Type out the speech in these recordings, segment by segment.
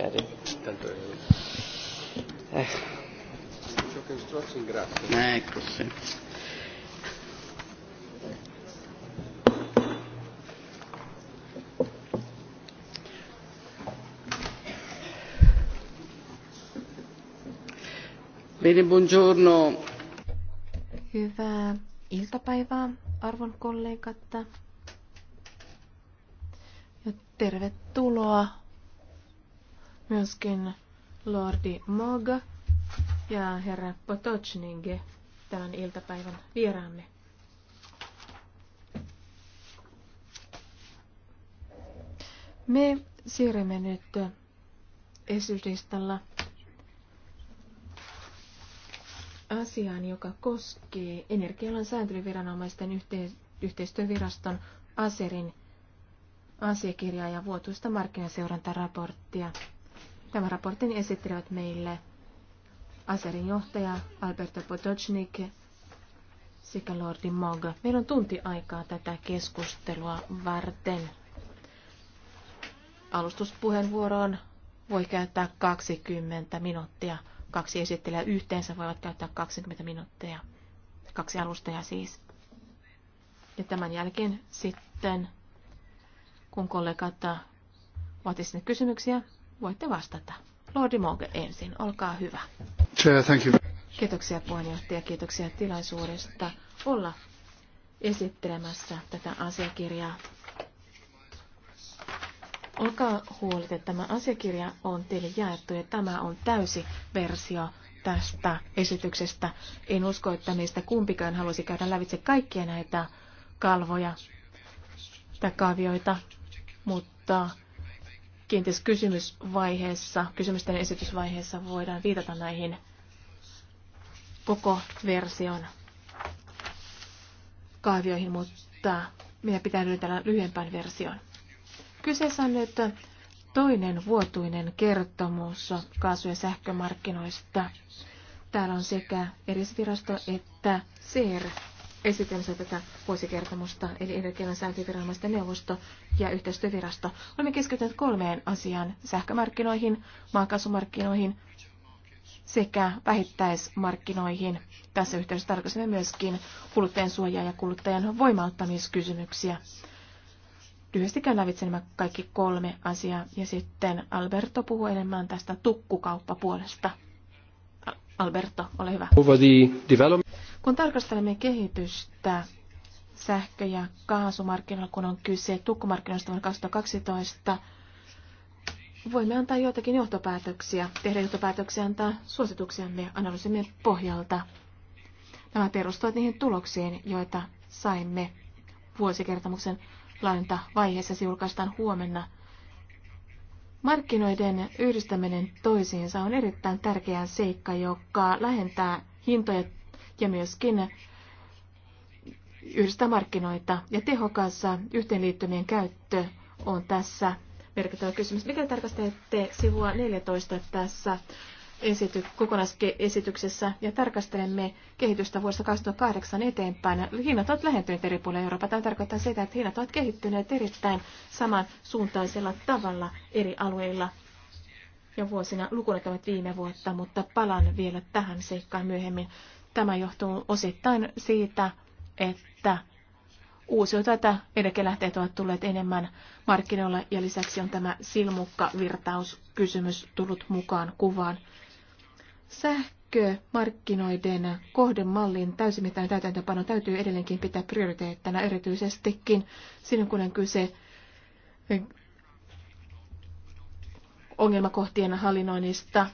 sapere. Tanto è... eh. Ciò che strozzi Ecco, sì. Bene, buongiorno. Hyvää iltapäivää, arvon kollegat. Ja tervetuloa myöskin Lordi Moga ja herra Potocninge tämän iltapäivän vieraamme. Me siirrymme nyt esitystalla asiaan, joka koskee energialan sääntelyviranomaisten yhteistyöviraston ASERin asiakirjaa ja vuotuista markkinaseurantaraporttia. Tämän raportin esittelevät meille Aserin johtaja Alberto Potocnik sekä Lordi Mog. Meillä on tunti aikaa tätä keskustelua varten. Alustuspuheenvuoroon voi käyttää 20 minuuttia. Kaksi esittelijää yhteensä voivat käyttää 20 minuuttia. Kaksi alustajaa siis. Ja tämän jälkeen sitten, kun kollegat ovat kysymyksiä, Voitte vastata. Lordi Moge ensin, olkaa hyvä. Chair, thank you. Kiitoksia puheenjohtaja, kiitoksia tilaisuudesta olla esittelemässä tätä asiakirjaa. Olkaa huolet, että tämä asiakirja on teille jaettu ja tämä on täysi versio tästä esityksestä. En usko, että meistä kumpikaan haluaisi käydä lävitse kaikkia näitä kalvoja tai kaavioita, mutta kenties kysymysvaiheessa, kysymysten esitysvaiheessa voidaan viitata näihin koko version kaavioihin, mutta minä nyt tällä lyhyempään version. Kyseessä on nyt toinen vuotuinen kertomus kaasu- ja sähkömarkkinoista. Täällä on sekä erisvirasto että CER esitelmässä tätä vuosikertomusta, eli energian sääntöviranomaisten neuvosto ja yhteistyövirasto. Olemme keskittyneet kolmeen asiaan, sähkömarkkinoihin, maakaasumarkkinoihin sekä vähittäismarkkinoihin. Tässä yhteydessä tarkastamme myöskin kuluttajan suojaa ja kuluttajan voimauttamiskysymyksiä. Lyhyesti käyn lävitse nämä kaikki kolme asiaa ja sitten Alberto puhuu enemmän tästä tukkukauppapuolesta. Alberto, ole hyvä. Kun tarkastelemme kehitystä sähkö- ja kaasumarkkinoilla, kun on kyse tukkumarkkinoista vuonna 2012, voimme antaa joitakin johtopäätöksiä, tehdä johtopäätöksiä, antaa suosituksiamme analyysimme pohjalta. Nämä perustuvat niihin tuloksiin, joita saimme vuosikertomuksen laajentavaiheessa, Se julkaistaan huomenna. Markkinoiden yhdistäminen toisiinsa on erittäin tärkeä seikka, joka lähentää hintoja ja myöskin yhdistää markkinoita. Ja tehokas yhteenliittymien käyttö on tässä merkittävä kysymys. Mikä tarkastelette sivua 14 tässä esity- kokonaisesityksessä ja tarkastelemme kehitystä vuodesta 2008 eteenpäin. Hinnat ovat lähentyneet eri puolilla Eurooppaa. Tämä tarkoittaa sitä, että hinnat ovat kehittyneet erittäin samansuuntaisella tavalla eri alueilla ja vuosina lukunäkemät viime vuotta, mutta palaan vielä tähän seikkaan myöhemmin. Tämä johtuu osittain siitä, että uusiutuvat energialähteet ovat tulleet enemmän markkinoilla ja lisäksi on tämä silmukkavirtauskysymys tullut mukaan kuvaan. Sähkömarkkinoiden kohdemallin täysimittainen täytäntöpano täytyy edelleenkin pitää prioriteettina erityisestikin silloin, kun on kyse ongelmakohtien hallinnoinnista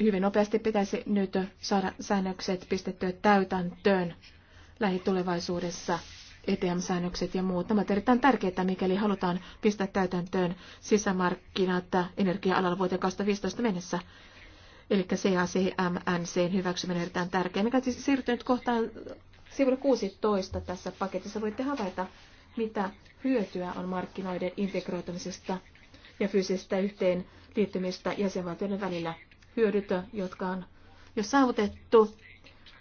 hyvin nopeasti pitäisi nyt saada säännökset pistettyä täytäntöön lähitulevaisuudessa. ETM-säännökset ja muut. Nämä ovat erittäin tärkeitä, mikäli halutaan pistää täytäntöön sisämarkkinat energia-alalla vuoteen 2015 mennessä. Eli CACMNC hyväksyminen on erittäin tärkeä. Mikä siis siirtyy nyt kohtaan sivulle 16 tässä paketissa. Voitte havaita, mitä hyötyä on markkinoiden integroitumisesta ja fyysisestä yhteenliittymistä jäsenvaltioiden välillä hyödyt, jotka on jo saavutettu,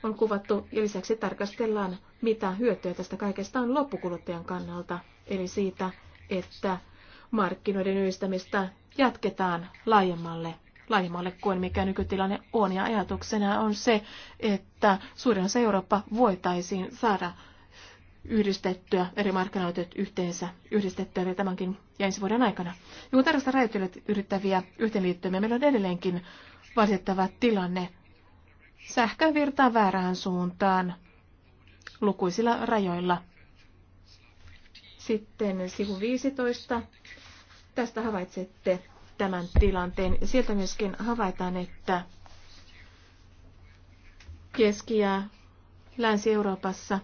on kuvattu ja lisäksi tarkastellaan, mitä hyötyä tästä kaikesta on loppukuluttajan kannalta, eli siitä, että markkinoiden yhdistämistä jatketaan laajemmalle, laajemmalle kuin mikä nykytilanne on. Ja ajatuksena on se, että suurin osa Eurooppa voitaisiin saada yhdistettyä, eri markkinoitet yhteensä yhdistettyä vielä tämänkin ja ensi vuoden aikana. Ja kun tarkastetaan yrittäviä yhteenliittymiä, meillä on edelleenkin valitettava tilanne. Sähkö virtaa väärään suuntaan lukuisilla rajoilla. Sitten sivu 15. Tästä havaitsette tämän tilanteen. Sieltä myöskin havaitaan, että Keski- ja Länsi-Euroopassa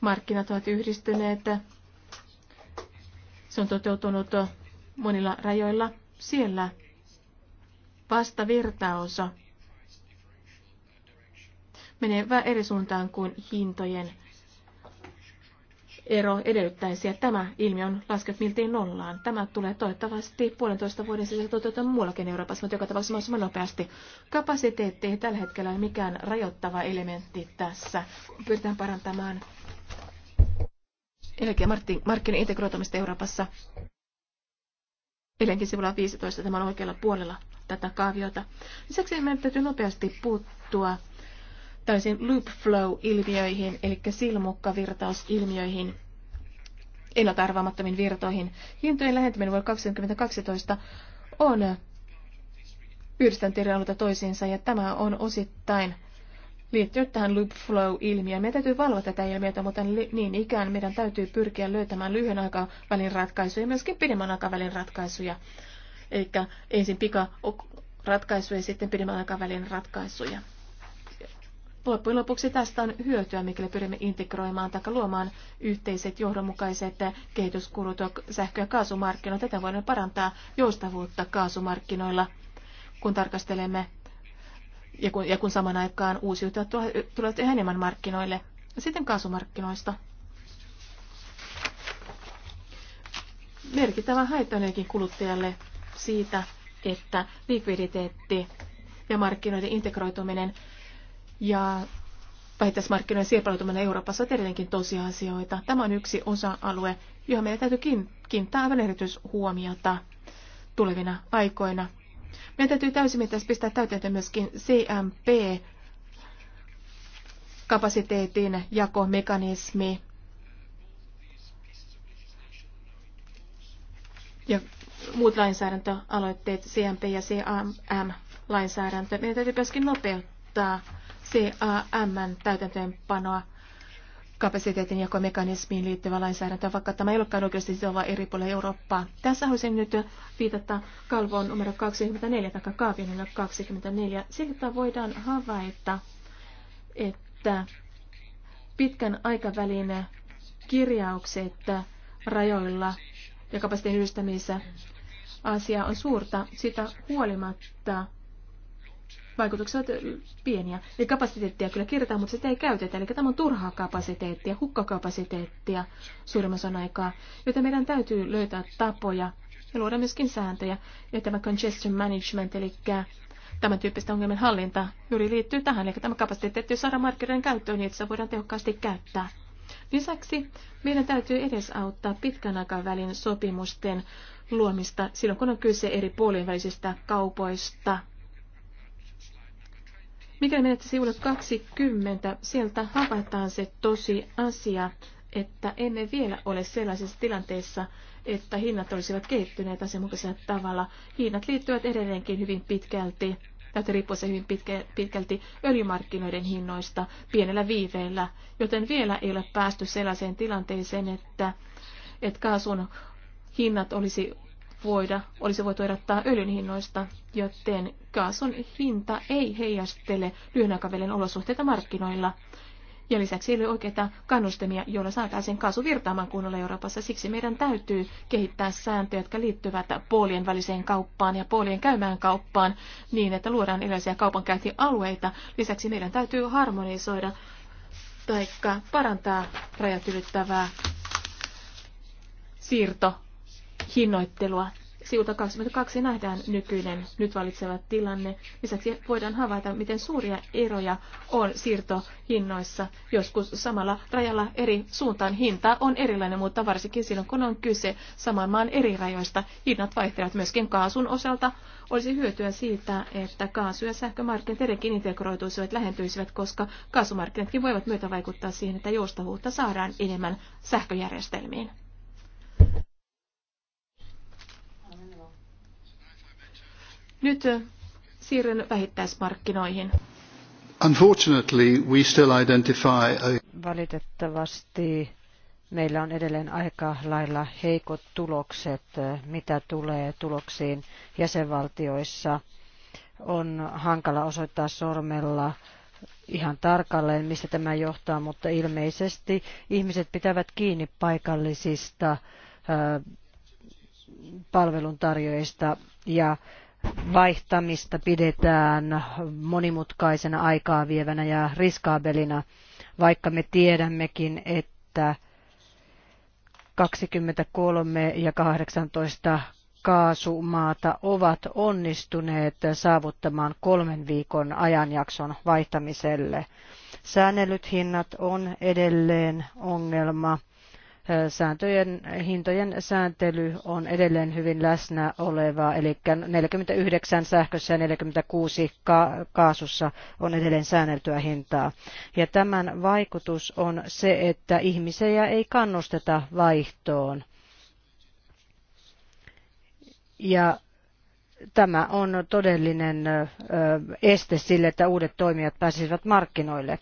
markkinat ovat yhdistyneet. Se on toteutunut monilla rajoilla. Siellä vasta virtaosa menee eri suuntaan kuin hintojen ero edellyttäisi, ja tämä ilmiö on laskenut miltei nollaan. Tämä tulee toivottavasti puolentoista vuoden sisällä toteuttaa muuallakin Euroopassa, mutta joka tapauksessa mahdollisimman nopeasti. Kapasiteetti ei tällä hetkellä ole mikään rajoittava elementti tässä. Pyritään parantamaan energiamarkkinoiden integroitumista Euroopassa. Eilenkin sivulla 15 tämä on oikealla puolella tätä kaaviota. Lisäksi meidän täytyy nopeasti puuttua täysin loop flow-ilmiöihin, eli silmukkavirtausilmiöihin, ennaltaarvaamattomiin virtoihin. Hintojen lähentäminen vuonna 2012 on yhdistänyt toisiinsa, ja tämä on osittain – liittynyt tähän loop flow-ilmiöön. Meidän täytyy valvoa tätä ilmiötä, mutta niin ikään meidän täytyy pyrkiä löytämään lyhyen aikavälin ratkaisuja ja myöskin pidemmän aikavälin ratkaisuja. Eli ensin pika ratkaisuja ja sitten pidemmän aikavälin ratkaisuja. Loppujen lopuksi tästä on hyötyä, mikäli pyrimme integroimaan tai luomaan yhteiset johdonmukaiset kehityskulut sähkö- ja kaasumarkkinoilla. Tätä voidaan parantaa joustavuutta kaasumarkkinoilla, kun tarkastelemme ja kun, ja kun saman aikaan uusiutuvat tulevat yhä enemmän markkinoille. Sitten kaasumarkkinoista. Merkittävä haitta kuluttajalle siitä, että likviditeetti ja markkinoiden integroituminen ja vähittäismarkkinoiden siirpailutuminen Euroopassa on edelleenkin tosiasioita. Tämä on yksi osa-alue, johon meidän täytyy kiinnittää aivan erityishuomiota tulevina aikoina meidän täytyy tässä pistää täytäntöön myöskin CMP, kapasiteetin jakomekanismi. Ja muut lainsäädäntöaloitteet, CMP ja CAM-lainsäädäntö. Meidän täytyy myöskin nopeuttaa cam täytäntöönpanoa kapasiteetin jakomekanismiin liittyvä lainsäädäntö, vaikka tämä ei olekaan oikeasti sitova eri puolilla Eurooppaa. Tässä haluaisin nyt viitata kalvoon numero 24 tai kaavion numero 24. Siltä voidaan havaita, että pitkän aikavälin kirjaukset rajoilla ja kapasiteetin yhdistämisessä asia on suurta. Sitä huolimatta vaikutukset ovat pieniä. Eli kapasiteettia kyllä kirjataan, mutta sitä ei käytetä. Eli tämä on turhaa kapasiteettia, hukkakapasiteettia suurimman aikaa. Joten meidän täytyy löytää tapoja ja luoda myöskin sääntöjä. Ja tämä congestion management, eli tämän tyyppistä ongelmien hallinta juuri liittyy tähän. Eli tämä kapasiteetti saada markkinoiden käyttöön niin, että se voidaan tehokkaasti käyttää. Lisäksi meidän täytyy edesauttaa pitkän aikavälin sopimusten luomista silloin, kun on kyse eri puolien välisistä kaupoista – Mikäli menet sivulle 20, sieltä havaitaan se tosi asia, että emme vielä ole sellaisessa tilanteessa, että hinnat olisivat kehittyneet asianmukaisella tavalla. Hinnat liittyvät edelleenkin hyvin pitkälti, tai riippuu se hyvin pitkä, pitkälti öljymarkkinoiden hinnoista pienellä viiveellä, joten vielä ei ole päästy sellaiseen tilanteeseen, että, että kaasun hinnat olisi voida, olisi voitu erottaa öljyn hinnoista, joten kaasun hinta ei heijastele lyhyen aikavälin olosuhteita markkinoilla. Ja lisäksi ei ole oikeita kannustimia, joilla saataisiin kaasu virtaamaan kunnolla Euroopassa. Siksi meidän täytyy kehittää sääntöjä, jotka liittyvät puolien väliseen kauppaan ja puolien käymään kauppaan niin, että luodaan erilaisia kaupankäyntialueita. Lisäksi meidän täytyy harmonisoida tai parantaa rajat ylittävää siirto hinnoittelua. Sivulta 22 nähdään nykyinen nyt valitseva tilanne. Lisäksi voidaan havaita, miten suuria eroja on siirtohinnoissa. Joskus samalla rajalla eri suuntaan hinta on erilainen, mutta varsinkin silloin, kun on kyse saman maan eri rajoista, hinnat vaihtelevat myöskin kaasun osalta. Olisi hyötyä siitä, että kaasu- ja sähkömarkkinat edelleenkin integroituisivat, lähentyisivät, koska kaasumarkkinatkin voivat myötä vaikuttaa siihen, että joustavuutta saadaan enemmän sähköjärjestelmiin. Nyt siirryn vähittäismarkkinoihin. Unfortunately, we still identify a... Valitettavasti meillä on edelleen aika lailla heikot tulokset, mitä tulee tuloksiin jäsenvaltioissa. On hankala osoittaa sormella ihan tarkalleen, mistä tämä johtaa, mutta ilmeisesti ihmiset pitävät kiinni paikallisista palveluntarjoajista ja vaihtamista pidetään monimutkaisena, aikaa vievänä ja riskaabelina, vaikka me tiedämmekin, että 23 ja 18 kaasumaata ovat onnistuneet saavuttamaan kolmen viikon ajanjakson vaihtamiselle. Säännellyt hinnat on edelleen ongelma sääntöjen, hintojen sääntely on edelleen hyvin läsnä olevaa, eli 49 sähkössä ja 46 ka- kaasussa on edelleen säänneltyä hintaa. Ja tämän vaikutus on se, että ihmisiä ei kannusteta vaihtoon. Ja tämä on todellinen este sille, että uudet toimijat pääsisivät markkinoille.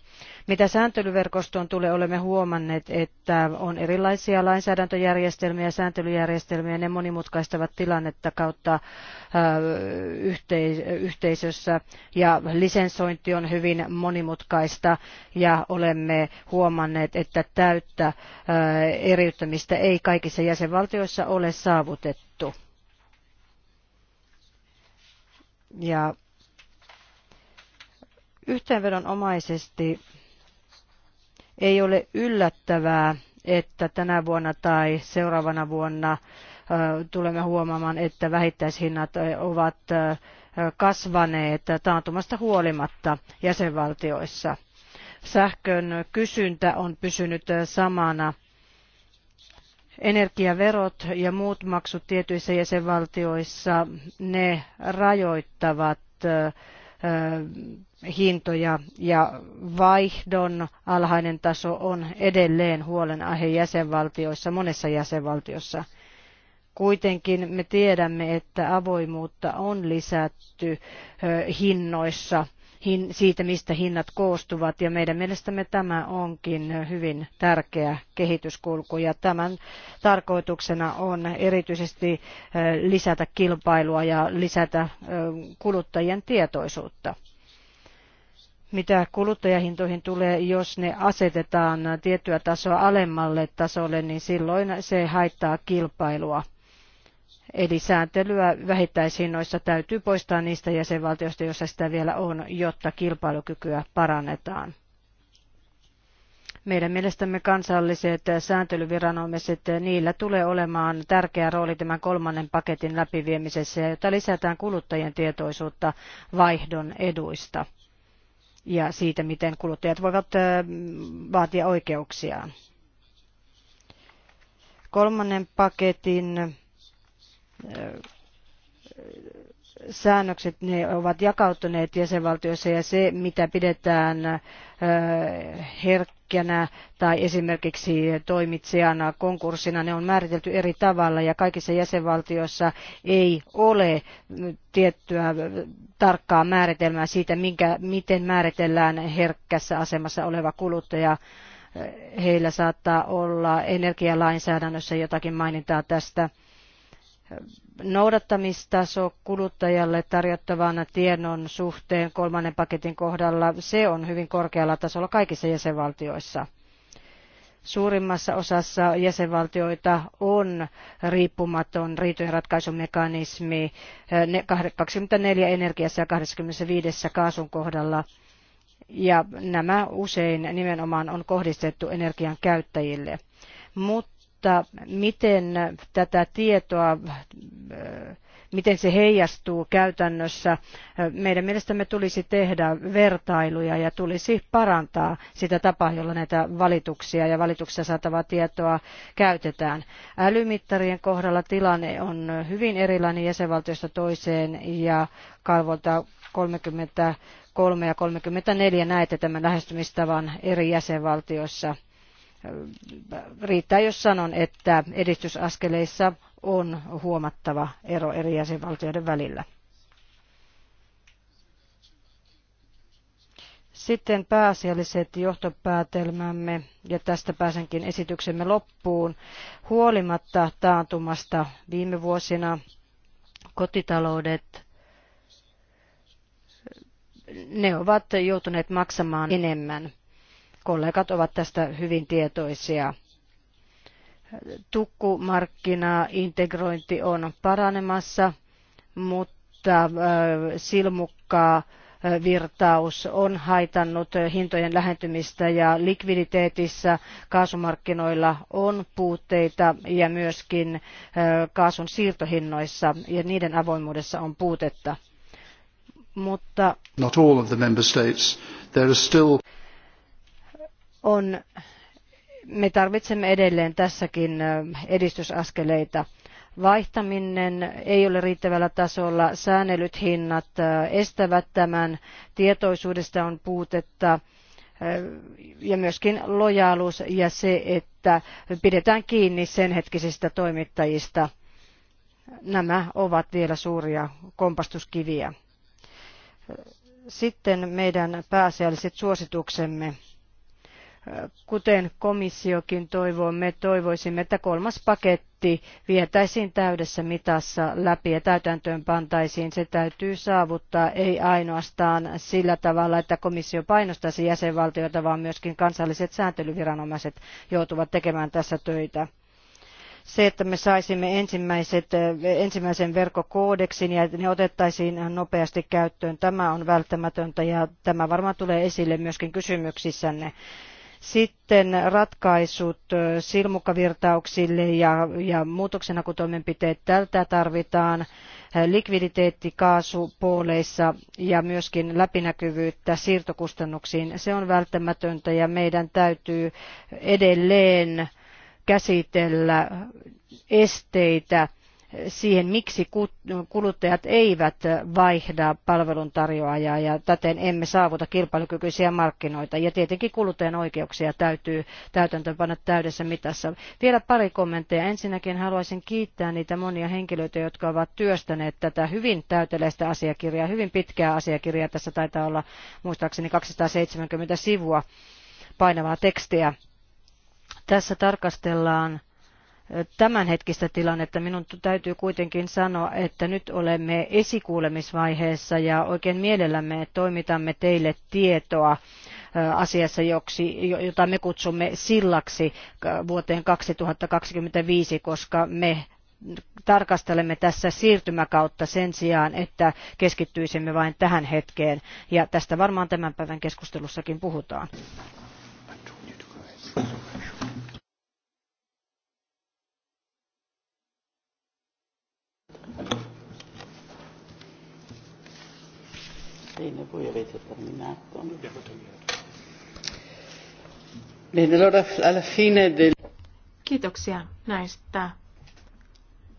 Mitä sääntelyverkostoon tulee, olemme huomanneet, että on erilaisia lainsäädäntöjärjestelmiä ja sääntelyjärjestelmiä. Ne monimutkaistavat tilannetta kautta yhteisössä ja lisensointi on hyvin monimutkaista ja olemme huomanneet, että täyttä eriyttämistä ei kaikissa jäsenvaltioissa ole saavutettu Ja yhteenvedonomaisesti ei ole yllättävää, että tänä vuonna tai seuraavana vuonna tulemme huomaamaan, että vähittäishinnat ovat kasvaneet taantumasta huolimatta jäsenvaltioissa. Sähkön kysyntä on pysynyt samana energiaverot ja muut maksut tietyissä jäsenvaltioissa, ne rajoittavat hintoja ja vaihdon alhainen taso on edelleen huolenaihe jäsenvaltioissa, monessa jäsenvaltiossa. Kuitenkin me tiedämme, että avoimuutta on lisätty hinnoissa siitä, mistä hinnat koostuvat. Ja meidän mielestämme tämä onkin hyvin tärkeä kehityskulku. Ja tämän tarkoituksena on erityisesti lisätä kilpailua ja lisätä kuluttajien tietoisuutta mitä kuluttajahintoihin tulee, jos ne asetetaan tiettyä tasoa alemmalle tasolle, niin silloin se haittaa kilpailua. Eli sääntelyä vähittäishinnoissa täytyy poistaa niistä jäsenvaltioista, joissa sitä vielä on, jotta kilpailukykyä parannetaan. Meidän mielestämme kansalliset sääntelyviranomaiset, niillä tulee olemaan tärkeä rooli tämän kolmannen paketin läpiviemisessä, jotta lisätään kuluttajien tietoisuutta vaihdon eduista ja siitä, miten kuluttajat voivat vaatia oikeuksiaan. Kolmannen paketin säännökset ne ovat jakautuneet jäsenvaltioissa ja se, mitä pidetään herkkänä tai esimerkiksi toimitsijana konkurssina, ne on määritelty eri tavalla ja kaikissa jäsenvaltioissa ei ole tiettyä tarkkaa määritelmää siitä, minkä, miten määritellään herkkässä asemassa oleva kuluttaja. Heillä saattaa olla energialainsäädännössä jotakin mainintaa tästä noudattamistaso kuluttajalle tarjottavan tiedon suhteen kolmannen paketin kohdalla, se on hyvin korkealla tasolla kaikissa jäsenvaltioissa. Suurimmassa osassa jäsenvaltioita on riippumaton riitojenratkaisumekanismi 24 eh, energiassa ja 25 kaasun kohdalla. Ja nämä usein nimenomaan on kohdistettu energian käyttäjille. Mutta mutta miten tätä tietoa miten se heijastuu käytännössä. Meidän mielestämme tulisi tehdä vertailuja ja tulisi parantaa sitä tapaa, jolla näitä valituksia ja valituksia saatavaa tietoa käytetään. Älymittarien kohdalla tilanne on hyvin erilainen jäsenvaltiosta toiseen ja kalvolta 33 ja 34 näette tämän lähestymistavan eri jäsenvaltioissa Riittää, jos sanon, että edistysaskeleissa on huomattava ero eri jäsenvaltioiden välillä. Sitten pääasialliset johtopäätelmämme, ja tästä pääsenkin esityksemme loppuun. Huolimatta taantumasta viime vuosina kotitaloudet, ne ovat joutuneet maksamaan enemmän kollegat ovat tästä hyvin tietoisia. Tukkumarkkinaintegrointi on paranemassa, mutta silmukkaa virtaus on haitannut hintojen lähentymistä ja likviditeetissä kaasumarkkinoilla on puutteita ja myöskin kaasun siirtohinnoissa ja niiden avoimuudessa on puutetta. Mutta Not all of the member states. There are still on, me tarvitsemme edelleen tässäkin edistysaskeleita. Vaihtaminen ei ole riittävällä tasolla, säännellyt hinnat estävät tämän, tietoisuudesta on puutetta ja myöskin lojaaluus ja se, että pidetään kiinni sen hetkisistä toimittajista. Nämä ovat vielä suuria kompastuskiviä. Sitten meidän pääasialliset suosituksemme. Kuten komissiokin toivoo, me toivoisimme, että kolmas paketti vietäisiin täydessä mitassa läpi ja täytäntöön pantaisiin. Se täytyy saavuttaa ei ainoastaan sillä tavalla, että komissio painostaisi jäsenvaltioita, vaan myöskin kansalliset sääntelyviranomaiset joutuvat tekemään tässä töitä se, että me saisimme ensimmäiset, ensimmäisen verkkokoodeksin ja ne otettaisiin nopeasti käyttöön, tämä on välttämätöntä ja tämä varmaan tulee esille myöskin kysymyksissänne. Sitten ratkaisut silmukkavirtauksille ja, ja muutoksenhakutoimenpiteet tältä tarvitaan likviditeetti kaasupooleissa ja myöskin läpinäkyvyyttä siirtokustannuksiin. Se on välttämätöntä ja meidän täytyy edelleen käsitellä esteitä siihen, miksi kuluttajat eivät vaihda palveluntarjoajaa ja täten emme saavuta kilpailukykyisiä markkinoita. Ja tietenkin kuluttajan oikeuksia täytyy täytäntöönpanna täydessä mitassa. Vielä pari kommentteja. Ensinnäkin haluaisin kiittää niitä monia henkilöitä, jotka ovat työstäneet tätä hyvin täyteleistä asiakirjaa, hyvin pitkää asiakirjaa. Tässä taitaa olla muistaakseni 270 sivua painavaa tekstiä. Tässä tarkastellaan tämänhetkistä tilannetta. Minun täytyy kuitenkin sanoa, että nyt olemme esikuulemisvaiheessa ja oikein mielellämme toimitamme teille tietoa asiassa, joksi, jota me kutsumme sillaksi vuoteen 2025, koska me tarkastelemme tässä siirtymäkautta sen sijaan, että keskittyisimme vain tähän hetkeen. Ja tästä varmaan tämän päivän keskustelussakin puhutaan. Bene, voi avete terminato. Abbiamo terminato. Bene, allora alla fine del... Kiitoksia näistä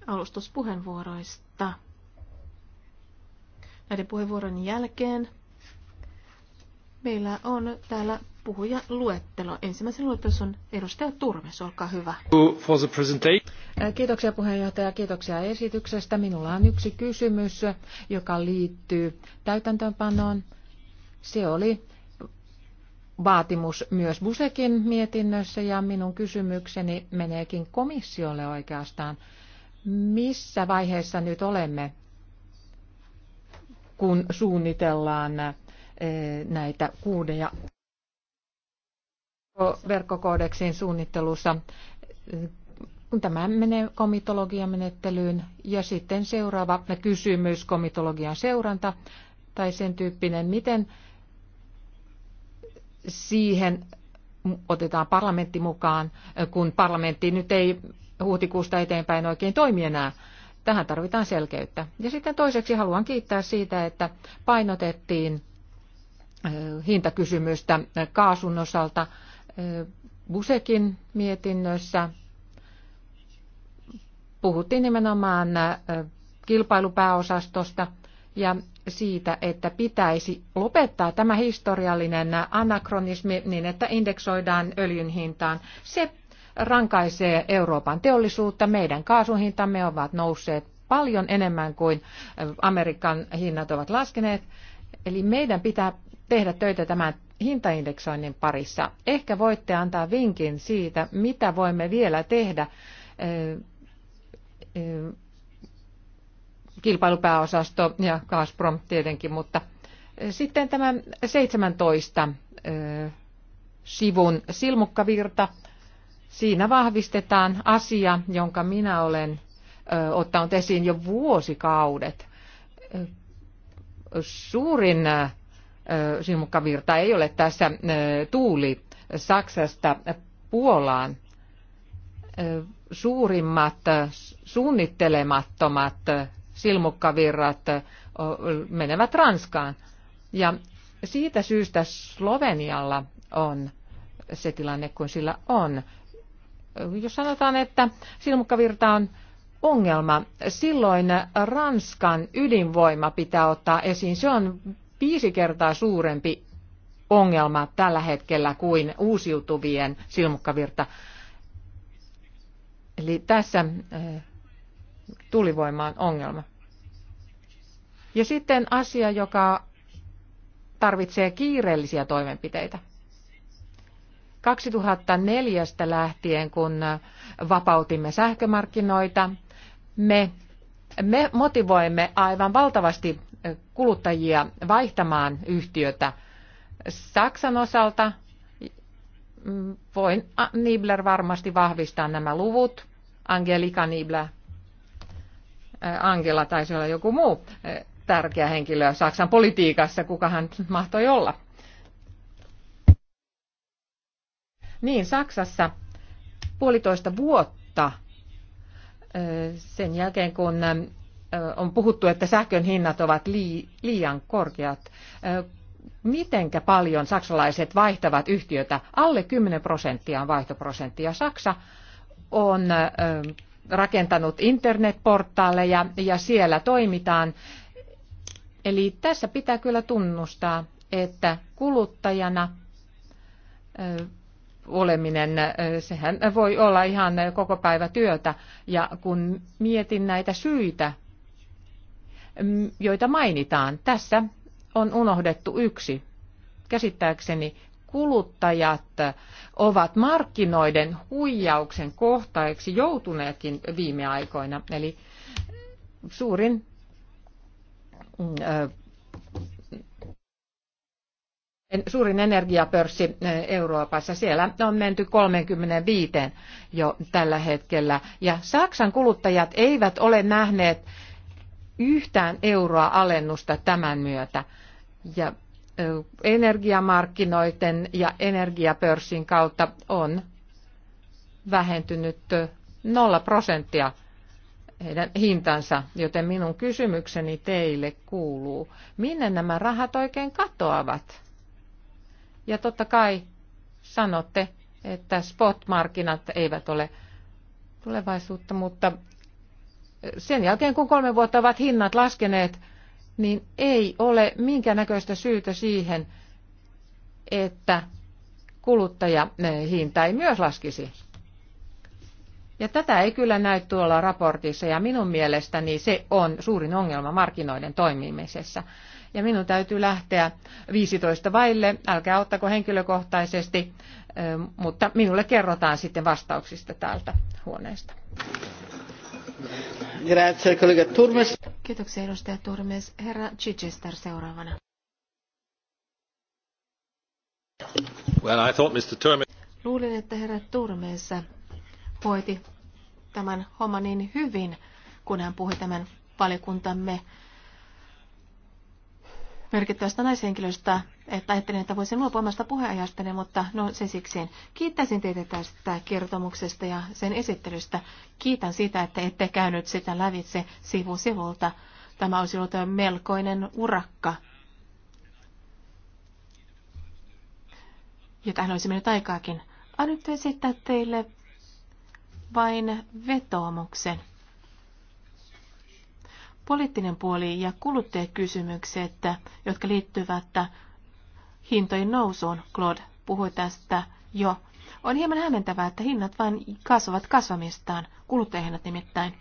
alustuspuheenvuoroista. Näiden puheenvuoron jälkeen meillä on täällä puhuja luettelo. Ensimmäisen luettelossa on edustaja Turmes, olkaa hyvä. For the presentation. Kiitoksia puheenjohtaja, kiitoksia esityksestä. Minulla on yksi kysymys, joka liittyy täytäntöönpanoon. Se oli vaatimus myös Busekin mietinnössä ja minun kysymykseni meneekin komissiolle oikeastaan. Missä vaiheessa nyt olemme, kun suunnitellaan näitä kuudeja verkkokoodeksin suunnittelussa? kun tämä menee komitologian menettelyyn ja sitten seuraava kysymys komitologian seuranta tai sen tyyppinen, miten siihen otetaan parlamentti mukaan, kun parlamentti nyt ei huhtikuusta eteenpäin oikein toimi enää. Tähän tarvitaan selkeyttä. Ja sitten toiseksi haluan kiittää siitä, että painotettiin hintakysymystä kaasun osalta Busekin mietinnössä puhuttiin nimenomaan äh, kilpailupääosastosta ja siitä, että pitäisi lopettaa tämä historiallinen anakronismi niin, että indeksoidaan öljyn hintaan. Se rankaisee Euroopan teollisuutta. Meidän kaasuhintamme ovat nousseet paljon enemmän kuin äh, Amerikan hinnat ovat laskeneet. Eli meidän pitää tehdä töitä tämän hintaindeksoinnin parissa. Ehkä voitte antaa vinkin siitä, mitä voimme vielä tehdä äh, kilpailupääosasto ja Gazprom tietenkin, mutta sitten tämä 17 sivun silmukkavirta. Siinä vahvistetaan asia, jonka minä olen ottanut esiin jo vuosikaudet. Suurin silmukkavirta ei ole tässä tuuli Saksasta Puolaan suurimmat suunnittelemattomat silmukkavirrat menevät Ranskaan. Ja siitä syystä Slovenialla on se tilanne kun sillä on. Jos sanotaan, että silmukkavirta on ongelma, silloin Ranskan ydinvoima pitää ottaa esiin. Se on viisi kertaa suurempi ongelma tällä hetkellä kuin uusiutuvien silmukkavirta Eli tässä tulivoimaan ongelma. Ja sitten asia, joka tarvitsee kiireellisiä toimenpiteitä. 2004 lähtien, kun vapautimme sähkömarkkinoita, me, me motivoimme aivan valtavasti kuluttajia vaihtamaan yhtiötä. Saksan osalta voin Nibler varmasti vahvistaa nämä luvut. Angelika Nibler, Angela taisi olla joku muu tärkeä henkilö Saksan politiikassa, kuka hän mahtoi olla. Niin, Saksassa puolitoista vuotta sen jälkeen, kun on puhuttu, että sähkön hinnat ovat liian korkeat mitenkä paljon saksalaiset vaihtavat yhtiötä. Alle 10 prosenttia on vaihtoprosenttia. Saksa on rakentanut internetportaaleja ja siellä toimitaan. Eli tässä pitää kyllä tunnustaa, että kuluttajana oleminen, sehän voi olla ihan koko päivä työtä. Ja kun mietin näitä syitä, joita mainitaan tässä on unohdettu yksi. Käsittääkseni kuluttajat ovat markkinoiden huijauksen kohtaiksi joutuneetkin viime aikoina. Eli suurin suurin energiapörssi Euroopassa. Siellä on menty 35 jo tällä hetkellä. Ja Saksan kuluttajat eivät ole nähneet yhtään euroa alennusta tämän myötä ja energiamarkkinoiden ja energiapörssin kautta on vähentynyt nolla prosenttia heidän hintansa, joten minun kysymykseni teille kuuluu, minne nämä rahat oikein katoavat? Ja totta kai sanotte, että spot-markkinat eivät ole tulevaisuutta, mutta sen jälkeen kun kolme vuotta ovat hinnat laskeneet, niin ei ole minkäännäköistä syytä siihen, että kuluttajahinta eh, ei myös laskisi. Ja tätä ei kyllä näy tuolla raportissa ja minun mielestäni se on suurin ongelma markkinoiden toimimisessa. Ja minun täytyy lähteä 15 vaille, älkää ottako henkilökohtaisesti, eh, mutta minulle kerrotaan sitten vastauksista täältä huoneesta. Grazie, Turmes. Kiitoksia, edustaja Turmes. Herra Chichester seuraavana. Well, I thought Mr. Turmes... Luulin, että herra Turmes hoiti tämän homman niin hyvin, kun hän puhui tämän valikuntamme merkittävästä naishenkilöstä, että ajattelin, että voisin luopua omasta puheenjohtajastani, mutta no se siksi. Kiittäisin teitä tästä kertomuksesta ja sen esittelystä. Kiitän sitä, että ette käynyt sitä lävitse sivu sivulta. Tämä olisi ollut melkoinen urakka. Ja tähän olisi mennyt aikaakin. Annyt esittää teille vain vetoomuksen poliittinen puoli ja kuluttajakysymykset, jotka liittyvät hintojen nousuun. Claude puhui tästä jo. On hieman hämmentävää, että hinnat vain kasvavat kasvamistaan, kuluttajahinnat nimittäin.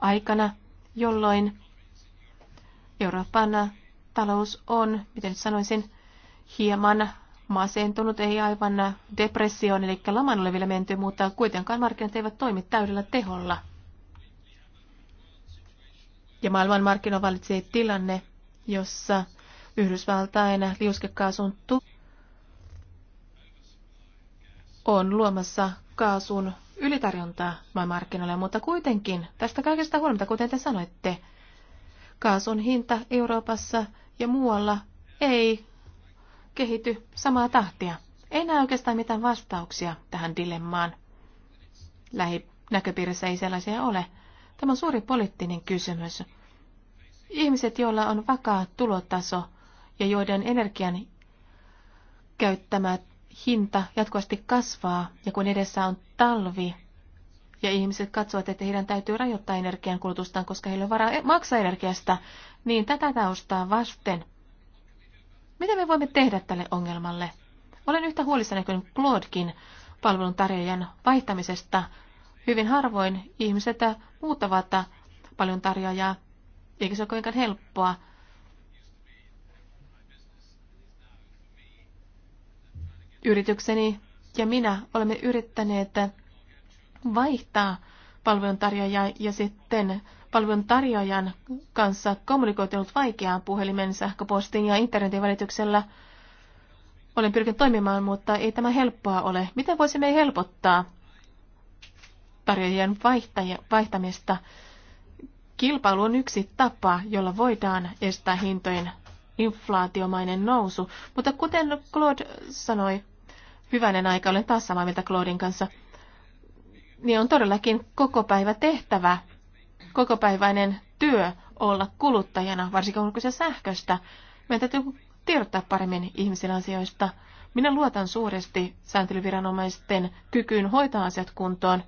Aikana, jolloin Euroopan talous on, miten sanoisin, hieman masentunut, ei aivan depressioon, eli laman ole vielä menty, mutta kuitenkaan markkinat eivät toimi täydellä teholla – ja maailman markkinoilla tilanne, jossa Yhdysvaltain liuskekaasun tu on luomassa kaasun ylitarjontaa maailmanmarkkinoille, mutta kuitenkin tästä kaikesta huolimatta, kuten te sanoitte, kaasun hinta Euroopassa ja muualla ei kehity samaa tahtia. Ei näe oikeastaan mitään vastauksia tähän dilemmaan. Lähinäköpiirissä ei sellaisia ole. Tämä on suuri poliittinen kysymys. Ihmiset, joilla on vakaa tulotaso ja joiden energian käyttämä hinta jatkuvasti kasvaa, ja kun edessä on talvi, ja ihmiset katsovat, että heidän täytyy rajoittaa kulutustaan, koska heillä on varaa e- maksaa energiasta, niin tätä taustaa vasten. Mitä me voimme tehdä tälle ongelmalle? Olen yhtä huolissani kuin Claudekin palveluntarjoajan vaihtamisesta Hyvin harvoin ihmiset muuttavat paljon tarjoajaa, eikä se ole kovinkaan helppoa. Yritykseni ja minä olemme yrittäneet vaihtaa palveluntarjoajaa ja sitten palveluntarjoajan kanssa kommunikoitunut vaikeaan puhelimen, sähköpostin ja internetin välityksellä. Olen pyrkinyt toimimaan, mutta ei tämä helppoa ole. Miten voisimme helpottaa tarjoajien vaihtamista. Kilpailu on yksi tapa, jolla voidaan estää hintojen inflaatiomainen nousu, mutta kuten Claude sanoi, hyvänen aika olen taas samaa mieltä Claudin kanssa, niin on todellakin koko päivä tehtävä, kokopäiväinen työ olla kuluttajana, varsinkin kun se sähköstä. Meidän täytyy tiedottaa paremmin ihmisillä asioista. Minä luotan suuresti sääntelyviranomaisten kykyyn hoitaa asiat kuntoon,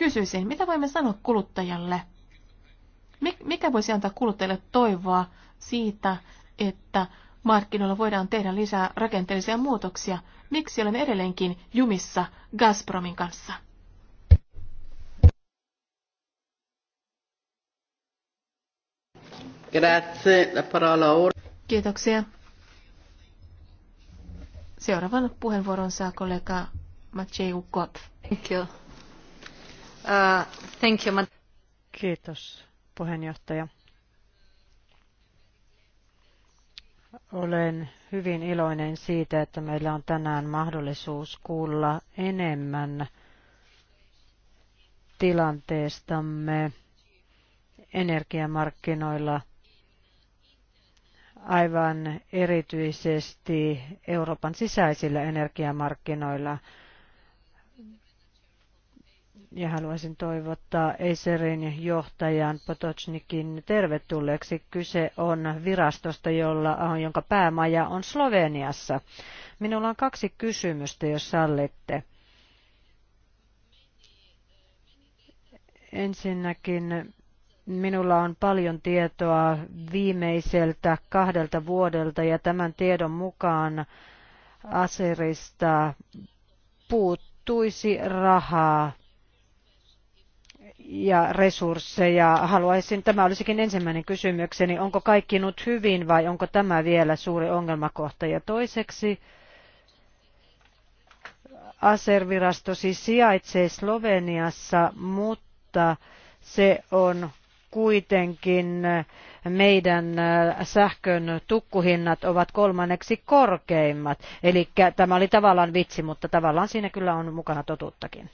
Kysyisin, mitä voimme sanoa kuluttajalle? Mikä voisi antaa kuluttajalle toivoa siitä, että markkinoilla voidaan tehdä lisää rakenteellisia muutoksia? Miksi olemme edelleenkin jumissa Gazpromin kanssa? Grazie, la parola ora. Kiitoksia. Seuraavan puheenvuoron saa kollega Maciej Ukot. Thank you. Uh, thank you. Kiitos puheenjohtaja. Olen hyvin iloinen siitä, että meillä on tänään mahdollisuus kuulla enemmän tilanteestamme energiamarkkinoilla aivan erityisesti Euroopan sisäisillä energiamarkkinoilla – ja haluaisin toivottaa Acerin johtajan Potocnikin tervetulleeksi. Kyse on virastosta, jolla, ah, jonka päämaja on Sloveniassa. Minulla on kaksi kysymystä, jos sallitte. Ensinnäkin minulla on paljon tietoa viimeiseltä kahdelta vuodelta ja tämän tiedon mukaan Aserista puuttuisi rahaa ja resursseja. Haluaisin, tämä olisikin ensimmäinen kysymykseni, onko kaikki nyt hyvin vai onko tämä vielä suuri ongelmakohta? Ja toiseksi, Aservirasto siis sijaitsee Sloveniassa, mutta se on kuitenkin meidän äh, sähkön tukkuhinnat ovat kolmanneksi korkeimmat. Eli tämä oli tavallaan vitsi, mutta tavallaan siinä kyllä on mukana totuuttakin.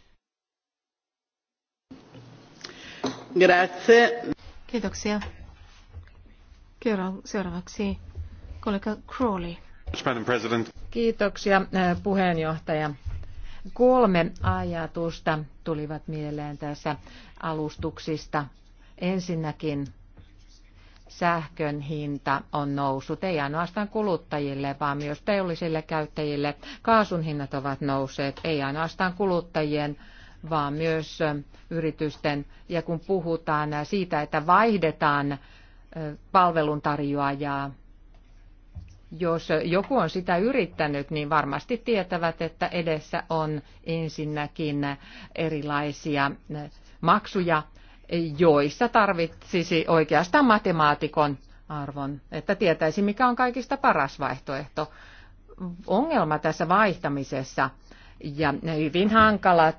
Kiitoksia. Seuraavaksi kollega Crawley. Kiitoksia eh, puheenjohtaja. Kolme ajatusta tulivat mieleen tässä alustuksista. Ensinnäkin sähkön hinta on noussut, ei ainoastaan kuluttajille, vaan myös teollisille käyttäjille. Kaasun hinnat ovat nousseet, ei ainoastaan kuluttajien vaan myös yritysten. Ja kun puhutaan siitä, että vaihdetaan palveluntarjoajaa, jos joku on sitä yrittänyt, niin varmasti tietävät, että edessä on ensinnäkin erilaisia maksuja, joissa tarvitsisi oikeastaan matemaatikon arvon, että tietäisi, mikä on kaikista paras vaihtoehto. Ongelma tässä vaihtamisessa ja hyvin hankalat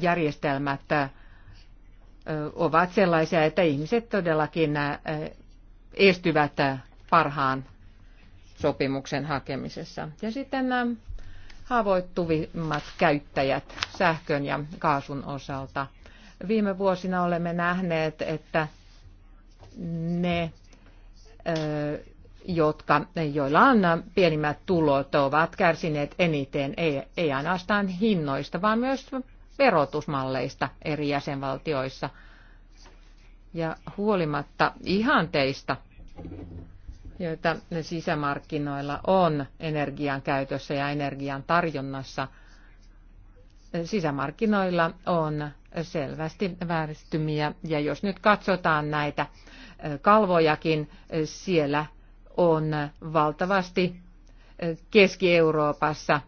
järjestelmät ovat sellaisia, että ihmiset todellakin estyvät parhaan sopimuksen hakemisessa. Ja sitten nämä haavoittuvimmat käyttäjät sähkön ja kaasun osalta. Viime vuosina olemme nähneet, että ne jotka, joilla on pienimmät tulot, ovat kärsineet eniten, ei, ei ainoastaan hinnoista, vaan myös verotusmalleista eri jäsenvaltioissa. Ja huolimatta ihanteista, joita ne sisämarkkinoilla on energian käytössä ja energian tarjonnassa, sisämarkkinoilla on selvästi vääristymiä. Ja jos nyt katsotaan näitä kalvojakin, siellä on valtavasti Keski-Euroopassa,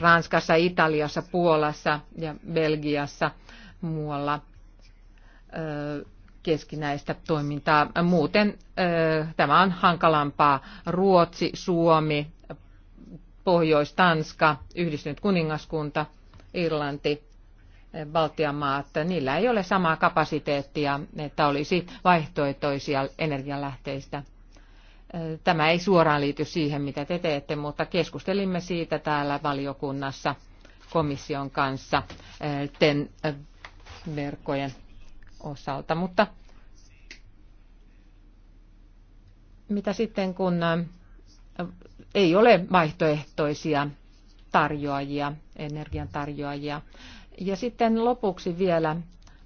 Ranskassa, Italiassa, Puolassa ja Belgiassa muualla keskinäistä toimintaa. Muuten tämä on hankalampaa. Ruotsi, Suomi, Pohjois-Tanska, Yhdistynyt kuningaskunta, Irlanti, Baltian maat, niillä ei ole samaa kapasiteettia, että olisi vaihtoehtoisia energialähteistä. Tämä ei suoraan liity siihen, mitä te teette, mutta keskustelimme siitä täällä valiokunnassa komission kanssa eh, ten verkkojen osalta. Mutta mitä sitten, kun eh, ei ole vaihtoehtoisia tarjoajia, energian tarjoajia. Ja sitten lopuksi vielä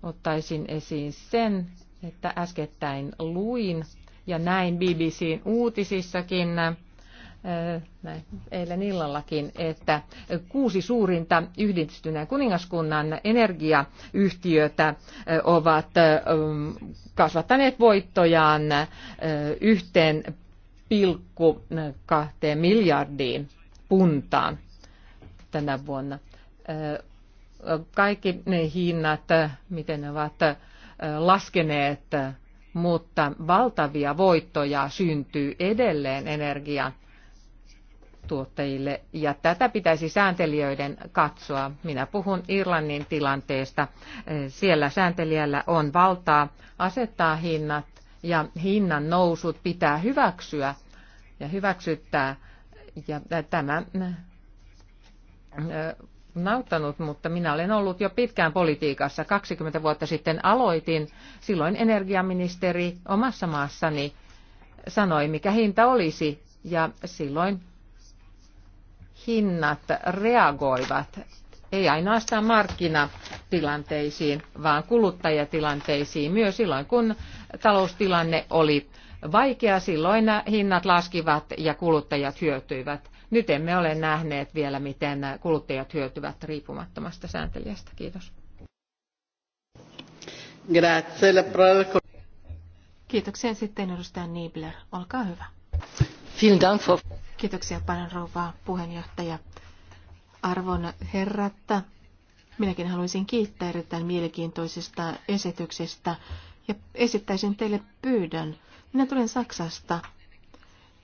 ottaisin esiin sen, että äskettäin luin ja näin BBCn uutisissakin äh, näin, eilen illallakin, että kuusi suurinta yhdistyneen kuningaskunnan energiayhtiötä äh, ovat äh, kasvattaneet voittojaan yhteen pilkku kahteen miljardiin puntaan tänä vuonna. Kaikki ne hinnat, miten ne ovat laskeneet mutta valtavia voittoja syntyy edelleen energian tuottajille ja tätä pitäisi sääntelijöiden katsoa. Minä puhun Irlannin tilanteesta. Siellä sääntelijällä on valtaa asettaa hinnat ja hinnan nousut pitää hyväksyä ja hyväksyttää. Ja tämä nauttanut, mutta minä olen ollut jo pitkään politiikassa. 20 vuotta sitten aloitin. Silloin energiaministeri omassa maassani sanoi, mikä hinta olisi. Ja silloin hinnat reagoivat ei ainoastaan markkinatilanteisiin, vaan kuluttajatilanteisiin myös silloin, kun taloustilanne oli vaikea. Silloin hinnat laskivat ja kuluttajat hyötyivät. Nyt emme ole nähneet vielä, miten kuluttajat hyötyvät riippumattomasta sääntelijästä. Kiitos. Kiitoksia sitten edustaja Niebler. Olkaa hyvä. Kiitoksia paljon rouva puheenjohtaja. Arvon herrat, minäkin haluaisin kiittää erittäin mielenkiintoisesta esityksestä ja esittäisin teille pyydön. Minä tulen Saksasta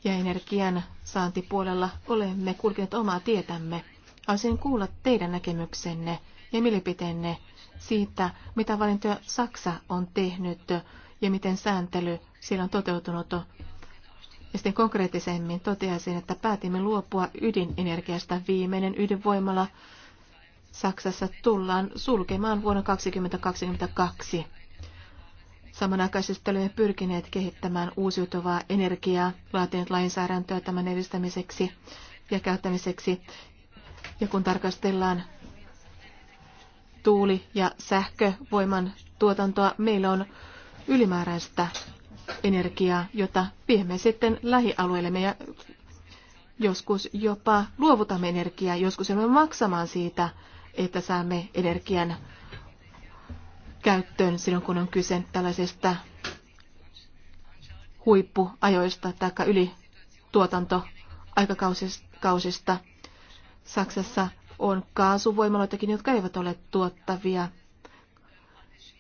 ja energian saantipuolella olemme kulkeneet omaa tietämme. Haluaisin kuulla teidän näkemyksenne ja mielipiteenne siitä, mitä valintoja Saksa on tehnyt ja miten sääntely siellä on toteutunut. Ja sitten konkreettisemmin toteaisin, että päätimme luopua ydinenergiasta viimeinen ydinvoimala Saksassa tullaan sulkemaan vuonna 2022. Samanaikaisesti olemme pyrkineet kehittämään uusiutuvaa energiaa, laatineet lainsäädäntöä tämän edistämiseksi ja käyttämiseksi. Ja kun tarkastellaan tuuli- ja sähkövoiman tuotantoa, meillä on ylimääräistä energiaa, jota viemme sitten lähialueillemme ja joskus jopa luovutamme energiaa, joskus joudumme maksamaan siitä, että saamme energian käyttöön silloin, kun on kyse tällaisesta huippuajoista tai ylituotantoaikakausista. Saksassa on kaasuvoimaloitakin, jotka eivät ole tuottavia.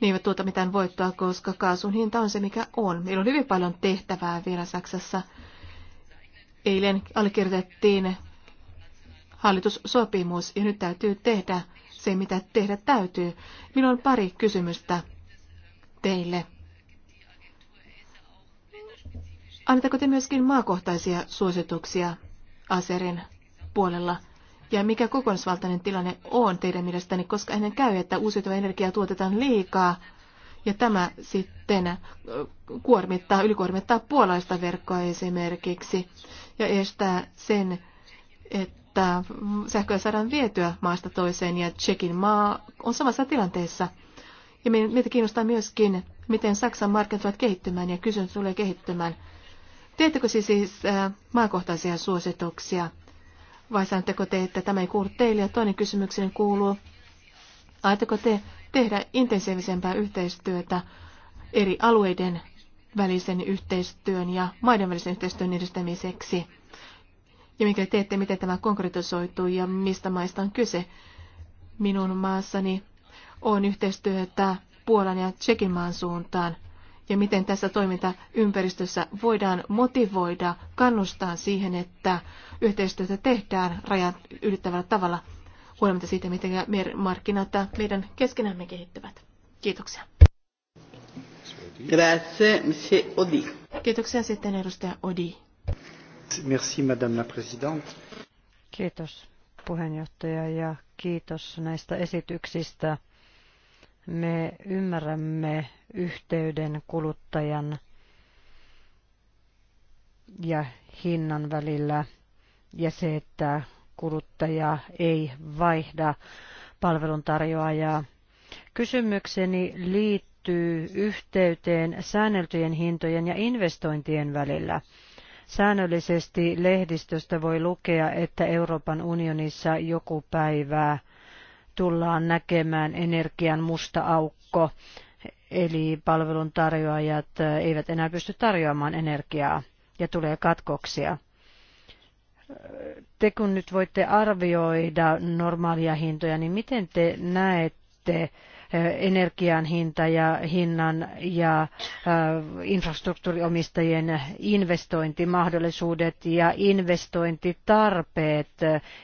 Ne eivät tuota mitään voittoa, koska kaasun hinta on se, mikä on. Meillä on hyvin paljon tehtävää vielä Saksassa. Eilen allekirjoitettiin hallitussopimus ja nyt täytyy tehdä se, mitä tehdä täytyy. Minulla on pari kysymystä teille. Annetteko te myöskin maakohtaisia suosituksia aserin puolella? Ja mikä kokonaisvaltainen tilanne on teidän mielestäni, koska ennen käy, että uusiutuvaa energiaa tuotetaan liikaa, ja tämä sitten kuormittaa, ylikuormittaa puolaista verkkoa esimerkiksi, ja estää sen, että että sähköä saadaan vietyä maasta toiseen ja Tsekin maa on samassa tilanteessa. Ja meitä kiinnostaa myöskin, miten Saksan markkinat tulevat kehittymään ja kysyntä tulee kehittymään. Teettekö siis, siis äh, maakohtaisia suosituksia vai sanotteko te, että tämä ei kuulu teille? Ja toinen kysymykseni kuuluu, ajatteko te tehdä intensiivisempää yhteistyötä eri alueiden välisen yhteistyön ja maiden välisen yhteistyön edistämiseksi? Ja mikä teette, miten tämä konkretisoituu ja mistä maista on kyse. Minun maassani on yhteistyötä Puolan ja Tsekin maan suuntaan. Ja miten tässä toimintaympäristössä voidaan motivoida, kannustaa siihen, että yhteistyötä tehdään rajat ylittävällä tavalla, huolimatta siitä, miten markkinat meidän keskenämme kehittyvät. Kiitoksia. Grazie, Odi. Kiitoksia sitten edustaja Odi. Madame la Présidente. Kiitos puheenjohtaja ja kiitos näistä esityksistä. Me ymmärrämme yhteyden kuluttajan ja hinnan välillä ja se, että kuluttaja ei vaihda palveluntarjoajaa. Kysymykseni liittyy yhteyteen säänneltyjen hintojen ja investointien välillä. Säännöllisesti lehdistöstä voi lukea, että Euroopan unionissa joku päivää tullaan näkemään energian musta aukko, eli palvelun tarjoajat eivät enää pysty tarjoamaan energiaa ja tulee katkoksia. Te kun nyt voitte arvioida normaalia hintoja, niin miten te näette, energian hinta ja hinnan ja infrastruktuuriomistajien investointimahdollisuudet ja investointitarpeet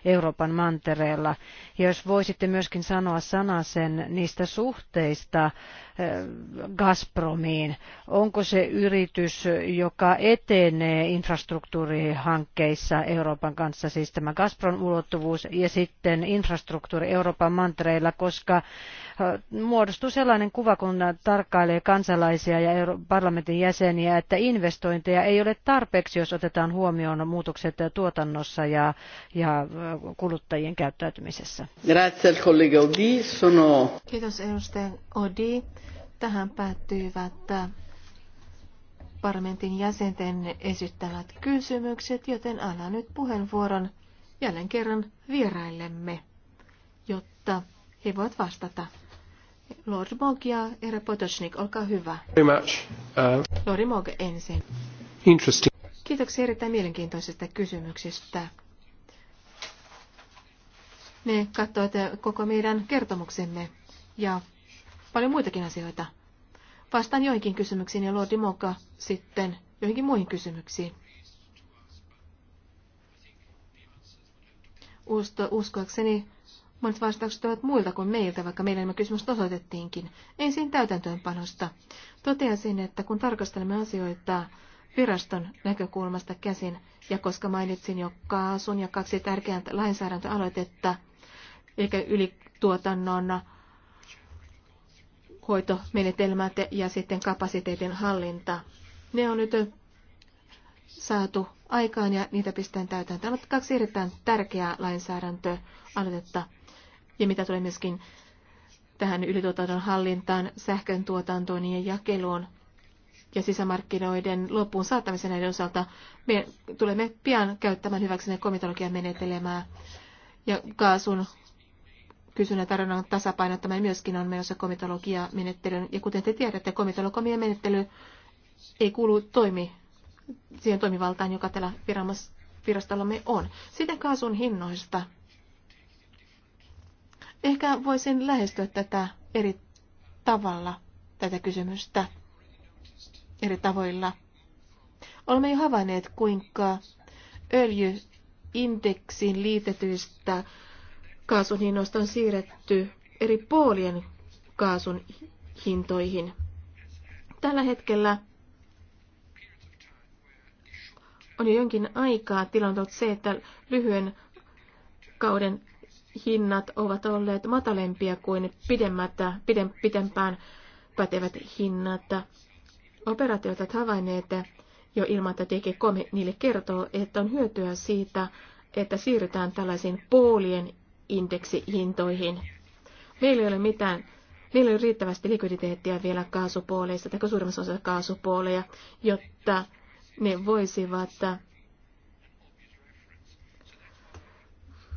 Euroopan mantereella jos voisitte myöskin sanoa sanasen niistä suhteista eh, Gazpromiin. Onko se yritys, joka etenee infrastruktuurihankkeissa Euroopan kanssa, siis tämä Gazprom ulottuvuus ja sitten infrastruktuuri Euroopan mantreilla, koska eh, muodostuu sellainen kuva, kun tarkkailee kansalaisia ja parlamentin jäseniä, että investointeja ei ole tarpeeksi, jos otetaan huomioon muutokset tuotannossa ja, ja eh, kuluttajien käyttäytymisessä. Grazie al collega Odi. Sono... Kiitos edustaja Odi. Tähän päättyivät äh, parlamentin jäsenten esittämät kysymykset, joten annan nyt puheenvuoron jälleen kerran vieraillemme, jotta he voivat vastata. Lord Mog ja Ere Potosnik, olkaa hyvä. Very much. Uh... Lord Mog ensin. Interesting. Kiitoksia erittäin mielenkiintoisesta kysymyksestä ne katsoivat koko meidän kertomuksemme ja paljon muitakin asioita. Vastaan joihinkin kysymyksiin ja Lordi Moka sitten joihinkin muihin kysymyksiin. Usto, uskoakseni monet vastaukset ovat muilta kuin meiltä, vaikka meidän nämä kysymykset osoitettiinkin. Ensin täytäntöönpanosta. Toteasin, että kun tarkastelemme asioita viraston näkökulmasta käsin, ja koska mainitsin jo kaasun ja kaksi tärkeää lainsäädäntöaloitetta, eli ylituotannon hoitomenetelmät ja sitten kapasiteetin hallinta. Ne on nyt saatu aikaan ja niitä pistetään täytäntöön. Tämä on kaksi erittäin tärkeää lainsäädäntöaloitetta. Ja mitä tulee myöskin tähän ylituotannon hallintaan, sähkön tuotantoon ja jakeluun ja sisämarkkinoiden loppuun saattamisen näiden osalta, me tulemme pian käyttämään hyväksi komitologian menetelmää ja kaasun kysynnän tarjonnan tasapainottaminen myöskin on menossa komitologiamenettelyyn. Ja kuten te tiedätte, komitologiamenettely ei kuulu toimi siihen toimivaltaan, joka tällä virastollamme on. Sitten kaasun hinnoista. Ehkä voisin lähestyä tätä eri tavalla, tätä kysymystä eri tavoilla. Olemme jo havainneet, kuinka öljyindeksiin liitetyistä kaasun hinnoista on siirretty eri puolien kaasun hintoihin. Tällä hetkellä on jo jonkin aikaa tilanne se, että lyhyen kauden hinnat ovat olleet matalempia kuin pidem, pidempään pätevät hinnat. Operaatiot ovat havainneet jo ilman, että DG3 niille kertoo, että on hyötyä siitä, että siirrytään tällaisiin poolien indeksihintoihin. Meillä ei ole mitään, meillä ei ole riittävästi likviditeettiä vielä kaasupuoleissa tai suurimmassa osassa kaasupuoleja, jotta ne voisivat äh,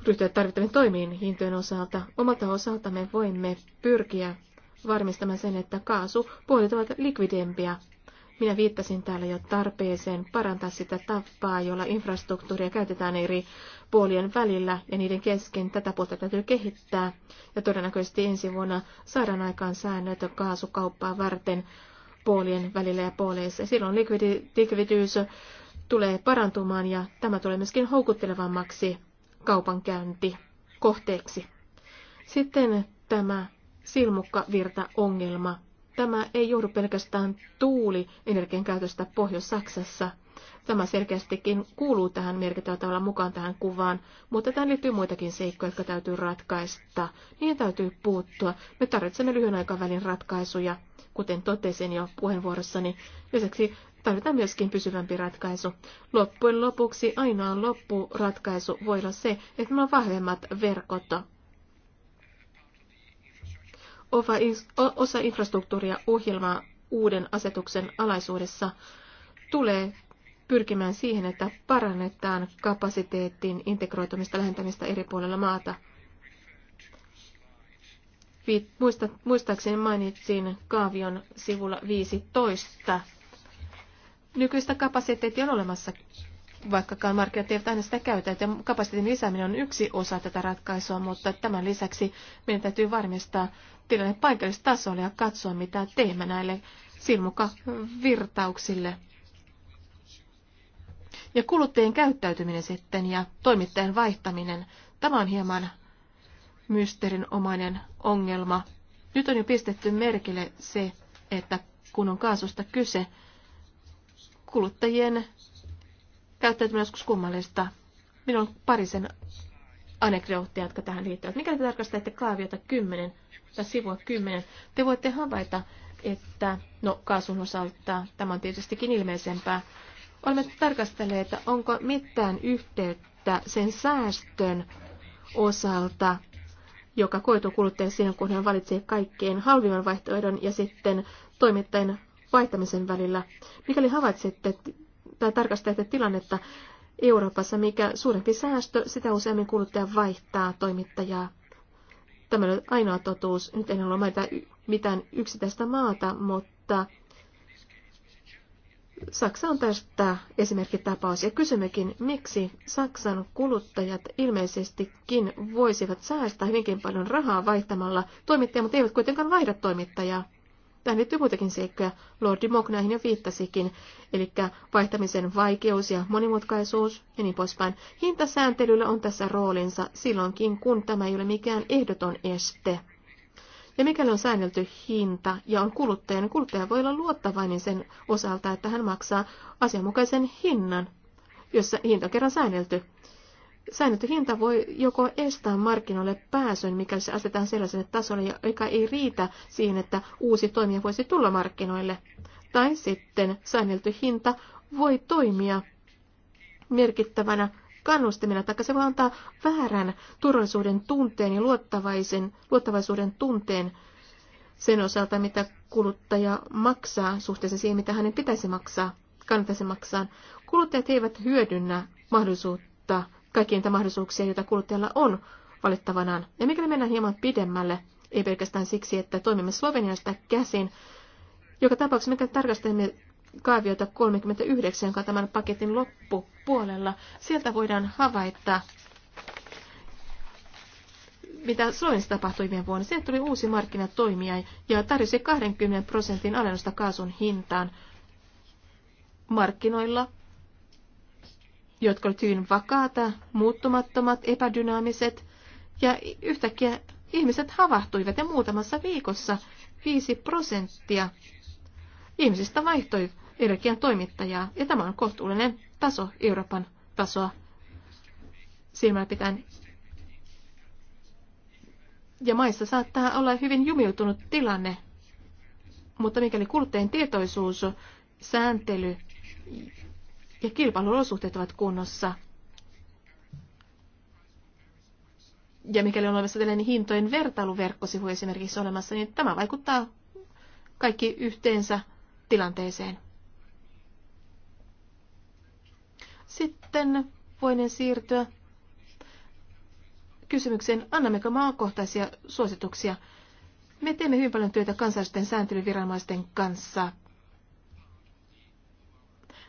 ryhtyä tarvittaviin toimiin hintojen osalta. Omalta osalta me voimme pyrkiä varmistamaan sen, että kaasupuolet ovat likvidempiä. Minä viittasin täällä jo tarpeeseen parantaa sitä tapaa, jolla infrastruktuuria käytetään eri puolien välillä ja niiden kesken. Tätä puolta täytyy kehittää ja todennäköisesti ensi vuonna saadaan aikaan säännöt kaasukauppaa varten puolien välillä ja puoleissa. Silloin likvidyys tulee parantumaan ja tämä tulee myöskin houkuttelevammaksi kaupankäynti kohteeksi. Sitten tämä ongelma Tämä ei johdu pelkästään tuulienergian käytöstä Pohjois-Saksassa – Tämä selkeästikin kuuluu tähän merkittävällä tavalla mukaan tähän kuvaan, mutta tähän liittyy muitakin seikkoja, jotka täytyy ratkaista. Niihin täytyy puuttua. Me tarvitsemme lyhyen aikavälin ratkaisuja, kuten totesin jo puheenvuorossani. Lisäksi tarvitaan myöskin pysyvämpi ratkaisu. Loppujen lopuksi ainoa loppuratkaisu voi olla se, että meillä on vahvemmat verkot. Osa infrastruktuuria ohjelmaa uuden asetuksen alaisuudessa tulee pyrkimään siihen, että parannetaan kapasiteettiin integroitumista lähentämistä eri puolilla maata. Muista, muistaakseni mainitsin kaavion sivulla 15. Nykyistä kapasiteettia on olemassa, vaikkakaan markkinat eivät aina sitä käytä. Että kapasiteetin lisääminen on yksi osa tätä ratkaisua, mutta tämän lisäksi meidän täytyy varmistaa tilanne paikallistasolla ja katsoa, mitä teemme näille silmukavirtauksille. Ja kuluttajien käyttäytyminen sitten ja toimittajan vaihtaminen, tämä on hieman mysteerinomainen ongelma. Nyt on jo pistetty merkille se, että kun on kaasusta kyse, kuluttajien käyttäytyminen on joskus kummallista. Minulla on parisen anekdoottia, jotka tähän liittyvät. Mikäli te tarkastatte kaaviota 10 tai sivua 10, te voitte havaita, että no kaasun osalta tämä on tietystikin ilmeisempää, Olemme tarkastelleet, onko mitään yhteyttä sen säästön osalta, joka koituu kuluttajan siinä, kun hän valitsee kaikkein halvimman vaihtoehdon ja sitten toimittajan vaihtamisen välillä. Mikäli havaitsette tai tarkastelette tilannetta Euroopassa, mikä suurempi säästö, sitä useammin kuluttaja vaihtaa toimittajaa. Tämä on ainoa totuus. Nyt en halua mainita mitään yksittäistä maata, mutta Saksa on tästä esimerkkitapaus ja kysymmekin, miksi Saksan kuluttajat ilmeisestikin voisivat säästää hyvinkin paljon rahaa vaihtamalla toimittajaa, mutta eivät kuitenkaan vaihda toimittajaa. Tähän liittyy muitakin seikkoja. Lordi Mock näihin jo viittasikin, eli vaihtamisen vaikeus ja monimutkaisuus ja niin poispäin. Hintasääntelyllä on tässä roolinsa silloinkin, kun tämä ei ole mikään ehdoton este. Ja mikäli on säännelty hinta ja on kuluttaja, niin kuluttaja voi olla luottavainen sen osalta, että hän maksaa asianmukaisen hinnan, jossa hinta on kerran säännelty. Säännelty hinta voi joko estää markkinoille pääsyn, mikäli se asetetaan sellaiselle tasolle, joka ei riitä siihen, että uusi toimija voisi tulla markkinoille. Tai sitten säännelty hinta voi toimia merkittävänä kannustimena, tai se voi antaa väärän turvallisuuden tunteen ja luottavaisen, luottavaisuuden tunteen sen osalta, mitä kuluttaja maksaa suhteessa siihen, mitä hänen pitäisi maksaa, kannattaisi maksaa. Kuluttajat eivät hyödynnä mahdollisuutta, kaikkia niitä mahdollisuuksia, joita kuluttajalla on valittavanaan. Ja mikäli mennään hieman pidemmälle, ei pelkästään siksi, että toimimme Sloveniasta käsin, joka tapauksessa me tarkastelemme kaaviota 39, joka on tämän paketin loppupuolella. Sieltä voidaan havaita, mitä Suomessa tapahtui viime vuonna. Sieltä tuli uusi markkinatoimija ja tarjosi 20 prosentin alennusta kaasun hintaan markkinoilla, jotka olivat hyvin vakaata, muuttumattomat, epädynaamiset. Ja yhtäkkiä ihmiset havahtuivat ja muutamassa viikossa 5 prosenttia ihmisistä vaihtoi energian toimittajaa. Ja tämä on kohtuullinen taso Euroopan tasoa silmällä pitäen. Ja maissa saattaa olla hyvin jumiutunut tilanne, mutta mikäli kuluttajien tietoisuus, sääntely ja kilpailuolosuhteet ovat kunnossa, ja mikäli on olemassa tällainen hintojen vertailuverkkosivu esimerkiksi olemassa, niin tämä vaikuttaa kaikki yhteensä tilanteeseen. Sitten voinen siirtyä kysymykseen, annammeko maakohtaisia suosituksia. Me teemme hyvin paljon työtä kansallisten sääntelyviranomaisten kanssa.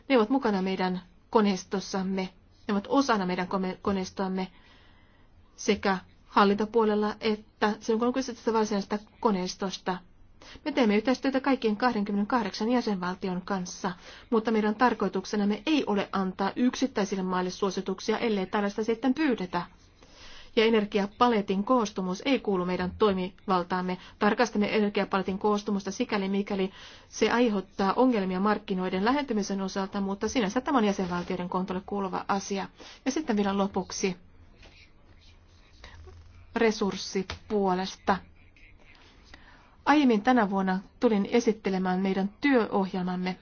Ne ovat mukana meidän koneistossamme, ne ovat osana meidän koneistoamme sekä hallintopuolella että silloin kun on kyse tästä varsinaisesta koneistosta – me teemme yhteistyötä kaikkien 28 jäsenvaltion kanssa, mutta meidän tarkoituksena me ei ole antaa yksittäisille maille suosituksia, ellei tällaista sitten pyydetä. Ja energiapaletin koostumus ei kuulu meidän toimivaltaamme. Tarkastamme energiapaletin koostumusta sikäli, mikäli se aiheuttaa ongelmia markkinoiden lähentymisen osalta, mutta sinänsä tämä on jäsenvaltioiden kontolle kuuluva asia. Ja sitten vielä lopuksi resurssipuolesta. Aiemmin tänä vuonna tulin esittelemään meidän työohjelmamme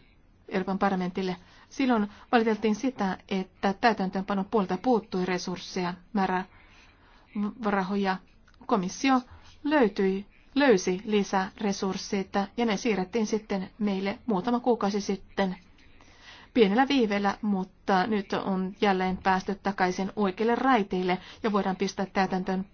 Euroopan parlamentille. Silloin valiteltiin sitä, että täytäntöönpanon puolta puuttui resursseja, määrärahoja. Komissio löytyi, löysi lisäresursseita ja ne siirrettiin sitten meille muutama kuukausi sitten pienellä viiveellä, mutta nyt on jälleen päästy takaisin oikeille raiteille ja voidaan pistää täytäntöön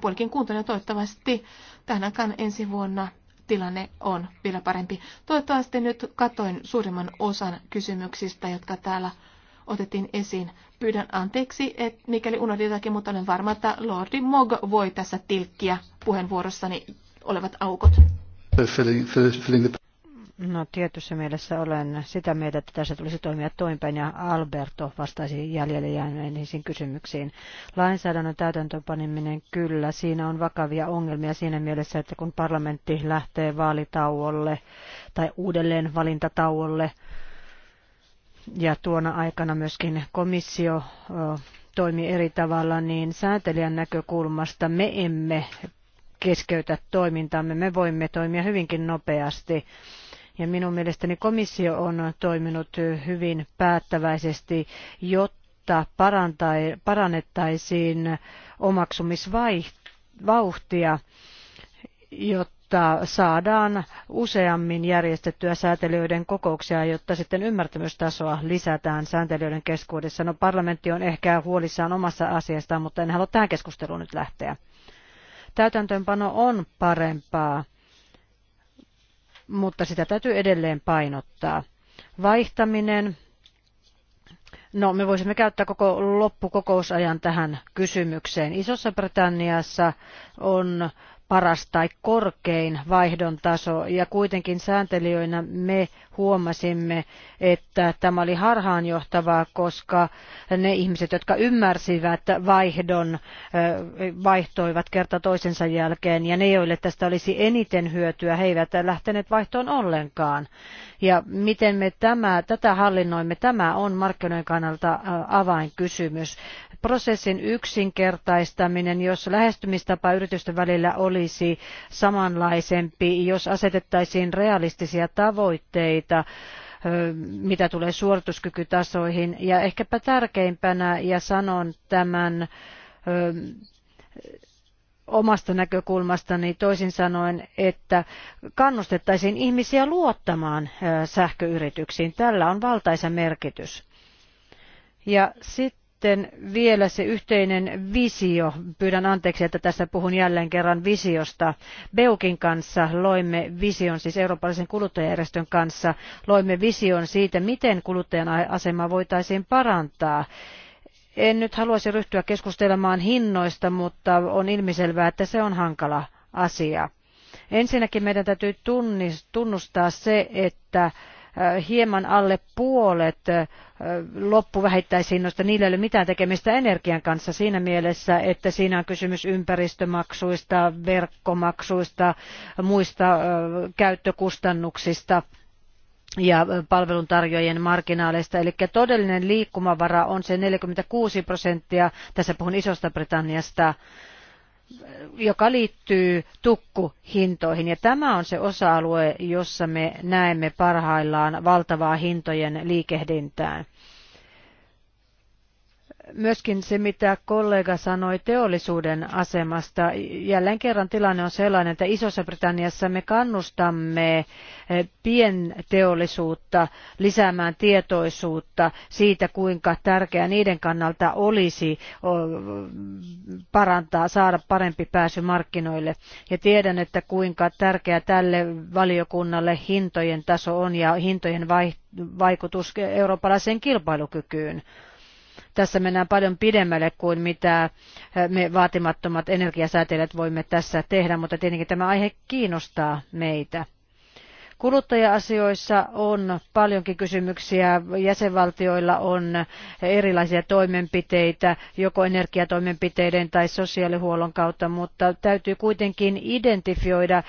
puolikin kuntoon toivottavasti tähänkään ensi vuonna tilanne on vielä parempi. Toivottavasti nyt katoin suurimman osan kysymyksistä, jotka täällä otettiin esiin. Pyydän anteeksi, että mikäli unohdin jotakin, mutta olen varma, että Lordi Mog voi tässä tilkkiä puheenvuorossani olevat aukot. No tietyssä mielessä olen sitä mieltä, että tässä tulisi toimia toinpäin ja Alberto vastaisi jäljelle jääneisiin kysymyksiin. Lainsäädännön täytäntöönpaneminen kyllä, siinä on vakavia ongelmia siinä mielessä, että kun parlamentti lähtee vaalitauolle tai uudelleen valintatauolle ja tuona aikana myöskin komissio toimii eri tavalla, niin säätelijän näkökulmasta me emme keskeytä toimintaamme. Me voimme toimia hyvinkin nopeasti ja minun mielestäni komissio on toiminut hyvin päättäväisesti, jotta parannettaisiin omaksumisvauhtia, jotta saadaan useammin järjestettyä säätelijöiden kokouksia, jotta sitten ymmärtämystasoa lisätään sääntelijöiden keskuudessa. No parlamentti on ehkä huolissaan omassa asiastaan, mutta en halua tähän keskusteluun nyt lähteä. Täytäntöönpano on parempaa mutta sitä täytyy edelleen painottaa. Vaihtaminen. No, me voisimme käyttää koko loppukokousajan tähän kysymykseen. Isossa Britanniassa on paras tai korkein vaihdon taso ja kuitenkin sääntelijöinä me huomasimme, että tämä oli harhaanjohtavaa, koska ne ihmiset, jotka ymmärsivät vaihdon, vaihtoivat kerta toisensa jälkeen ja ne, joille tästä olisi eniten hyötyä, he eivät lähteneet vaihtoon ollenkaan. Ja miten me tämä, tätä hallinnoimme, tämä on markkinoiden kannalta avainkysymys. Prosessin yksinkertaistaminen, jos lähestymistapa yritysten välillä oli olisi samanlaisempi, jos asetettaisiin realistisia tavoitteita mitä tulee suorituskykytasoihin. Ja ehkäpä tärkeimpänä, ja sanon tämän omasta näkökulmastani toisin sanoen, että kannustettaisiin ihmisiä luottamaan sähköyrityksiin. Tällä on valtaisa merkitys. Ja sitten sitten vielä se yhteinen visio. Pyydän anteeksi, että tässä puhun jälleen kerran visiosta. Beukin kanssa loimme vision, siis eurooppalaisen kuluttajajärjestön kanssa, loimme vision siitä, miten kuluttajan asema voitaisiin parantaa. En nyt haluaisi ryhtyä keskustelemaan hinnoista, mutta on ilmiselvää, että se on hankala asia. Ensinnäkin meidän täytyy tunnustaa se, että hieman alle puolet loppuvähittäishinnoista, niillä ei ole mitään tekemistä energian kanssa siinä mielessä, että siinä on kysymys ympäristömaksuista, verkkomaksuista, muista käyttökustannuksista ja palveluntarjoajien marginaaleista. Eli todellinen liikkumavara on se 46 prosenttia, tässä puhun Isosta Britanniasta, joka liittyy tukkuhintoihin. Ja tämä on se osa-alue, jossa me näemme parhaillaan valtavaa hintojen liikehdintää myöskin se, mitä kollega sanoi teollisuuden asemasta. Jälleen kerran tilanne on sellainen, että Isossa Britanniassa me kannustamme eh, pienteollisuutta lisäämään tietoisuutta siitä, kuinka tärkeää niiden kannalta olisi parantaa, saada parempi pääsy markkinoille. Ja tiedän, että kuinka tärkeää tälle valiokunnalle hintojen taso on ja hintojen vaikutus eurooppalaiseen kilpailukykyyn. Tässä mennään paljon pidemmälle kuin mitä eh, me vaatimattomat energiasäätelijät voimme tässä tehdä, mutta tietenkin tämä aihe kiinnostaa meitä. Kuluttaja-asioissa on paljonkin kysymyksiä. Jäsenvaltioilla on erilaisia toimenpiteitä, joko energiatoimenpiteiden tai sosiaalihuollon kautta, mutta täytyy kuitenkin identifioida,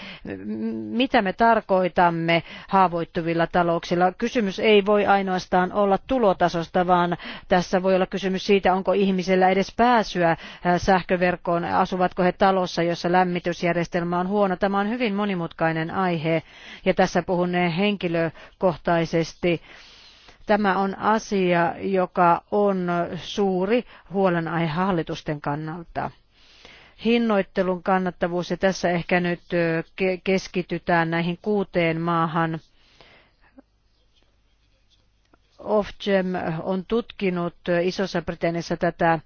mitä me tarkoitamme haavoittuvilla talouksilla. Kysymys ei voi ainoastaan olla tulotasosta, vaan tässä voi olla kysymys siitä, onko ihmisellä edes pääsyä äh, sähköverkkoon, asuvatko he talossa, jossa lämmitysjärjestelmä on huono. Tämä on hyvin monimutkainen aihe ja tässä puhuneen henkilökohtaisesti. Tämä on asia, joka on suuri huolenaihe hallitusten kannalta hinnoittelun kannattavuus ja tässä ehkä nyt keskitytään näihin kuuteen maahan Ofgem on tutkinut Isossa Britanniassa tätä äh,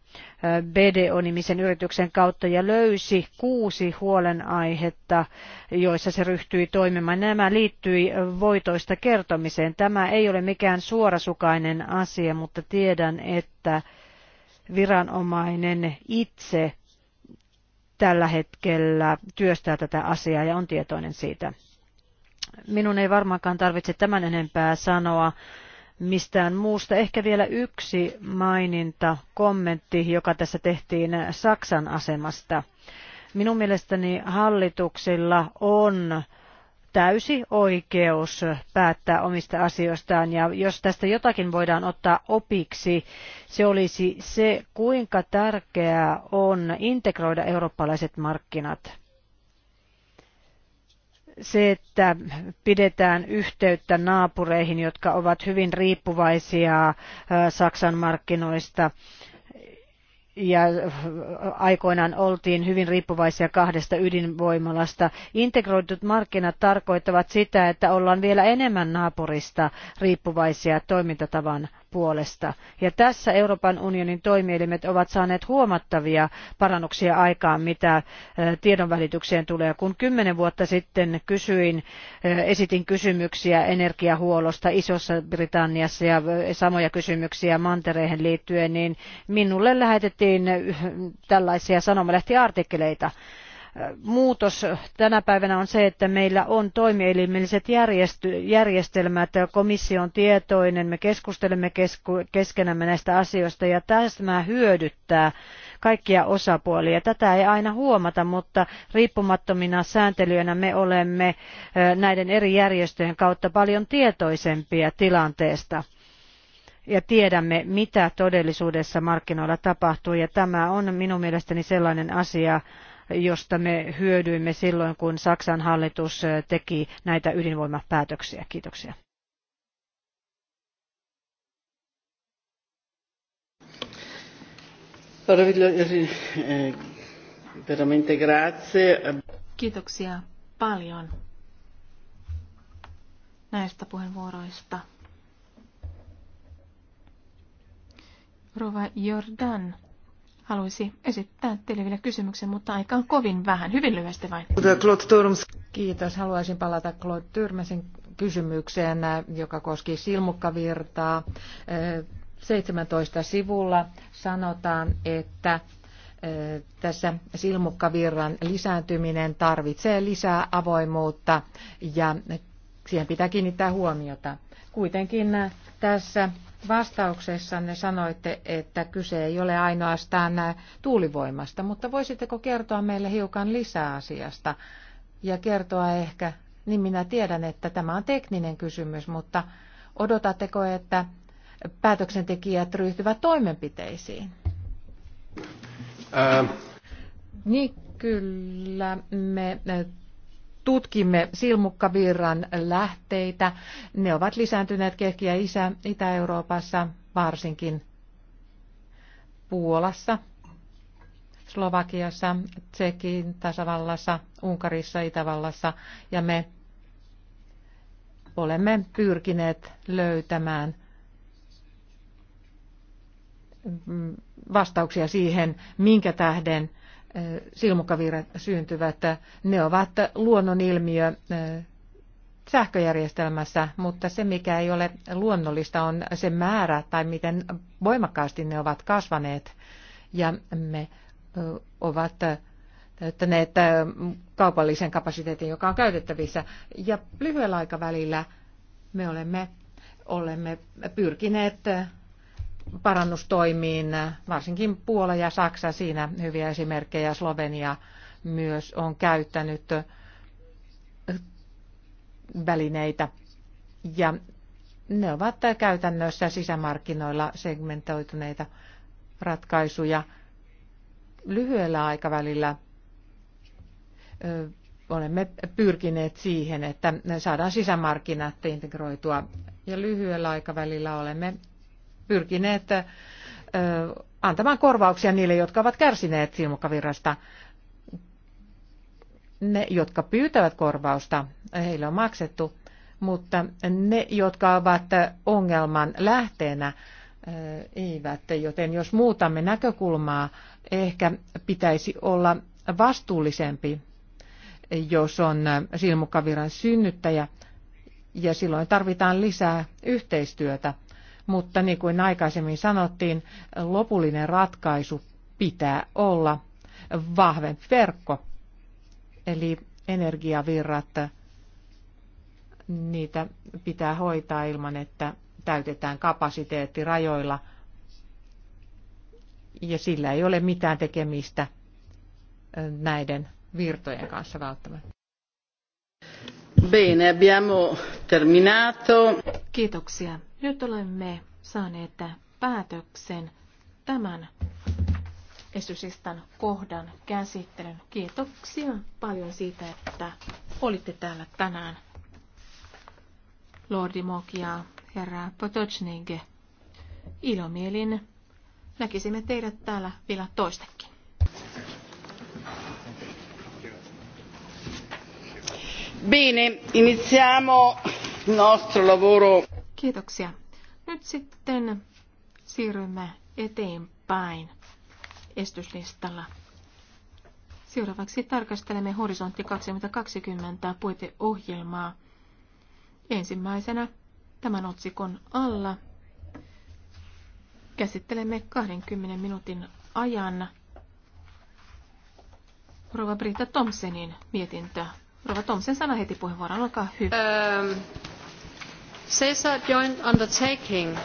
BDO-nimisen yrityksen kautta ja löysi kuusi huolenaihetta, joissa se ryhtyi toimimaan. Nämä liittyi voitoista kertomiseen. Tämä ei ole mikään suorasukainen asia, mutta tiedän, että viranomainen itse tällä hetkellä työstää tätä asiaa ja on tietoinen siitä. Minun ei varmaankaan tarvitse tämän enempää sanoa mistään muusta. Ehkä vielä yksi maininta, kommentti, joka tässä tehtiin Saksan asemasta. Minun mielestäni hallituksilla on täysi oikeus päättää omista asioistaan ja jos tästä jotakin voidaan ottaa opiksi, se olisi se, kuinka tärkeää on integroida eurooppalaiset markkinat se, että pidetään yhteyttä naapureihin, jotka ovat hyvin riippuvaisia Saksan markkinoista. Ja aikoinaan oltiin hyvin riippuvaisia kahdesta ydinvoimalasta. Integroidut markkinat tarkoittavat sitä, että ollaan vielä enemmän naapurista riippuvaisia toimintatavan puolesta. Ja tässä Euroopan unionin toimielimet ovat saaneet huomattavia parannuksia aikaan, mitä tiedonvälitykseen tulee. Kun kymmenen vuotta sitten kysyin, esitin kysymyksiä energiahuollosta Isossa Britanniassa ja samoja kysymyksiä mantereihin liittyen, niin minulle lähetettiin tällaisia sanomalehtiartikkeleita. artikkeleita muutos tänä päivänä on se, että meillä on toimielimelliset järjestelmät, komissio on tietoinen, me keskustelemme keskenämme näistä asioista ja tämä hyödyttää kaikkia osapuolia. Tätä ei aina huomata, mutta riippumattomina sääntelijöinä me olemme näiden eri järjestöjen kautta paljon tietoisempia tilanteesta ja tiedämme, mitä todellisuudessa markkinoilla tapahtuu. Ja tämä on minun mielestäni sellainen asia, josta me hyödyimme silloin, kun Saksan hallitus teki näitä ydinvoimapäätöksiä. Kiitoksia. Kiitoksia paljon näistä puheenvuoroista. Rova Jordan haluaisi esittää teille vielä kysymyksen, mutta aika on kovin vähän. Hyvin lyhyesti vain. Kiitos. Haluaisin palata Claude Tyrmäsen kysymykseen, joka koski silmukkavirtaa. 17 sivulla sanotaan, että e, tässä silmukkavirran lisääntyminen tarvitsee lisää avoimuutta ja siihen pitää kiinnittää huomiota. Kuitenkin e, tässä Vastauksessanne sanoitte, että kyse ei ole ainoastaan tuulivoimasta, mutta voisitteko kertoa meille hiukan lisää asiasta ja kertoa ehkä, niin minä tiedän, että tämä on tekninen kysymys, mutta odotatteko, että päätöksentekijät ryhtyvät toimenpiteisiin? Ää... Niin kyllä, me tutkimme silmukkavirran lähteitä. Ne ovat lisääntyneet Kehki- ja Itä-Euroopassa, varsinkin Puolassa, Slovakiassa, Tsekin tasavallassa, Unkarissa, Itävallassa ja me olemme pyrkineet löytämään mm, vastauksia siihen, minkä tähden silmukavirrat syntyvät. Ne ovat luonnonilmiö sähköjärjestelmässä, mutta se mikä ei ole luonnollista on se määrä tai miten voimakkaasti ne ovat kasvaneet. Ja me ovat täyttäneet kaupallisen kapasiteetin, joka on käytettävissä. Ja lyhyellä aikavälillä me olemme, olemme pyrkineet parannustoimiin, varsinkin Puola ja Saksa siinä hyviä esimerkkejä, Slovenia myös on käyttänyt välineitä ja ne ovat käytännössä sisämarkkinoilla segmentoituneita ratkaisuja. Lyhyellä aikavälillä olemme pyrkineet siihen, että saadaan sisämarkkinat integroitua ja lyhyellä aikavälillä olemme pyrkineet antamaan korvauksia niille, jotka ovat kärsineet silmukkavirrasta. Ne, jotka pyytävät korvausta, heille on maksettu, mutta ne, jotka ovat ongelman lähteenä, eivät. Joten jos muutamme näkökulmaa, ehkä pitäisi olla vastuullisempi, jos on silmukkaviran synnyttäjä, ja silloin tarvitaan lisää yhteistyötä – mutta niin kuin aikaisemmin sanottiin, lopullinen ratkaisu pitää olla vahvempi verkko, eli energiavirrat, niitä pitää hoitaa ilman, että täytetään kapasiteetti rajoilla ja sillä ei ole mitään tekemistä näiden virtojen kanssa välttämättä. Kiitoksia. Nyt olemme saaneet päätöksen tämän esityslistan kohdan käsittelyn. Kiitoksia paljon siitä, että olitte täällä tänään. Lordi Mok ja herra Potocnig, ilomielin näkisimme teidät täällä vielä toistekin. Bene, iniziamo nostro lavoro. Kiitoksia. Nyt sitten siirrymme eteenpäin estyslistalla. Seuraavaksi tarkastelemme Horisontti 2020 puiteohjelmaa. Ensimmäisenä tämän otsikon alla käsittelemme 20 minuutin ajan Rova Britta Thompsonin mietintöä. Rova Tomsen sana heti puheenvuoron, olkaa hyvä. Um, Cesar Joint Undertaking.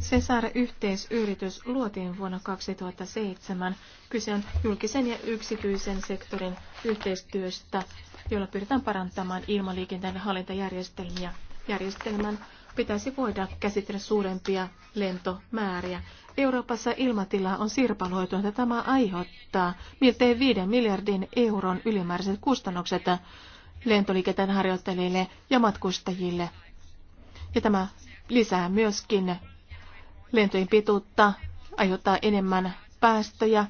Cesar-yhteisyritys luotiin vuonna 2007. Kyse on julkisen ja yksityisen sektorin yhteistyöstä, jolla pyritään parantamaan ilmaliikenteen hallintajärjestelmiä. Järjestelmän pitäisi voida käsitellä suurempia lentomääriä. Euroopassa ilmatila on sirpaloitunut että tämä aiheuttaa miltei 5 miljardin euron ylimääräiset kustannukset lentoliikenteen harjoittajille ja matkustajille. Ja tämä lisää myöskin lentojen pituutta, aiheuttaa enemmän päästöjä,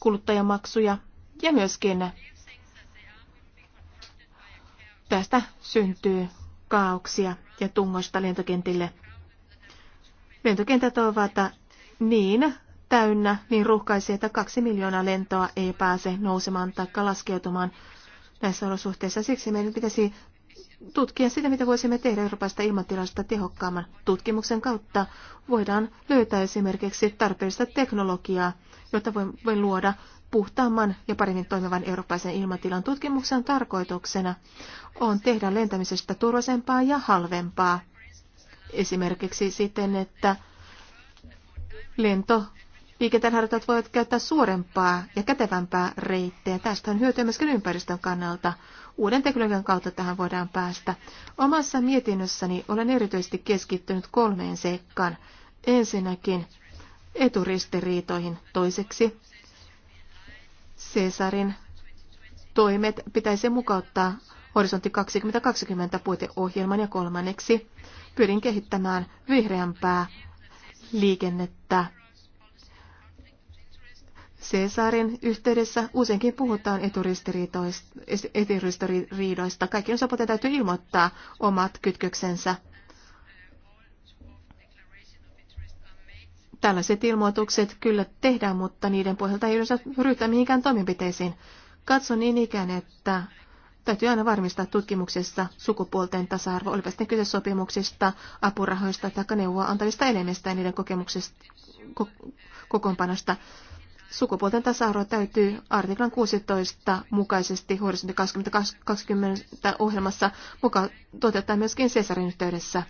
kuluttajamaksuja ja myöskin tästä syntyy kaauksia ja tungosta lentokentille. Lentokentät ovat niin täynnä, niin ruuhkaisia, että kaksi miljoonaa lentoa ei pääse nousemaan tai laskeutumaan näissä olosuhteissa. Siksi meidän pitäisi tutkia sitä, mitä voisimme tehdä Euroopasta ilmatilasta tehokkaamman. Tutkimuksen kautta voidaan löytää esimerkiksi tarpeellista teknologiaa, jota voi luoda puhtaamman ja paremmin toimivan eurooppaisen ilmatilan tutkimuksen tarkoituksena on tehdä lentämisestä turvallisempaa ja halvempaa. Esimerkiksi siten, että lento liikenteenharjoittajat voivat käyttää suurempaa ja kätevämpää reittiä. Tästä on hyötyä myös ympäristön kannalta. Uuden teknologian kautta tähän voidaan päästä. Omassa mietinnössäni olen erityisesti keskittynyt kolmeen seikkaan. Ensinnäkin eturistiriitoihin. Toiseksi Cesarin toimet pitäisi mukauttaa Horisontti 2020 puiteohjelman ja kolmanneksi pyrin kehittämään vihreämpää liikennettä Cesarin yhteydessä useinkin puhutaan eturistiriidoista. Kaikki osapuolten täytyy ilmoittaa omat kytköksensä. Tällaiset ilmoitukset kyllä tehdään, mutta niiden pohjalta ei yleensä ryhtyä mihinkään toimenpiteisiin. Katson niin ikään, että täytyy aina varmistaa tutkimuksessa sukupuolten tasa-arvo, olipa sitten kyse sopimuksista, apurahoista tai neuvoa antavista elimistä ja niiden kokemuksista, ko- kokoonpanosta. Sukupuolten tasa-arvo täytyy artiklan 16 mukaisesti Horisontti 2020 ohjelmassa mukaan toteuttaa myöskin Cesarin yhteydessä.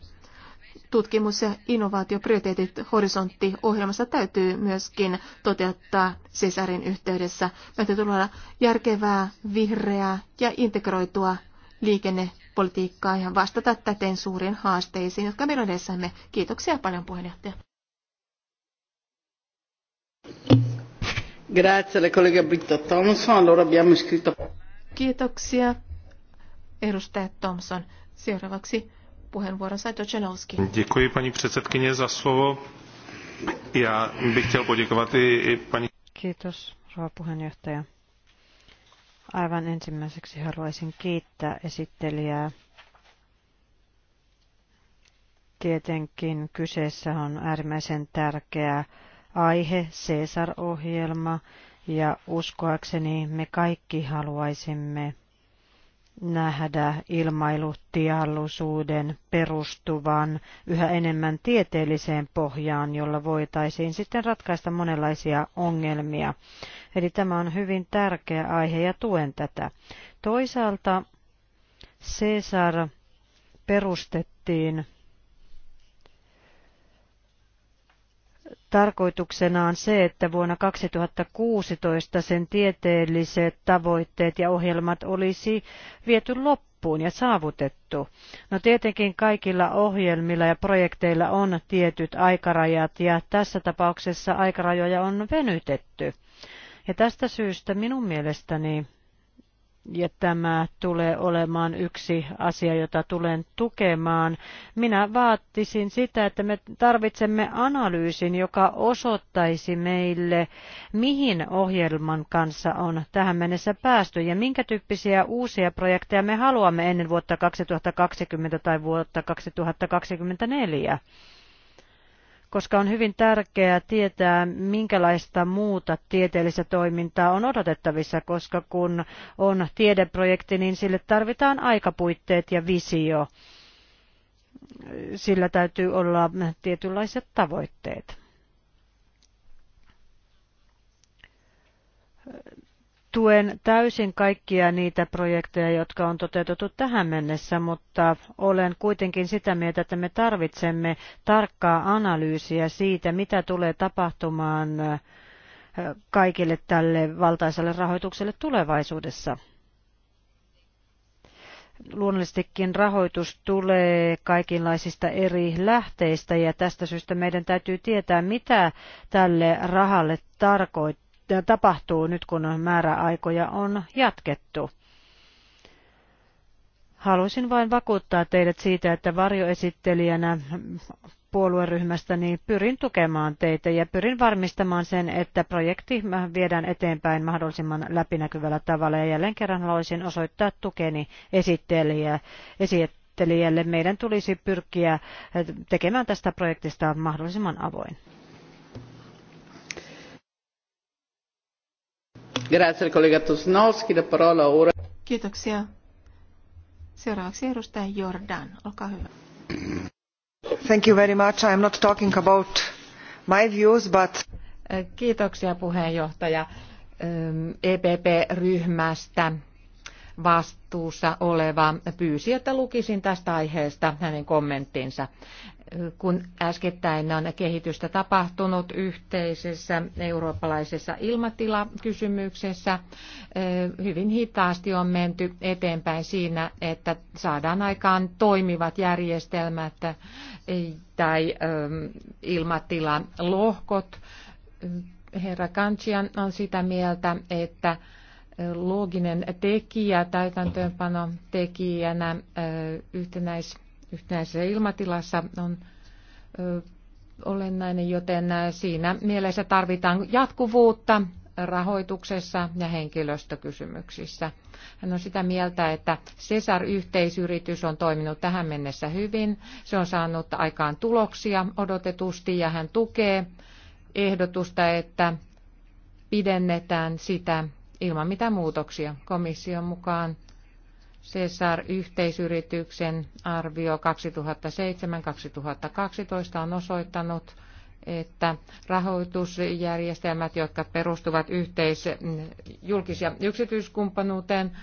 Tutkimus- ja innovaatioprioriteetit horisontti-ohjelmassa täytyy myöskin toteuttaa Cesarin yhteydessä. Meidän täytyy olla järkevää, vihreää ja integroitua liikennepolitiikkaa ja vastata täten suuriin haasteisiin, jotka meillä on edessämme. Kiitoksia paljon puheenjohtaja. Kiitoksia, edustaja Thompson. Seuraavaksi puheenvuoro Saito Chelowski. Děkuji paní předsedkyně za slovo. Já bych chtěl poděkovat i, i paní... Kiitos, rouva puheenjohtaja. Aivan ensimmäiseksi haluaisin kiittää esittelijää. Tietenkin kyseessä on äärimmäisen tärkeä aihe, Cesar-ohjelma, ja uskoakseni me kaikki haluaisimme nähdä ilmailutiallisuuden perustuvan yhä enemmän tieteelliseen pohjaan, jolla voitaisiin sitten ratkaista monenlaisia ongelmia. Eli tämä on hyvin tärkeä aihe ja tuen tätä. Toisaalta Cesar perustettiin tarkoituksenaan se, että vuonna 2016 sen tieteelliset tavoitteet ja ohjelmat olisi viety loppuun ja saavutettu. No tietenkin kaikilla ohjelmilla ja projekteilla on tietyt aikarajat ja tässä tapauksessa aikarajoja on venytetty. Ja tästä syystä minun mielestäni ja tämä tulee olemaan yksi asia, jota tulen tukemaan. Minä vaatisin sitä, että me tarvitsemme analyysin, joka osoittaisi meille, mihin ohjelman kanssa on tähän mennessä päästy ja minkä tyyppisiä uusia projekteja me haluamme ennen vuotta 2020 tai vuotta 2024 koska on hyvin tärkeää tietää, minkälaista muuta tieteellistä toimintaa on odotettavissa, koska kun on tiedeprojekti, niin sille tarvitaan aikapuitteet ja visio. Sillä täytyy olla tietynlaiset tavoitteet tuen täysin kaikkia niitä projekteja, jotka on toteutettu tähän mennessä, mutta olen kuitenkin sitä mieltä, että me tarvitsemme tarkkaa analyysiä siitä, mitä tulee tapahtumaan kaikille tälle valtaiselle rahoitukselle tulevaisuudessa. Luonnollisestikin rahoitus tulee kaikenlaisista eri lähteistä ja tästä syystä meidän täytyy tietää, mitä tälle rahalle tarkoittaa tapahtuu nyt, kun määräaikoja on jatkettu. Haluaisin vain vakuuttaa teidät siitä, että varjoesittelijänä puolueryhmästäni pyrin tukemaan teitä ja pyrin varmistamaan sen, että projekti viedään eteenpäin mahdollisimman läpinäkyvällä tavalla. Ja jälleen kerran haluaisin osoittaa tukeni esittelijä, esittelijälle. Meidän tulisi pyrkiä tekemään tästä projektista mahdollisimman avoin. Kiitoksia. Seuraavaksi edustaja Jordan, olkaa hyvä. Thank you very much. I'm not talking about my views, but... Kiitoksia puheenjohtaja EPP-ryhmästä vastuussa oleva pyysi, että lukisin tästä aiheesta hänen kommenttinsa kun äskettäin on kehitystä tapahtunut yhteisessä eurooppalaisessa ilmatilakysymyksessä. Eh, hyvin hitaasti on menty eteenpäin siinä, että saadaan aikaan toimivat järjestelmät eh, tai ehm, ilmatilalohkot. Herra Kantsian on sitä mieltä, että eh, looginen tekijä, täytäntöönpano tekijänä yhtenäis yhtenäisessä ilmatilassa on olennainen, joten siinä mielessä tarvitaan jatkuvuutta rahoituksessa ja henkilöstökysymyksissä. Hän on sitä mieltä, että Cesar-yhteisyritys on toiminut tähän mennessä hyvin. Se on saanut aikaan tuloksia odotetusti ja hän tukee ehdotusta, että pidennetään sitä ilman mitään muutoksia komission mukaan. CSR-yhteisyrityksen arvio 2007-2012 on osoittanut, että rahoitusjärjestelmät, jotka perustuvat yhteis- julkis- ja yksityiskumppanuuteen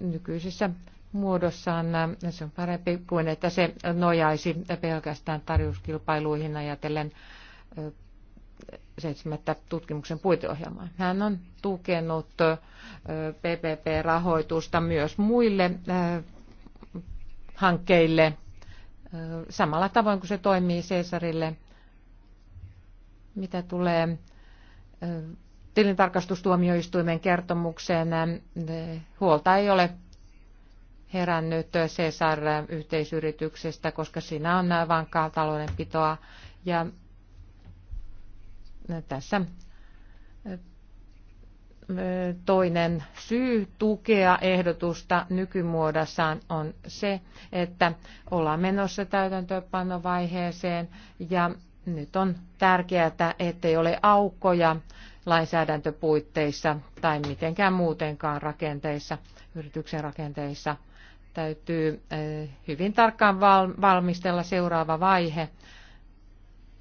nykyisessä muodossaan, se on parempi kuin että se nojaisi pelkästään tarjouskilpailuihin ajatellen seitsemättä tutkimuksen puiteohjelmaa. Hän on tukenut PPP-rahoitusta myös muille hankkeille samalla tavoin kuin se toimii Cesarille, mitä tulee tilintarkastustuomioistuimen kertomukseen. Huolta ei ole herännyt Cesar-yhteisyrityksestä, koska siinä on vankkaa taloudenpitoa ja tässä toinen syy tukea ehdotusta nykymuodossaan on se, että ollaan menossa täytäntöönpanovaiheeseen ja nyt on tärkeää, ettei ole aukkoja lainsäädäntöpuitteissa tai mitenkään muutenkaan rakenteissa, yrityksen rakenteissa. Täytyy hyvin tarkkaan valmistella seuraava vaihe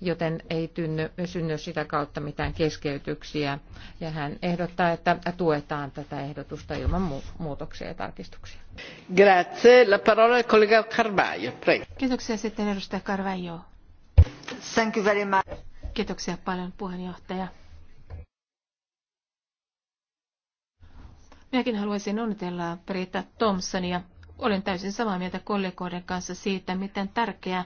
joten ei tynny, synny sitä kautta mitään keskeytyksiä. Ja hän ehdottaa, että tuetaan tätä ehdotusta ilman muutoksia ja tarkistuksia. Grazie. La parola collega Carvajo. Kiitoksia sitten edustaja Carvajo. Thank you very much. Kiitoksia paljon puheenjohtaja. Minäkin haluaisin onnitella Britta Thompsonia. Olen täysin samaa mieltä kollegoiden kanssa siitä, miten tärkeä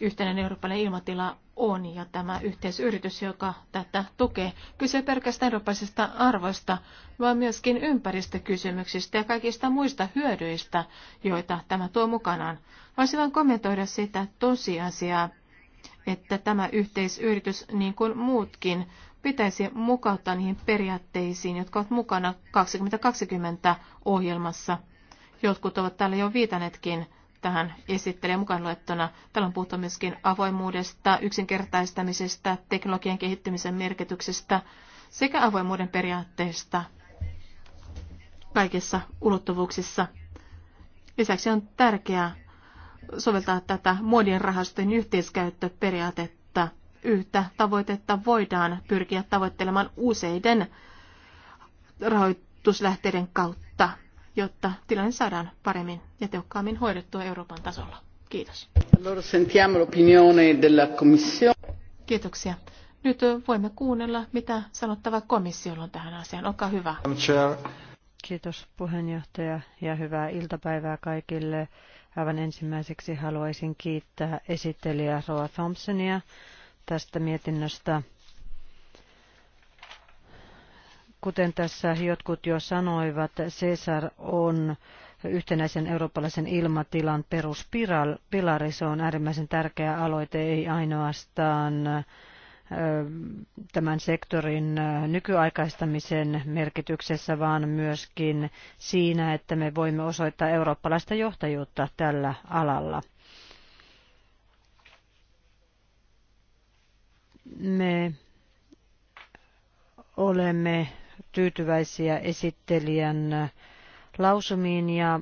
yhtenäinen eurooppalainen ilmatila on ja tämä yhteisyritys, joka tätä tukee. Kyse pelkästään eurooppalaisista arvoista, vaan myöskin ympäristökysymyksistä ja kaikista muista hyödyistä, joita tämä tuo mukanaan. Voisin vain kommentoida sitä tosiasiaa, että tämä yhteisyritys, niin kuin muutkin, pitäisi mukauttaa niihin periaatteisiin, jotka ovat mukana 2020 ohjelmassa. Jotkut ovat täällä jo viitanetkin tähän esittelee mukaan luettuna. Täällä on puhuttu myöskin avoimuudesta, yksinkertaistamisesta, teknologian kehittymisen merkityksestä sekä avoimuuden periaatteesta kaikissa ulottuvuuksissa. Lisäksi on tärkeää soveltaa tätä muodien rahastojen yhteiskäyttöperiaatetta. Yhtä tavoitetta voidaan pyrkiä tavoittelemaan useiden rahoituslähteiden kautta jotta tilanne saadaan paremmin ja tehokkaammin hoidettua Euroopan tasolla. Kiitos. Kiitoksia. Nyt voimme kuunnella, mitä sanottava komissiolla on tähän asiaan. Olkaa hyvä. Kiitos puheenjohtaja ja hyvää iltapäivää kaikille. Aivan ensimmäiseksi haluaisin kiittää esittelijä Roa Thompsonia tästä mietinnöstä. Kuten tässä jotkut jo sanoivat, Cesar on yhtenäisen eurooppalaisen ilmatilan peruspilari. Se on äärimmäisen tärkeä aloite, ei ainoastaan tämän sektorin nykyaikaistamisen merkityksessä, vaan myöskin siinä, että me voimme osoittaa eurooppalaista johtajuutta tällä alalla. Me olemme tyytyväisiä esittelijän lausumiin ja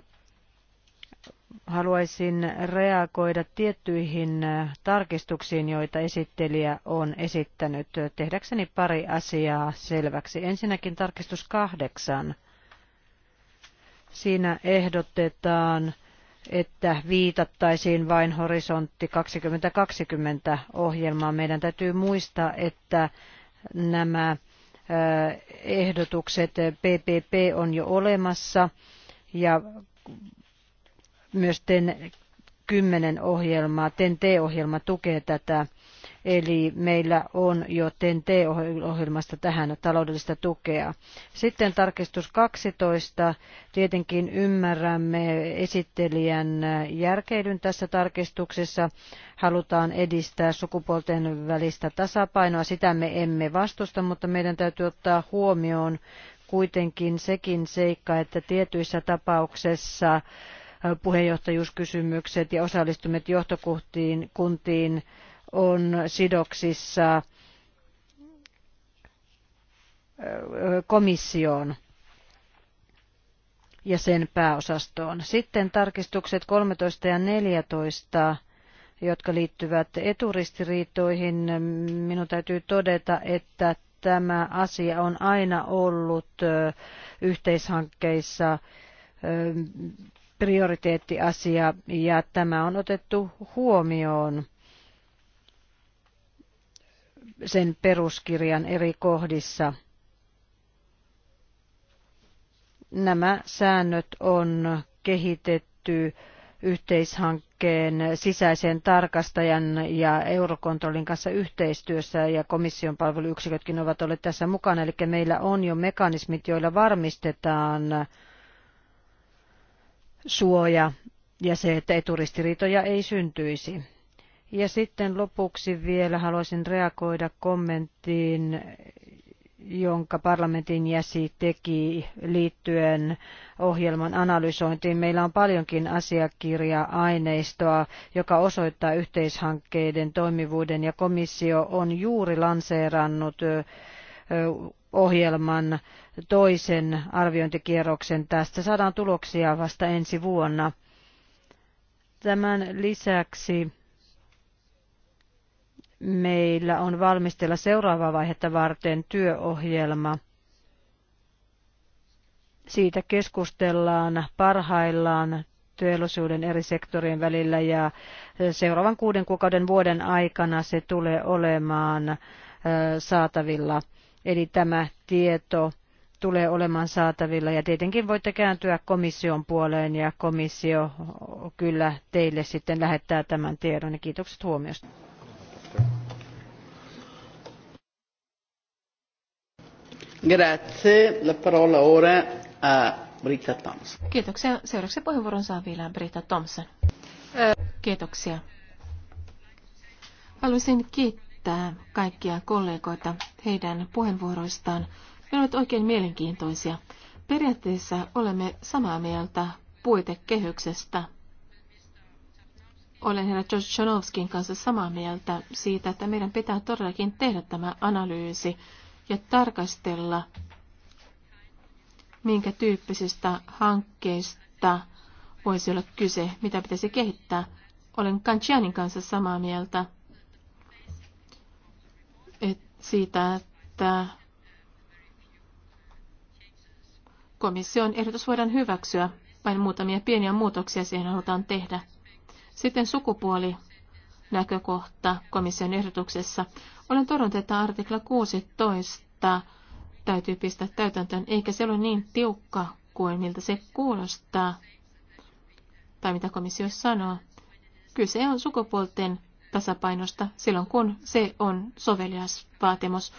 haluaisin reagoida tiettyihin tarkistuksiin, joita esittelijä on esittänyt, tehdäkseni pari asiaa selväksi. Ensinnäkin tarkistus kahdeksan. Siinä ehdotetaan, että viitattaisiin vain horisontti 2020 ohjelmaan. Meidän täytyy muistaa, että nämä ehdotukset. PPP on jo olemassa ja myös TEN 10 ohjelmaa, TEN T-ohjelma tukee tätä Eli meillä on jo tnt ohjelmasta tähän taloudellista tukea. Sitten tarkistus 12. Tietenkin ymmärrämme esittelijän järkeilyn tässä tarkistuksessa. Halutaan edistää sukupuolten välistä tasapainoa. Sitä me emme vastusta, mutta meidän täytyy ottaa huomioon kuitenkin sekin seikka, että tietyissä tapauksessa äh, puheenjohtajuuskysymykset ja osallistumet johtokuntiin kuntiin, on sidoksissa komissioon ja sen pääosastoon. Sitten tarkistukset 13 ja 14, jotka liittyvät eturistiriitoihin. Minun täytyy todeta, että tämä asia on aina ollut yhteishankkeissa prioriteettiasia ja tämä on otettu huomioon sen peruskirjan eri kohdissa. Nämä säännöt on kehitetty yhteishankkeen sisäisen tarkastajan ja Eurokontrollin kanssa yhteistyössä ja komission palveluyksikötkin ovat olleet tässä mukana. Eli meillä on jo mekanismit, joilla varmistetaan suoja ja se, että eturistiriitoja ei syntyisi. Ja sitten lopuksi vielä haluaisin reagoida kommenttiin, jonka parlamentin jäsi teki liittyen ohjelman analysointiin. Meillä on paljonkin asiakirja-aineistoa, joka osoittaa yhteishankkeiden toimivuuden ja komissio on juuri lanseerannut ohjelman toisen arviointikierroksen. Tästä saadaan tuloksia vasta ensi vuonna. Tämän lisäksi meillä on valmistella seuraavaa vaihetta varten työohjelma. Siitä keskustellaan parhaillaan työllisyyden eri sektorien välillä ja seuraavan kuuden kuukauden vuoden aikana se tulee olemaan saatavilla. Eli tämä tieto tulee olemaan saatavilla ja tietenkin voitte kääntyä komission puoleen ja komissio kyllä teille sitten lähettää tämän tiedon kiitokset huomiosta. Grazie. La parola ora a Britta Thompson. Kiitoksia. Seuraavaksi puheenvuoron saa vielä Britta Thompson. Kiitoksia. Haluaisin kiittää kaikkia kollegoita heidän puheenvuoroistaan. Ne ovat oikein mielenkiintoisia. Periaatteessa olemme samaa mieltä puitekehyksestä. Olen herra George kanssa samaa mieltä siitä, että meidän pitää todellakin tehdä tämä analyysi ja tarkastella, minkä tyyppisestä hankkeista voisi olla kyse, mitä pitäisi kehittää. Olen Kanchianin kanssa samaa mieltä et siitä, että komission ehdotus voidaan hyväksyä, vain muutamia pieniä muutoksia siihen halutaan tehdä. Sitten sukupuoli näkökohta komission ehdotuksessa. Olen todennut, että artikla 16 täytyy pistää täytäntöön, eikä se ole niin tiukka kuin miltä se kuulostaa tai mitä komissio sanoo. Kyse on sukupuolten tasapainosta silloin, kun se on sovelias vaatimus.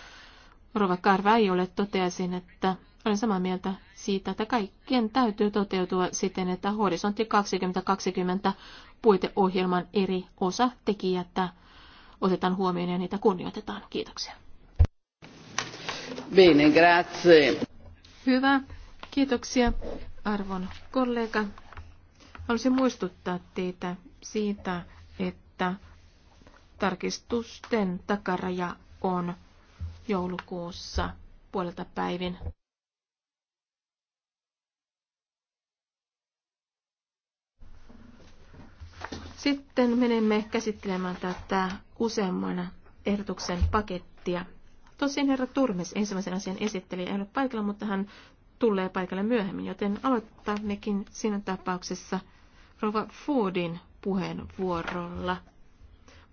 Rova Karva ei ole toteaisin, että olen samaa mieltä siitä, että kaikkien täytyy toteutua siten, että horisontti 2020 puiteohjelman eri osa tekijättä otetaan huomioon ja niitä kunnioitetaan. Kiitoksia. Bene, grazie. Hyvä. Kiitoksia arvon kollega. Haluaisin muistuttaa teitä siitä, että tarkistusten takaraja on joulukuussa puolelta päivin. Sitten menemme käsittelemään tätä useamman ehdotuksen pakettia. Tosin herra Turmes ensimmäisen asian esitteli ei ole paikalla, mutta hän tulee paikalle myöhemmin, joten aloittaa nekin siinä tapauksessa Rova Foodin puheenvuorolla.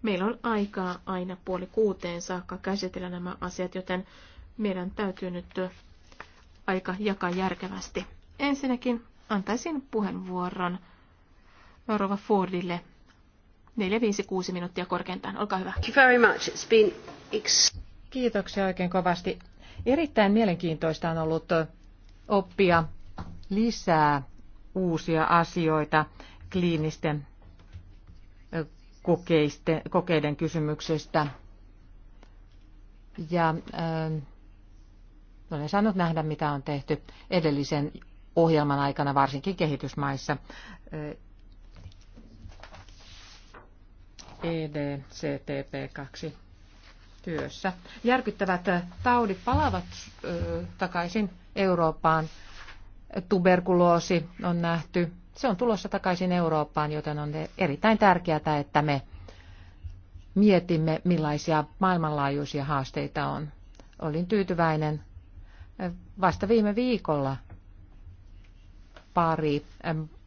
Meillä on aikaa aina puoli kuuteen saakka käsitellä nämä asiat, joten meidän täytyy nyt aika jakaa järkevästi. Ensinnäkin antaisin puheenvuoron Rova Fordille 4, 5, 6 minuuttia korkeintaan. Olkaa hyvä. Kiitoksia oikein kovasti. Erittäin mielenkiintoista on ollut oppia lisää uusia asioita kliinisten kokeiden kysymyksestä. Ja äh, olen saanut nähdä, mitä on tehty edellisen ohjelman aikana, varsinkin kehitysmaissa. EDCTP2 työssä. Järkyttävät taudit palaavat takaisin Eurooppaan. Tuberkuloosi on nähty. Se on tulossa takaisin Eurooppaan, joten on erittäin tärkeää, että me mietimme, millaisia maailmanlaajuisia haasteita on. Olin tyytyväinen vasta viime viikolla pari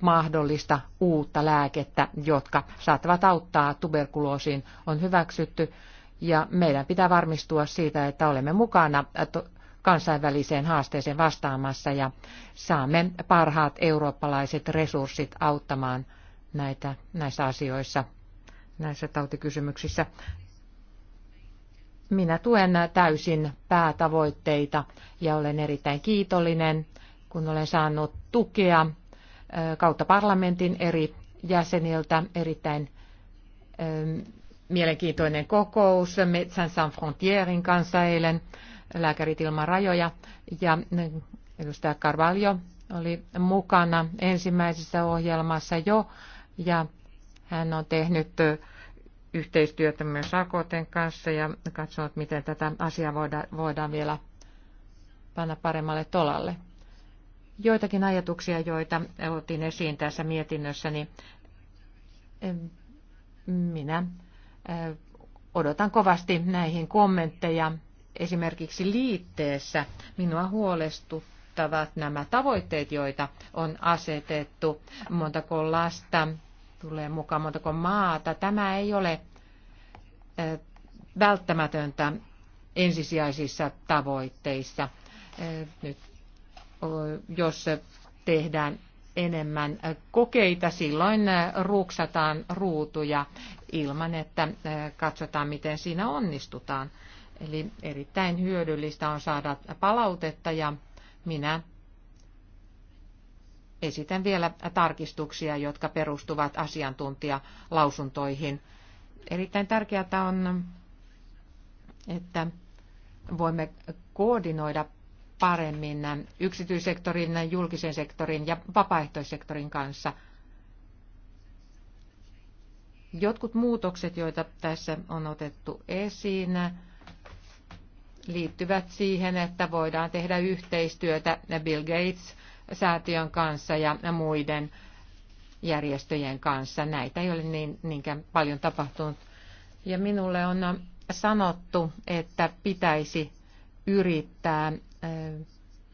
mahdollista uutta lääkettä, jotka saattavat auttaa tuberkuloosiin, on hyväksytty. Ja meidän pitää varmistua siitä, että olemme mukana kansainväliseen haasteeseen vastaamassa ja saamme parhaat eurooppalaiset resurssit auttamaan näitä, näissä asioissa, näissä tautikysymyksissä. Minä tuen täysin päätavoitteita ja olen erittäin kiitollinen kun olen saanut tukea kautta parlamentin eri jäseniltä. Erittäin mielenkiintoinen kokous Metsän San Frontierin kanssa eilen, lääkärit ilman rajoja. Ja edustaja Carvalho oli mukana ensimmäisessä ohjelmassa jo, ja hän on tehnyt yhteistyötä myös Akoten kanssa ja katsonut, miten tätä asiaa voidaan, voidaan vielä panna paremmalle tolalle joitakin ajatuksia, joita otin esiin tässä mietinnössä, Niin minä odotan kovasti näihin kommentteja. Esimerkiksi liitteessä minua huolestuttavat nämä tavoitteet, joita on asetettu. Montako lasta tulee mukaan, montako maata. Tämä ei ole välttämätöntä ensisijaisissa tavoitteissa. Nyt jos tehdään enemmän kokeita, silloin ruksataan ruutuja ilman, että katsotaan, miten siinä onnistutaan. Eli erittäin hyödyllistä on saada palautetta ja minä esitän vielä tarkistuksia, jotka perustuvat asiantuntijalausuntoihin. Erittäin tärkeää on, että voimme koordinoida paremmin yksityissektorin, julkisen sektorin ja vapaaehtoissektorin kanssa. Jotkut muutokset, joita tässä on otettu esiin, liittyvät siihen, että voidaan tehdä yhteistyötä Bill Gates-säätiön kanssa ja muiden järjestöjen kanssa. Näitä ei ole niin, niinkään paljon tapahtunut. Ja minulle on sanottu, että pitäisi yrittää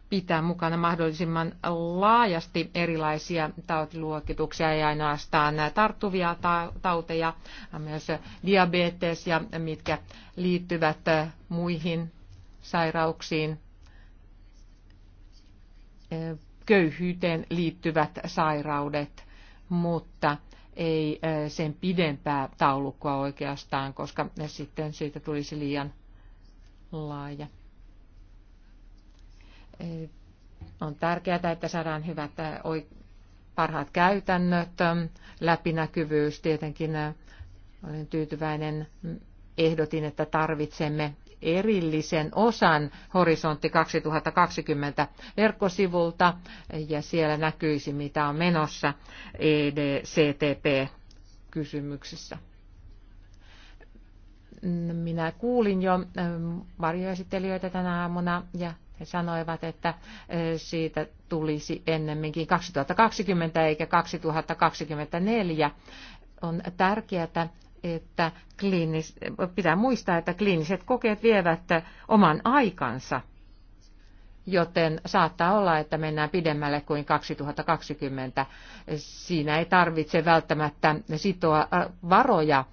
pitää mukana mahdollisimman laajasti erilaisia tautiluokituksia, ei ainoastaan tarttuvia tauteja, myös diabetes ja mitkä liittyvät muihin sairauksiin, köyhyyteen liittyvät sairaudet, mutta ei sen pidempää taulukkoa oikeastaan, koska sitten siitä tulisi liian laaja. On tärkeää, että saadaan hyvät parhaat käytännöt, läpinäkyvyys tietenkin. Olen tyytyväinen. Mm, ehdotin, että tarvitsemme erillisen osan Horisontti 2020 verkkosivulta ja siellä näkyisi, mitä on menossa EDCTP-kysymyksissä. Minä kuulin jo varjoesittelijöitä tänä aamuna ja he sanoivat, että siitä tulisi ennemminkin 2020 eikä 2024. On tärkeää, että kliinis, pitää muistaa, että kliiniset kokeet vievät oman aikansa, joten saattaa olla, että mennään pidemmälle kuin 2020. Siinä ei tarvitse välttämättä sitoa varoja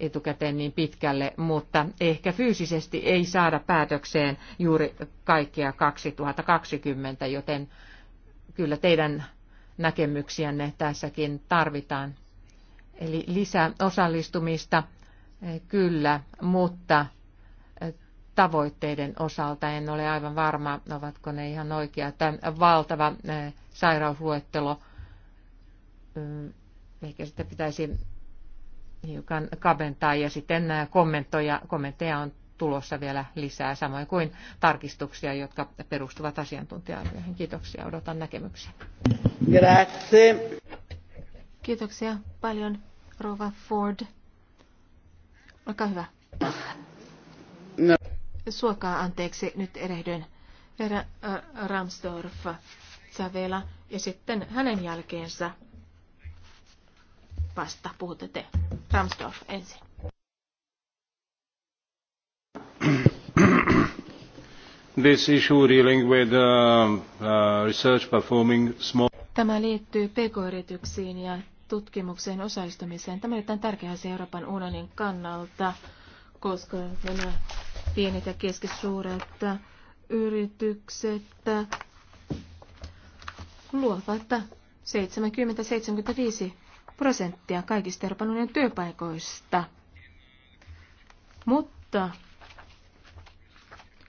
etukäteen niin pitkälle, mutta ehkä fyysisesti ei saada päätökseen juuri kaikkea 2020, joten kyllä teidän näkemyksiänne tässäkin tarvitaan. Eli lisää osallistumista eh, kyllä, mutta eh, tavoitteiden osalta en ole aivan varma, ovatko ne ihan oikea. Tämä valtava eh, sairausluettelo, ehkä sitä pitäisi hiukan kaventaa ja sitten kommentoja, kommentteja on tulossa vielä lisää, samoin kuin tarkistuksia, jotka perustuvat asiantuntija Kiitoksia, odotan näkemyksiä. Grazie. Kiitoksia paljon, Rova Ford. Olkaa hyvä. No. Suokaa anteeksi, nyt erehdyn. Herra Ramsdorff, Savela ja sitten hänen jälkeensä vasta puhutte te. Ramsdorf ensin. This issue dealing with uh, uh, research performing small... Tämä liittyy pk-yrityksiin ja tutkimukseen osallistumiseen. Tämä on erittäin tärkeä asia Euroopan unionin kannalta, koska nämä pienet ja keskisuuret yritykset luovat 70-75 prosenttia kaikista Euroopan unionin työpaikoista. Mutta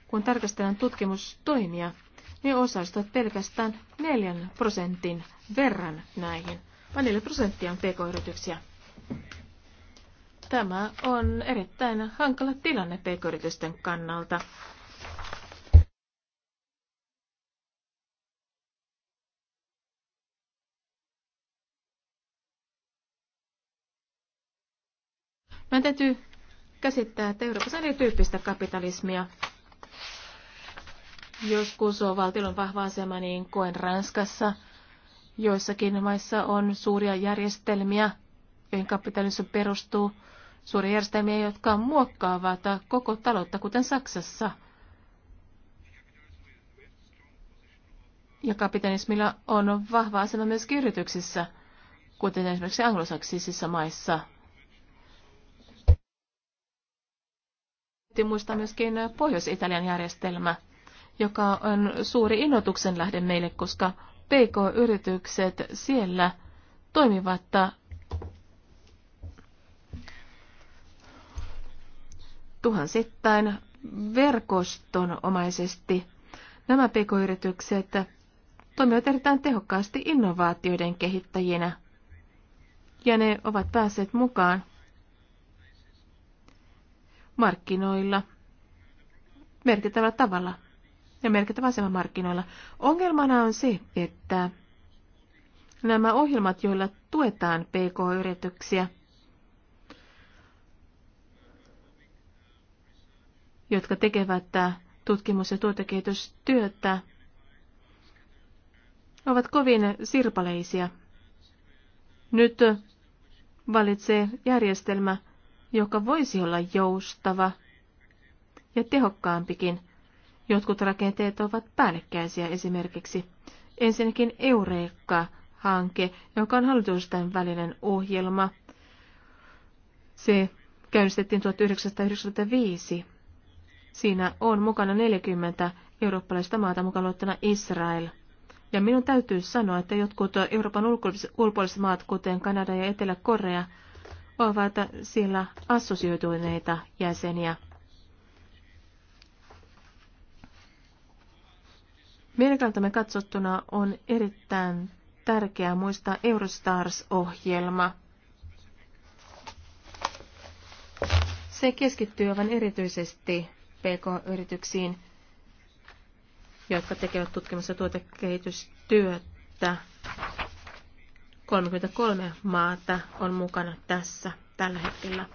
kun tarkastellaan tutkimustoimia, ne osallistuvat pelkästään 4 prosentin verran näihin, vain 4 prosenttia on pk-yrityksiä. Tämä on erittäin hankala tilanne pk-yritysten kannalta. Meidän täytyy käsittää, että Euroopassa on erityyppistä kapitalismia. Joskus on valtion vahva asema, niin kuin Ranskassa. Joissakin maissa on suuria järjestelmiä, joihin kapitalismi perustuu. Suuria järjestelmiä, jotka muokkaavat koko taloutta, kuten Saksassa. Ja kapitalismilla on vahva asema myös yrityksissä, kuten esimerkiksi anglosaksisissa maissa – Täytyy muistaa myöskin Pohjois-Italian järjestelmä, joka on suuri innotuksen lähde meille, koska PK-yritykset siellä toimivat tuhansittain verkostonomaisesti. Nämä pk-yritykset toimivat erittäin tehokkaasti innovaatioiden kehittäjinä, ja ne ovat päässeet mukaan markkinoilla merkittävällä tavalla ja merkittävä asema markkinoilla. Ongelmana on se, että nämä ohjelmat, joilla tuetaan PK-yrityksiä, jotka tekevät tutkimus- ja tuotekehitystyötä, ovat kovin sirpaleisia. Nyt valitsee järjestelmä, joka voisi olla joustava ja tehokkaampikin. Jotkut rakenteet ovat päällekkäisiä esimerkiksi. Ensinnäkin Eureka-hanke, joka on hallitusten välinen ohjelma. Se käynnistettiin 1995. Siinä on mukana 40 eurooppalaista maata mukaan luettuna Israel. Ja minun täytyy sanoa, että jotkut Euroopan ulkopuoliset maat, kuten Kanada ja Etelä-Korea, ovat siellä assosioituneita jäseniä. Meidän katsottuna on erittäin tärkeää muistaa Eurostars-ohjelma. Se keskittyy aivan erityisesti PK-yrityksiin, jotka tekevät tutkimus- ja tuotekehitystyötä. 33 maata on mukana tässä tällä hetkellä.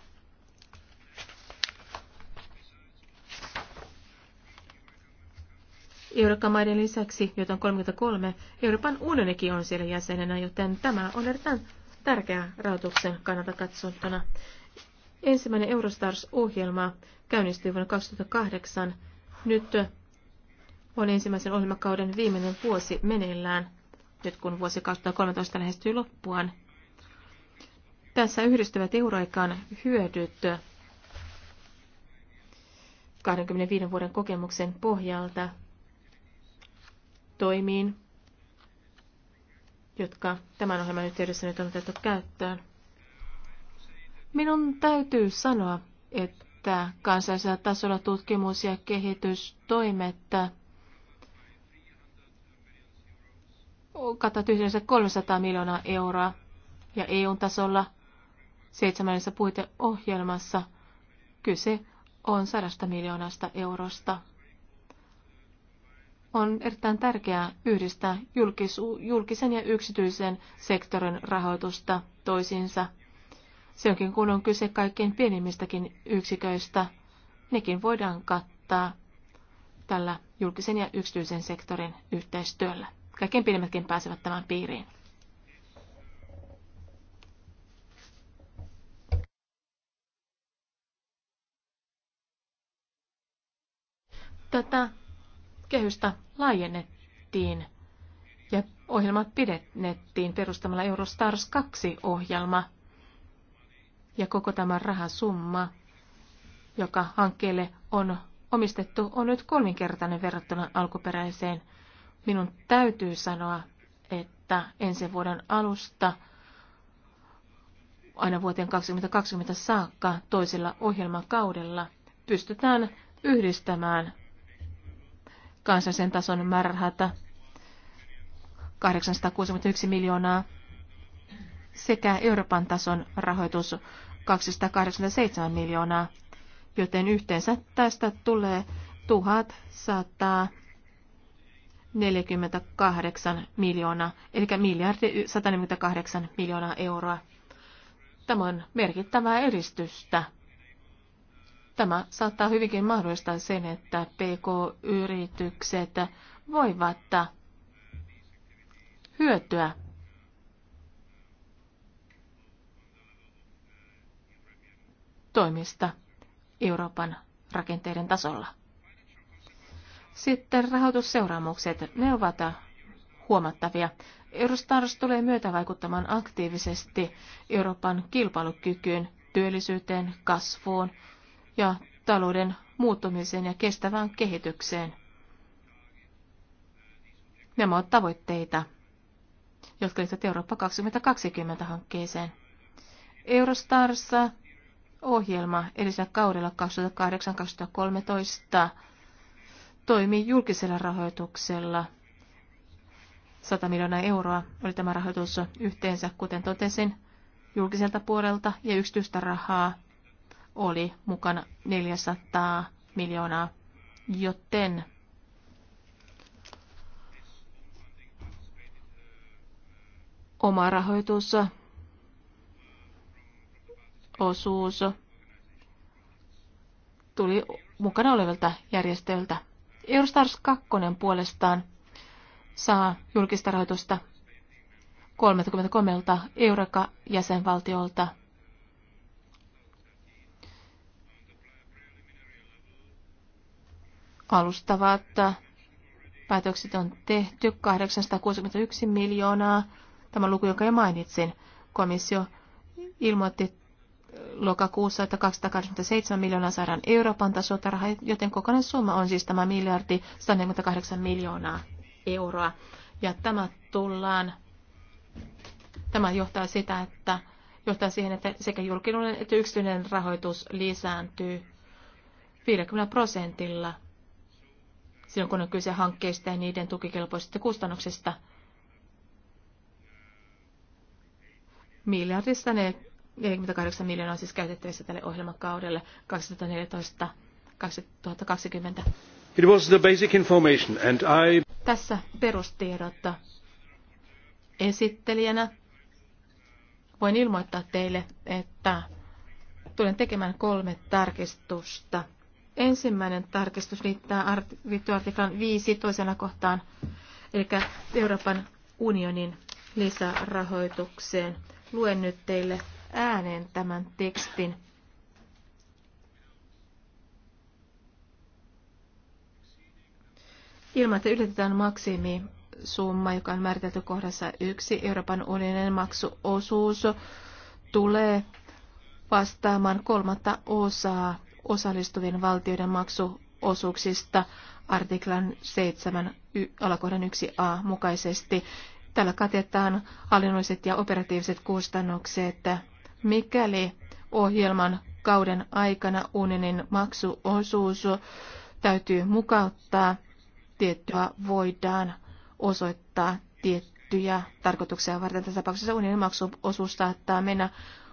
Euroopan lisäksi, joita on 33, Euroopan unionikin on siellä jäsenenä, joten tämä on erittäin tärkeä rahoituksen kannalta katsottuna. Ensimmäinen Eurostars-ohjelma käynnistyi vuonna 2008. Nyt on ensimmäisen ohjelmakauden viimeinen vuosi meneillään nyt kun vuosi 2013 lähestyy loppuaan. Tässä yhdistyvät euroikan hyödyt 25 vuoden kokemuksen pohjalta toimiin, jotka tämän ohjelman yhteydessä nyt on otettu käyttöön. Minun täytyy sanoa, että kansallisella tasolla tutkimus- ja kehitystoimet kattavat yhdessä 300 miljoonaa euroa ja EUn tasolla seitsemännessä puiteohjelmassa kyse on 100 miljoonasta eurosta. On erittäin tärkeää yhdistää julkisen ja yksityisen sektorin rahoitusta toisiinsa. Se onkin kun on kyse kaikkein pienimmistäkin yksiköistä. Nekin voidaan kattaa tällä julkisen ja yksityisen sektorin yhteistyöllä. Kaikkein pienemmätkin pääsevät tämän piiriin. Tätä kehystä laajennettiin ja ohjelmat pidennettiin perustamalla Eurostars 2-ohjelma ja koko tämä rahasumma, joka hankkeelle on omistettu, on nyt kolminkertainen verrattuna alkuperäiseen minun täytyy sanoa, että ensi vuoden alusta aina vuoteen 2020 saakka toisella ohjelmakaudella pystytään yhdistämään kansallisen tason määrärahata 861 miljoonaa sekä Euroopan tason rahoitus 287 miljoonaa, joten yhteensä tästä tulee 1100 48 miljoonaa, eli miljardi 148 miljoonaa euroa. Tämä on merkittävää edistystä. Tämä saattaa hyvinkin mahdollistaa sen, että PK-yritykset voivat hyötyä toimista Euroopan rakenteiden tasolla. Sitten rahoitusseuraamukset, ne ovat huomattavia. Eurostars tulee myötävaikuttamaan aktiivisesti Euroopan kilpailukykyyn, työllisyyteen, kasvuun ja talouden muuttumiseen ja kestävään kehitykseen. Nämä ovat tavoitteita, jotka liittyvät Eurooppa 2020 hankkeeseen. Eurostars ohjelma edellisellä kaudella 2008-2013 toimii julkisella rahoituksella. 100 miljoonaa euroa oli tämä rahoitus yhteensä, kuten totesin, julkiselta puolelta ja yksityistä rahaa oli mukana 400 miljoonaa, joten oma rahoitus, osuus tuli mukana olevilta järjestöiltä. Eurostars 2 puolestaan saa julkista rahoitusta 33 Eureka-jäsenvaltiolta. Alustavat päätökset on tehty 861 miljoonaa, tämä luku, jonka jo mainitsin. Komissio ilmoitti lokakuussa, että 287 miljoonaa saadaan Euroopan tasolta rahaa, joten kokonainen summa on siis tämä miljardi 148 miljoonaa euroa. Ja tämä tullaan, tämä johtaa sitä, että johtaa siihen, että sekä julkinen että yksityinen rahoitus lisääntyy 50 prosentilla silloin, kun on kyse hankkeista ja niiden tukikelpoisista kustannuksista. Miljardista ne 48 miljoonaa siis käytettävissä tälle ohjelmakaudelle 2014-2020. It was the basic information and I... Tässä perustiedot esittelijänä. Voin ilmoittaa teille, että tulen tekemään kolme tarkistusta. Ensimmäinen tarkistus liittää artiklan 5 toisena kohtaan, eli Euroopan unionin lisärahoitukseen. Luen nyt teille ääneen tämän tekstin. Ilman, että ylitetään maksimisumma, joka on määritelty kohdassa yksi, Euroopan unionin maksuosuus tulee vastaamaan kolmatta osaa osallistuvien valtioiden maksuosuuksista artiklan 7 alakohdan 1a mukaisesti. Tällä katetaan hallinnolliset ja operatiiviset kustannukset mikäli ohjelman kauden aikana unionin maksuosuus täytyy mukauttaa, tiettyä voidaan osoittaa tiettyjä tarkoituksia varten. Tässä tapauksessa unionin maksuosuus saattaa mennä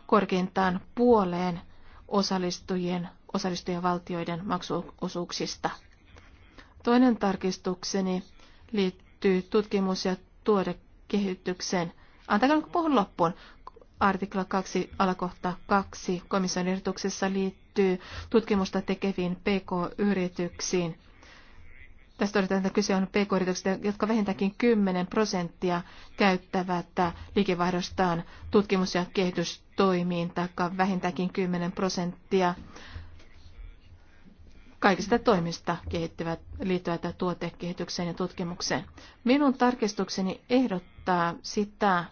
korkeintaan puoleen osallistujien, valtioiden maksuosuuksista. Toinen tarkistukseni liittyy tutkimus- ja tuotekehitykseen. Antakaa puhun loppuun. Artikla 2 alakohta 2 komission ehdotuksessa liittyy tutkimusta tekeviin PK-yrityksiin. Tässä todetaan, että kyse on pk-yrityksistä, jotka vähintäänkin 10 prosenttia käyttävät liikevaihdostaan tutkimus- ja kehitystoimiin, taikka vähintäänkin 10 prosenttia kaikista toimista kehittyvät, liittyvät tuotekehitykseen ja tutkimukseen. Minun tarkistukseni ehdottaa sitä,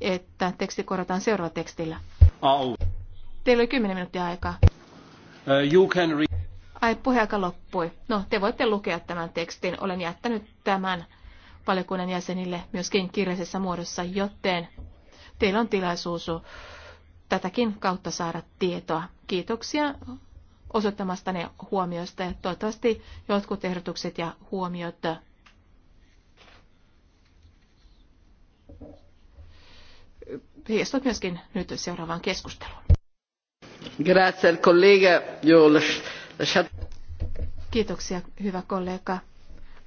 että teksti korjataan seuraavalla tekstillä. Au. Teillä oli 10 minuuttia aikaa. Uh, you can read. Ai, puheaika loppui. No, te voitte lukea tämän tekstin. Olen jättänyt tämän valiokunnan jäsenille myöskin kirjallisessa muodossa, joten teillä on tilaisuus tätäkin kautta saada tietoa. Kiitoksia osoittamastanne huomioista ja toivottavasti jotkut ehdotukset ja huomiot heijastuvat myöskin nyt seuraavaan keskusteluun. Kiitoksia, hyvä kollega.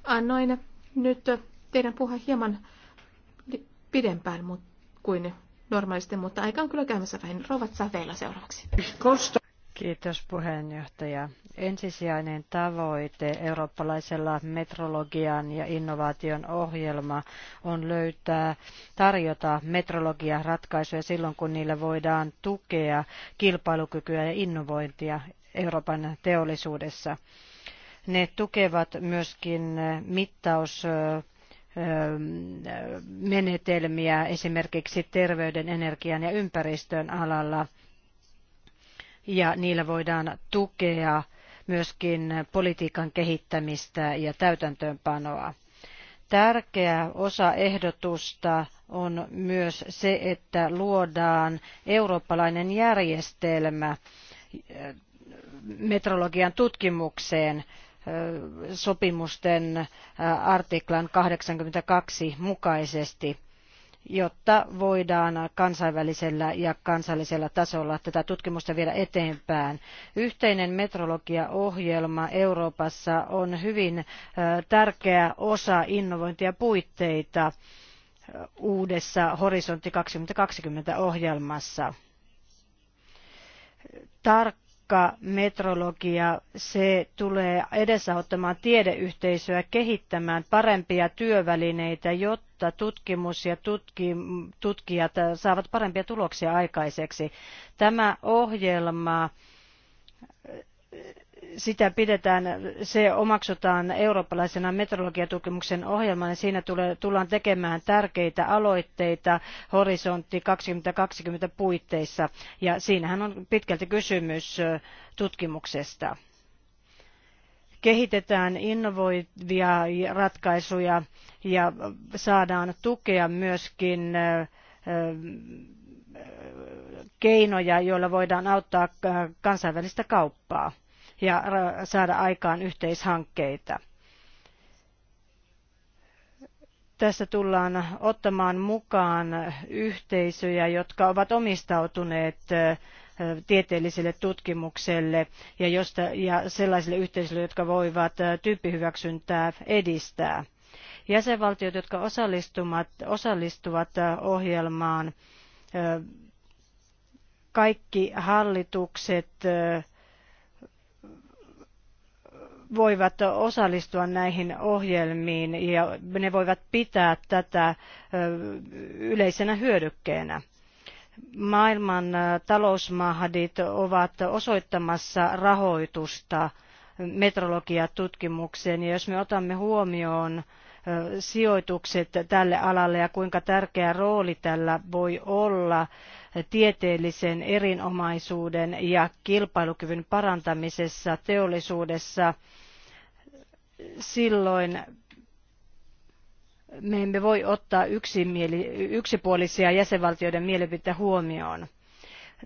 Annoin nyt teidän puhe hieman pidempään kuin normaalisti, mutta aika on kyllä käymässä vähän. Rovat Saveilla seuraavaksi. Kosta. Kiitos puheenjohtaja. Ensisijainen tavoite eurooppalaisella metrologian ja innovaation ohjelma on löytää, tarjota metrologia ratkaisuja silloin, kun niillä voidaan tukea kilpailukykyä ja innovointia Euroopan teollisuudessa. Ne tukevat myöskin mittaus menetelmiä esimerkiksi terveyden, energian ja ympäristön alalla – ja niillä voidaan tukea myöskin politiikan kehittämistä ja täytäntöönpanoa. Tärkeä osa ehdotusta on myös se, että luodaan eurooppalainen järjestelmä äh, metrologian tutkimukseen äh, sopimusten äh, artiklan 82 mukaisesti jotta voidaan kansainvälisellä ja kansallisella tasolla tätä tutkimusta viedä eteenpäin. Yhteinen metrologiaohjelma Euroopassa on hyvin tärkeä osa innovointia puitteita uudessa Horisontti 2020 ohjelmassa. Tark tarkka metrologia, se tulee edesauttamaan tiedeyhteisöä kehittämään parempia työvälineitä, jotta tutkimus ja tutki, tutkijat saavat parempia tuloksia aikaiseksi. Tämä ohjelma sitä pidetään, se omaksutaan eurooppalaisena metrologiatutkimuksen ohjelmana. Ja siinä tulee, tullaan tekemään tärkeitä aloitteita horisontti 2020 puitteissa. Ja siinähän on pitkälti kysymys tutkimuksesta. Kehitetään innovoivia ratkaisuja ja saadaan tukea myöskin keinoja, joilla voidaan auttaa kansainvälistä kauppaa ja saada aikaan yhteishankkeita. Tässä tullaan ottamaan mukaan yhteisöjä, jotka ovat omistautuneet tieteelliselle tutkimukselle ja, josta, ja sellaisille yhteisöille, jotka voivat tyyppihyväksyntää edistää. Jäsenvaltiot, jotka osallistuvat, osallistuvat ohjelmaan, kaikki hallitukset, voivat osallistua näihin ohjelmiin ja ne voivat pitää tätä yleisenä hyödykkeenä. Maailman talousmahdit ovat osoittamassa rahoitusta metrologiatutkimukseen ja jos me otamme huomioon sijoitukset tälle alalle ja kuinka tärkeä rooli tällä voi olla tieteellisen erinomaisuuden ja kilpailukyvyn parantamisessa teollisuudessa silloin me emme voi ottaa yksipuolisia jäsenvaltioiden mielipiteitä huomioon.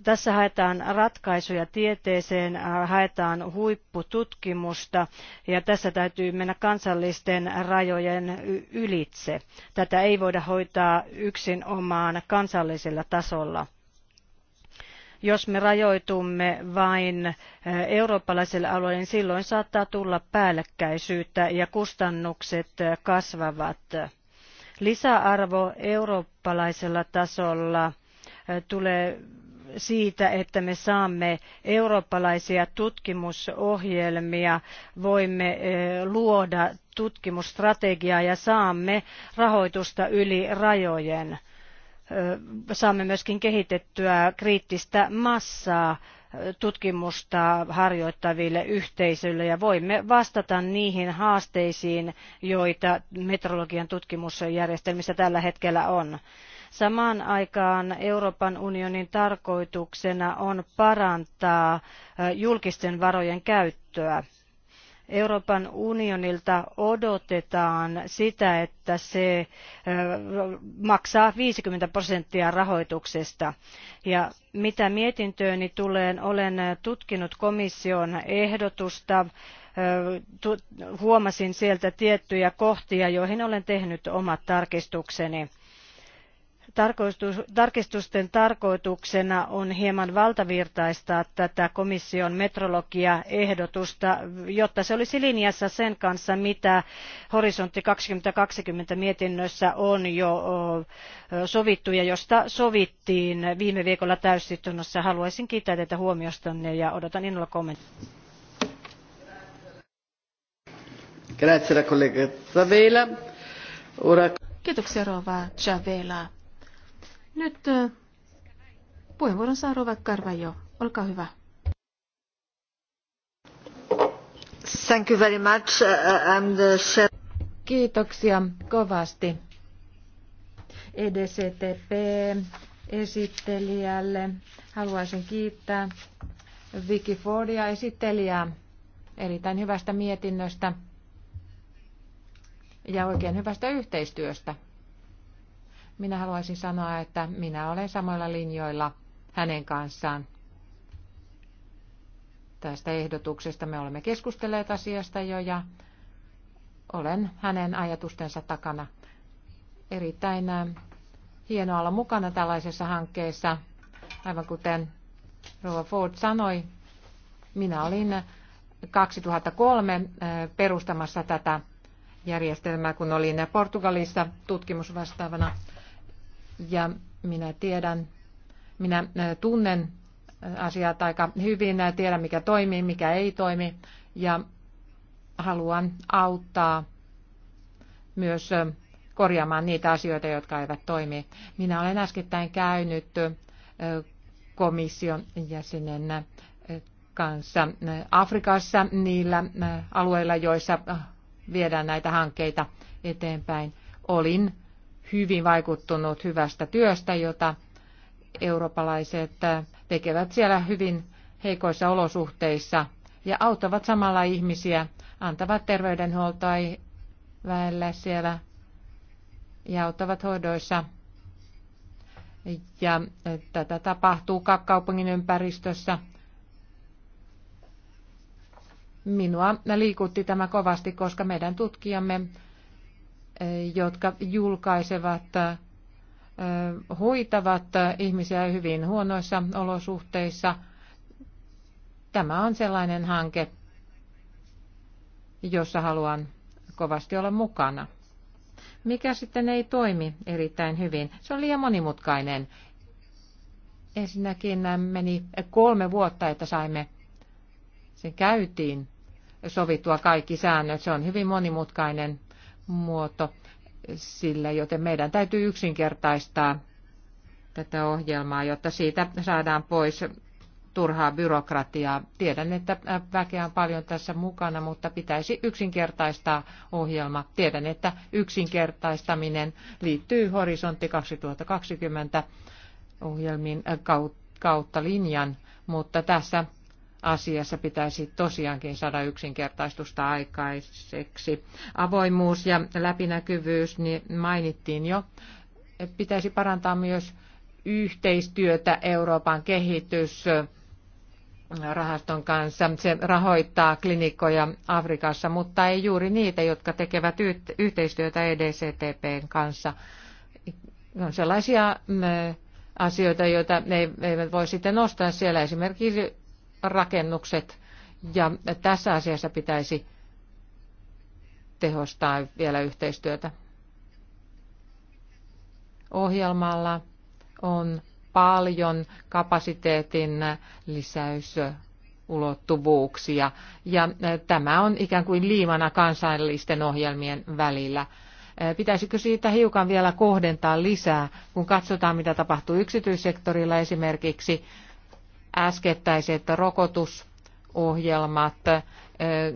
Tässä haetaan ratkaisuja tieteeseen, haetaan huippututkimusta ja tässä täytyy mennä kansallisten rajojen ylitse. Tätä ei voida hoitaa yksin omaan kansallisella tasolla jos me rajoitumme vain eh, eurooppalaiselle alueelle, niin silloin saattaa tulla päällekkäisyyttä ja kustannukset eh, kasvavat. Lisäarvo eurooppalaisella tasolla eh, tulee siitä, että me saamme eurooppalaisia tutkimusohjelmia, voimme luoda tutkimusstrategiaa ja saamme rahoitusta yli rajojen saamme myöskin kehitettyä kriittistä massaa tutkimusta harjoittaville yhteisöille ja voimme vastata niihin haasteisiin, joita metrologian tutkimusjärjestelmissä tällä hetkellä on. Samaan aikaan Euroopan unionin tarkoituksena on parantaa julkisten varojen käyttöä Euroopan unionilta odotetaan sitä, että se maksaa 50 prosenttia rahoituksesta. Ja mitä mietintööni tulee, olen tutkinut komission ehdotusta huomasin sieltä tiettyjä kohtia, joihin olen tehnyt omat tarkistukseni tarkistusten tarkoituksena on hieman valtavirtaistaa tätä komission metrologiaehdotusta, jotta se olisi linjassa sen kanssa, mitä Horisontti 2020 mietinnössä on jo sovittu ja josta sovittiin viime viikolla täysistunnossa. Haluaisin kiittää teitä huomiostanne ja odotan innolla kommentteja. Grazie, collega Ora... Kiitoksia Rova Chavela. Nyt puheenvuoron saa Rova Karvajo. Olkaa hyvä. Thank you very much. I'm uh, the... Uh, uh, Kiitoksia kovasti EDCTP-esittelijälle. Haluaisin kiittää Vicky esittelijää erittäin hyvästä mietinnöstä ja oikein hyvästä yhteistyöstä minä haluaisin sanoa, että minä olen samoilla linjoilla hänen kanssaan tästä ehdotuksesta. Me olemme keskustelleet asiasta jo ja olen hänen ajatustensa takana. Erittäin äh, hienoa olla mukana tällaisessa hankkeessa. Aivan kuten Rova Ford sanoi, minä olin 2003 äh, perustamassa tätä järjestelmää, kun olin Portugalissa tutkimusvastaavana ja minä tiedän, minä tunnen asiat aika hyvin, tiedän mikä toimii, mikä ei toimi ja haluan auttaa myös korjaamaan niitä asioita, jotka eivät toimi. Minä olen äskettäin käynyt komission jäsenen kanssa Afrikassa niillä alueilla, joissa viedään näitä hankkeita eteenpäin. Olin hyvin vaikuttunut hyvästä työstä, jota eurooppalaiset tekevät siellä hyvin heikoissa olosuhteissa ja auttavat samalla ihmisiä, antavat terveydenhuoltoa väellä siellä ja auttavat hoidoissa. Ja tätä tapahtuu kaupungin ympäristössä. Minua liikutti tämä kovasti, koska meidän tutkijamme jotka julkaisevat, hoitavat ihmisiä hyvin huonoissa olosuhteissa. Tämä on sellainen hanke, jossa haluan kovasti olla mukana. Mikä sitten ei toimi erittäin hyvin? Se on liian monimutkainen. Ensinnäkin äh, meni kolme vuotta, että saimme sen käytiin sovittua kaikki säännöt. Se on hyvin monimutkainen muoto sille, joten meidän täytyy yksinkertaistaa tätä ohjelmaa, jotta siitä saadaan pois turhaa byrokratiaa. Tiedän, että väkeä on paljon tässä mukana, mutta pitäisi yksinkertaistaa ohjelma. Tiedän, että yksinkertaistaminen liittyy Horisontti 2020 ohjelmin kautta linjan, mutta tässä asiassa pitäisi tosiaankin saada yksinkertaistusta aikaiseksi. Avoimuus ja läpinäkyvyys niin mainittiin jo. Pitäisi parantaa myös yhteistyötä Euroopan kehitys rahaston kanssa. Se rahoittaa klinikkoja Afrikassa, mutta ei juuri niitä, jotka tekevät yhteistyötä EDCTPn kanssa. On sellaisia mm, asioita, joita ne eivät voi sitten nostaa siellä. Esimerkiksi rakennukset. Ja tässä asiassa pitäisi tehostaa vielä yhteistyötä. Ohjelmalla on paljon kapasiteetin lisäysulottuvuuksia ja tämä on ikään kuin liimana kansallisten ohjelmien välillä. Pitäisikö siitä hiukan vielä kohdentaa lisää, kun katsotaan mitä tapahtuu yksityissektorilla esimerkiksi äskettäiset rokotusohjelmat, äh,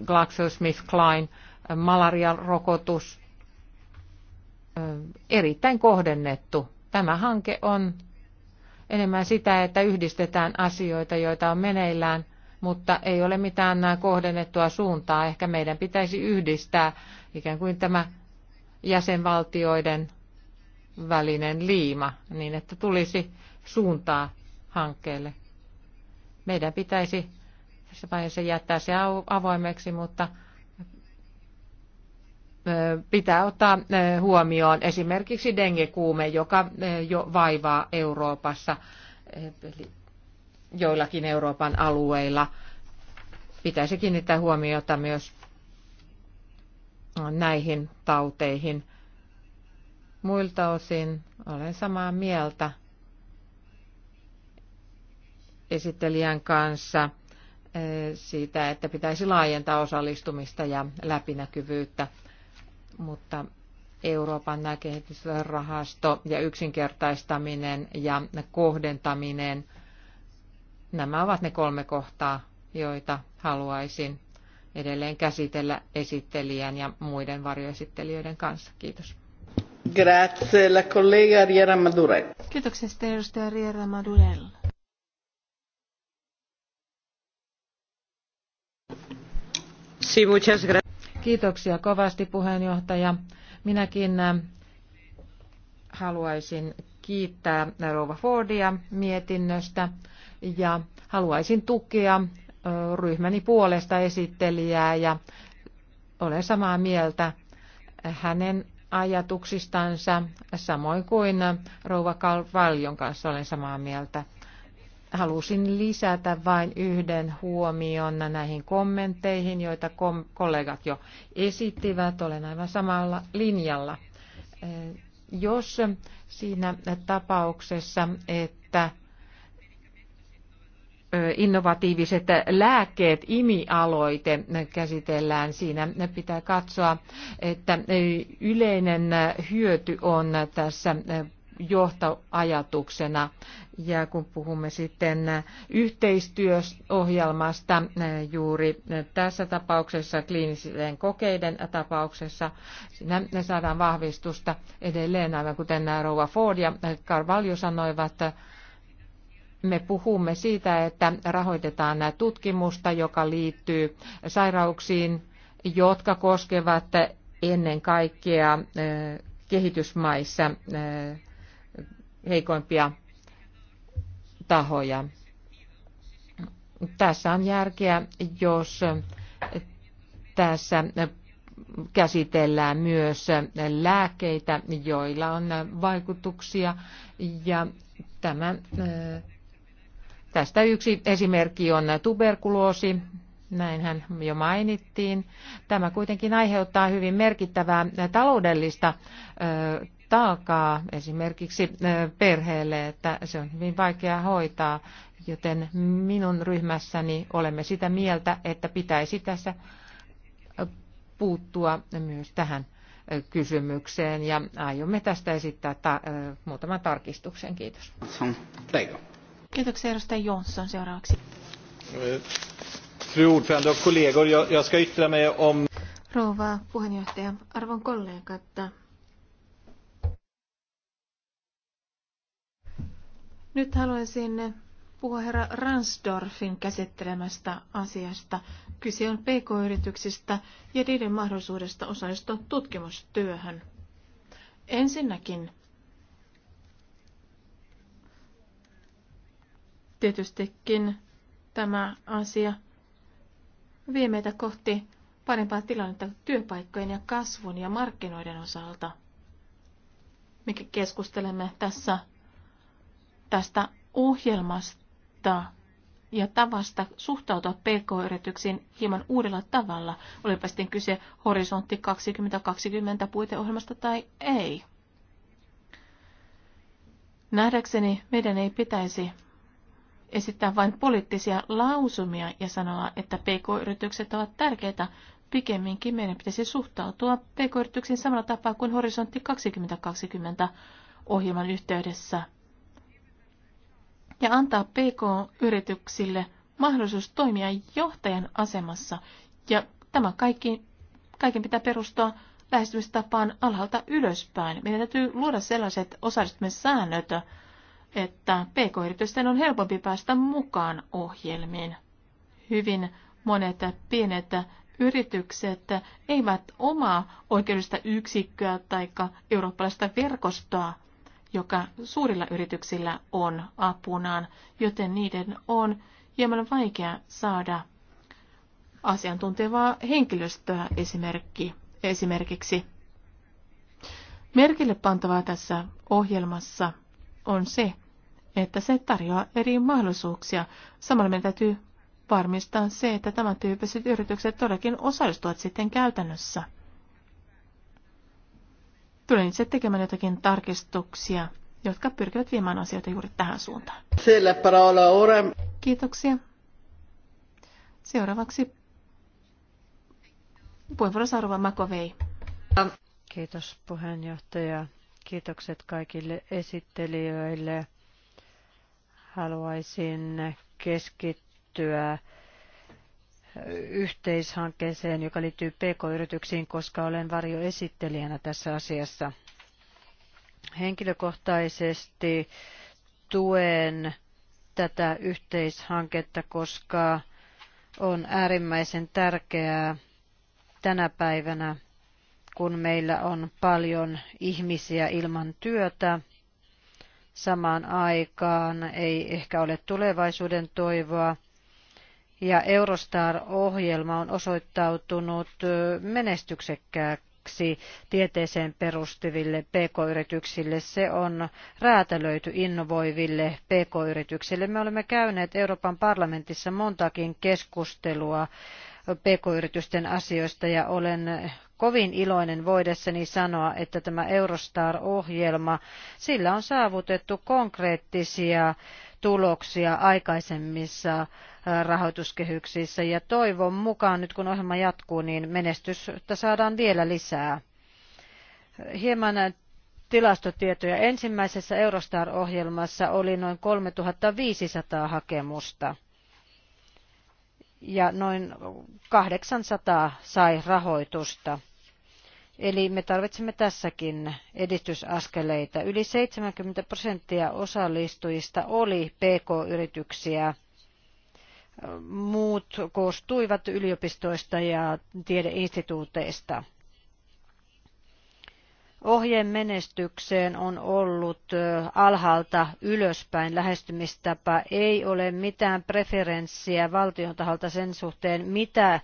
GlaxoSmithKline, malaria-rokotus malaria-rokotus, äh, erittäin kohdennettu. Tämä hanke on enemmän sitä, että yhdistetään asioita, joita on meneillään, mutta ei ole mitään kohdennettua suuntaa. Ehkä meidän pitäisi yhdistää ikään kuin tämä jäsenvaltioiden välinen liima, niin että tulisi suuntaa hankkeelle. Meidän pitäisi tässä vaiheessa jättää se avoimeksi, mutta pitää ottaa huomioon esimerkiksi dengekuume, joka jo vaivaa Euroopassa eli joillakin Euroopan alueilla. Pitäisi kiinnittää huomiota myös näihin tauteihin. Muilta osin olen samaa mieltä esittelijän kanssa eh, siitä, että pitäisi laajentaa osallistumista ja läpinäkyvyyttä, mutta Euroopan kehitysrahasto ja yksinkertaistaminen ja kohdentaminen, nämä ovat ne kolme kohtaa, joita haluaisin edelleen käsitellä esittelijän ja muiden varjoesittelijöiden kanssa. Kiitos. Grazie, la collega Riera Madurell. Kiitoksia, edustaja Riera Madurell. Kiitoksia kovasti puheenjohtaja. Minäkin äh, haluaisin kiittää äh, Rova Fordia mietinnöstä ja haluaisin tukea äh, ryhmäni puolesta esittelijää ja olen samaa mieltä hänen ajatuksistansa, samoin kuin Rouva Kalvaljon kanssa olen samaa mieltä. Halusin lisätä vain yhden huomion näihin kommentteihin, joita kom- kollegat jo esittivät. Olen aivan samalla linjalla. Eh, jos siinä tapauksessa, että innovatiiviset lääkkeet, imialoite käsitellään. Siinä pitää katsoa, että yleinen hyöty on tässä johtoajatuksena. Ja kun puhumme sitten yhteistyöohjelmasta eh, juuri tässä tapauksessa, kliinisten kokeiden tapauksessa, siinä ne saadaan vahvistusta edelleen, aivan kuten Rouva Ford ja Carvalho sanoivat, me puhumme siitä, että rahoitetaan tutkimusta, joka liittyy sairauksiin, jotka koskevat ennen kaikkea eh, kehitysmaissa eh, heikoimpia tahoja. Tässä on järkeä, jos tässä käsitellään myös lääkkeitä, joilla on vaikutuksia. Ja tämä, tästä yksi esimerkki on tuberkuloosi, näinhän jo mainittiin. Tämä kuitenkin aiheuttaa hyvin merkittävää taloudellista taakaa esimerkiksi eh, perheelle, että se on hyvin vaikea hoitaa. Joten minun ryhmässäni olemme sitä mieltä, että pitäisi tässä eh, puuttua myös tähän eh, kysymykseen ja aiomme tästä esittää ta- muutaman tarkistuksen. Kiitos. Kiitoksia edustaja Jonsson seuraavaksi. Fru ordförande och kollegor, jag ska yttra mig om... Rouva puheenjohtaja, arvon kollegat, Nyt haluaisin puhua herra Ransdorfin käsittelemästä asiasta. Kyse on pk-yrityksistä ja niiden mahdollisuudesta osallistua tutkimustyöhön. Ensinnäkin tietystikin tämä asia vie meitä kohti parempaa tilannetta työpaikkojen ja kasvun ja markkinoiden osalta. Me keskustelemme tässä tästä ohjelmasta ja tavasta suhtautua pk-yrityksiin hieman uudella tavalla, olipa sitten kyse horisontti 2020 puiteohjelmasta tai ei. Nähdäkseni meidän ei pitäisi esittää vain poliittisia lausumia ja sanoa, että pk-yritykset ovat tärkeitä. Pikemminkin meidän pitäisi suhtautua pk-yrityksiin samalla tapaa kuin horisontti 2020 ohjelman yhteydessä – ja antaa PK-yrityksille mahdollisuus toimia johtajan asemassa. Ja tämä kaikki, kaiken pitää perustua lähestymistapaan alhaalta ylöspäin. Meidän täytyy luoda sellaiset osallistumissäännöt, että PK-yritysten on helpompi päästä mukaan ohjelmiin. Hyvin monet pienet yritykset eivät omaa oikeudellista yksikköä tai eurooppalaista verkostoa joka suurilla yrityksillä on apunaan, joten niiden on hieman vaikea saada asiantuntevaa henkilöstöä esimerkki, esimerkiksi. Merkille pantavaa tässä ohjelmassa on se, että se tarjoaa eri mahdollisuuksia. Samalla meidän täytyy varmistaa se, että tämän tyyppiset yritykset todellakin osallistuvat sitten käytännössä. Tulen itse tekemään jotakin tarkistuksia, jotka pyrkivät viemään asioita juuri tähän suuntaan. Kiitoksia. Seuraavaksi puheenvuoro Sarva Makovei. Kiitos puheenjohtaja. Kiitokset kaikille esittelijöille. Haluaisin keskittyä yhteishankkeeseen, joka liittyy PK-yrityksiin, koska olen varjoesittelijänä tässä asiassa. Henkilökohtaisesti tuen tätä yhteishanketta, koska on äärimmäisen tärkeää tänä päivänä, kun meillä on paljon ihmisiä ilman työtä. Samaan aikaan ei ehkä ole tulevaisuuden toivoa ja Eurostar-ohjelma on osoittautunut menestyksekkääksi tieteeseen perustuville pk-yrityksille. Se on räätälöity innovoiville pk-yrityksille. Me olemme käyneet Euroopan parlamentissa montakin keskustelua pk-yritysten asioista ja olen kovin iloinen voidessani sanoa, että tämä Eurostar-ohjelma, sillä on saavutettu konkreettisia tuloksia aikaisemmissa rahoituskehyksissä ja toivon mukaan nyt kun ohjelma jatkuu, niin menestystä saadaan vielä lisää. Hieman tilastotietoja. Ensimmäisessä Eurostar-ohjelmassa oli noin 3500 hakemusta ja noin 800 sai rahoitusta. Eli me tarvitsemme tässäkin edistysaskeleita. Yli 70 prosenttia osallistujista oli PK-yrityksiä. Muut koostuivat yliopistoista ja tiedeinstituuteista. Ohjeen menestykseen on ollut alhaalta ylöspäin lähestymistapa. Ei ole mitään preferenssiä valtion taholta sen suhteen, mitä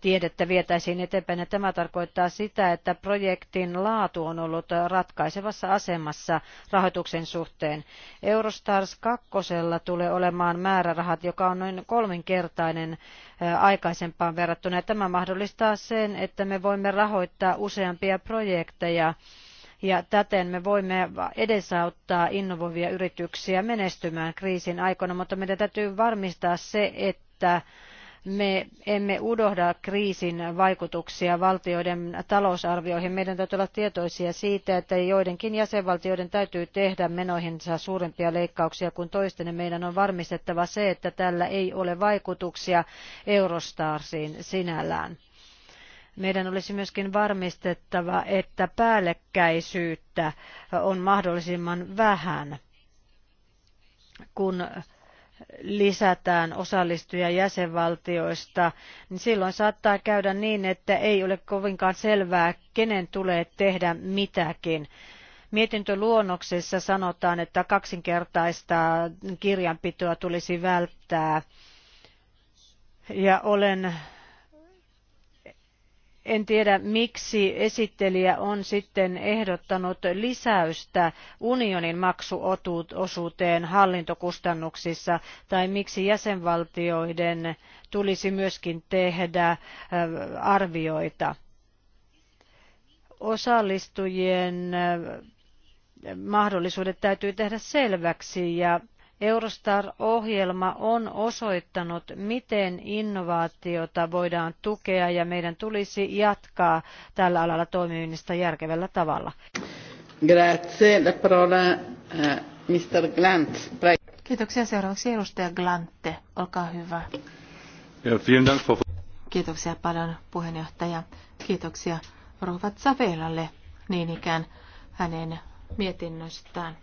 tiedettä vietäisiin eteenpäin. Ja tämä tarkoittaa sitä, että projektin laatu on ollut ratkaisevassa asemassa rahoituksen suhteen. Eurostars 2 tulee olemaan määrärahat, joka on noin kolminkertainen aikaisempaan verrattuna. Ja tämä mahdollistaa sen, että me voimme rahoittaa useampia projekteja ja täten me voimme edesauttaa innovoivia yrityksiä menestymään kriisin aikana, mutta meidän täytyy varmistaa se, että me emme unohda kriisin vaikutuksia valtioiden talousarvioihin. Meidän täytyy olla tietoisia siitä, että joidenkin jäsenvaltioiden täytyy tehdä menoihinsa suurempia leikkauksia kuin toisten. Ja meidän on varmistettava se, että tällä ei ole vaikutuksia Eurostarsiin sinällään. Meidän olisi myöskin varmistettava, että päällekkäisyyttä on mahdollisimman vähän, kun lisätään osallistujia jäsenvaltioista, niin silloin saattaa käydä niin, että ei ole kovinkaan selvää, kenen tulee tehdä mitäkin. Mietintöluonnoksessa sanotaan, että kaksinkertaista kirjanpitoa tulisi välttää. Ja olen en tiedä, miksi esittelijä on sitten ehdottanut lisäystä unionin maksuosuuteen hallintokustannuksissa, tai miksi jäsenvaltioiden tulisi myöskin tehdä arvioita. Osallistujien mahdollisuudet täytyy tehdä selväksi ja Eurostar-ohjelma on osoittanut, miten innovaatiota voidaan tukea ja meidän tulisi jatkaa tällä alalla toimimista järkevällä tavalla. Grazie. La parola, eh, Mr. Glant. Kiitoksia. Seuraavaksi edustaja Glante. Olkaa hyvä. Ja, vielen Dank, Kiitoksia paljon puheenjohtaja. Kiitoksia Rovat Savelalle niin ikään hänen mietinnöstään.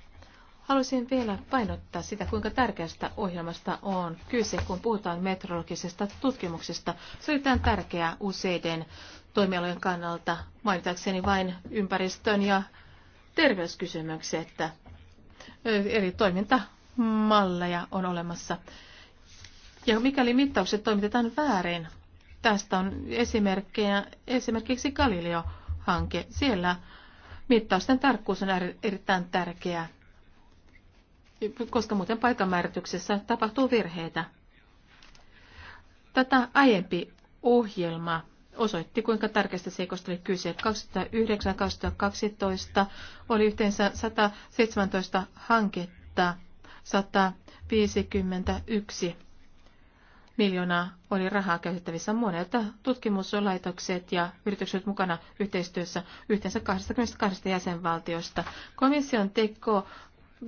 Haluaisin vielä painottaa sitä, kuinka tärkeästä ohjelmasta on kyse, kun puhutaan metrologisesta tutkimuksesta. Se on erittäin tärkeää useiden toimialojen kannalta, mainitakseni vain ympäristön ja terveyskysymyksiä, että eri toimintamalleja on olemassa. Ja mikäli mittaukset toimitetaan väärin, tästä on esimerkkejä esimerkiksi Galileo-hanke. Siellä mittausten tarkkuus on erittäin tärkeää koska muuten paikanmäärityksessä tapahtuu virheitä. Tätä aiempi ohjelma osoitti, kuinka tärkeästä seikosta oli kyse. 2009-2012 oli yhteensä 117 hanketta, 151 miljoonaa oli rahaa käytettävissä monelta tutkimuslaitokset ja yritykset mukana yhteistyössä yhteensä 22 jäsenvaltiosta. Komission teko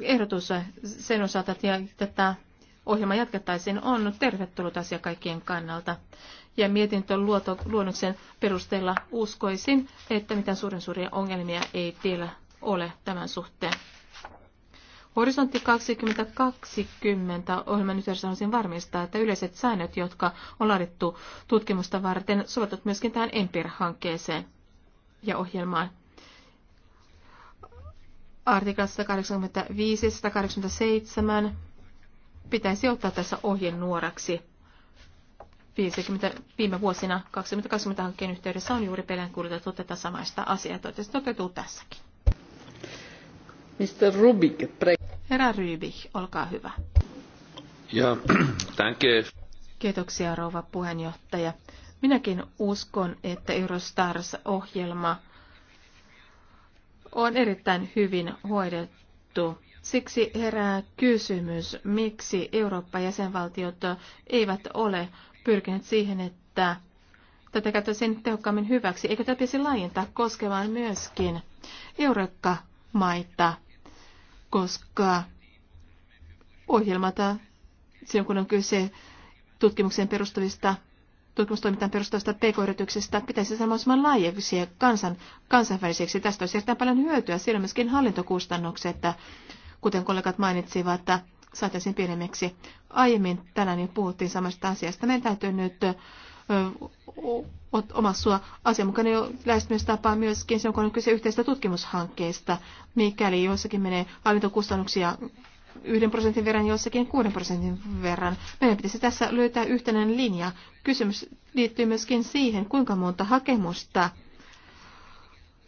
ehdotus sen osalta, että tätä ohjelma jatkettaisiin, on tervetullut asia kaikkien kannalta. Ja tuon luonnoksen perusteella uskoisin, että mitään suuren suuria ongelmia ei vielä ole tämän suhteen. Horisontti 2020 ohjelman nyt haluaisin varmistaa, että yleiset säännöt, jotka on laadittu tutkimusta varten, soveltuvat myöskin tähän EMPIR-hankkeeseen ja ohjelmaan artikla 185, 187 pitäisi ottaa tässä ohjenuoraksi. 50, viime vuosina 2020-hankkeen yhteydessä on juuri peräänkuulutettu tätä samaista asiaa. Toivottavasti toteutuu tässäkin. Mr. Rubik, pre- Herra Rybik, olkaa hyvä. Ja, danke. Kiitoksia, rouva puheenjohtaja. Minäkin uskon, että Eurostars-ohjelma on erittäin hyvin hoidettu. Siksi herää kysymys, miksi Eurooppa-jäsenvaltiot eivät ole pyrkineet siihen, että tätä käytäisiin tehokkaammin hyväksi. Eikö tätä pitäisi laajentaa koskemaan myöskin Eurooppa-maita, koska ohjelmata silloin kun on kyse tutkimukseen perustuvista tutkimustoimintaan perustuvasta pk yrityksestä pitäisi saada mahdollisimman laajaksi ja kansan, kansainväliseksi. Tästä olisi erittäin paljon hyötyä. Siellä myöskin hallintokustannukset, että, kuten kollegat mainitsivat, että saataisiin pienemmäksi. Aiemmin tänään jo puhuttiin samasta asiasta. Meidän täytyy nyt omassua asianmukainen lähestymistapa myöskin se on kyse yhteistä tutkimushankkeesta, Mikäli joissakin menee hallintokustannuksia yhden prosentin verran, jossakin kuuden prosentin verran. Meidän pitäisi tässä löytää yhtenäinen linja. Kysymys liittyy myöskin siihen, kuinka monta hakemusta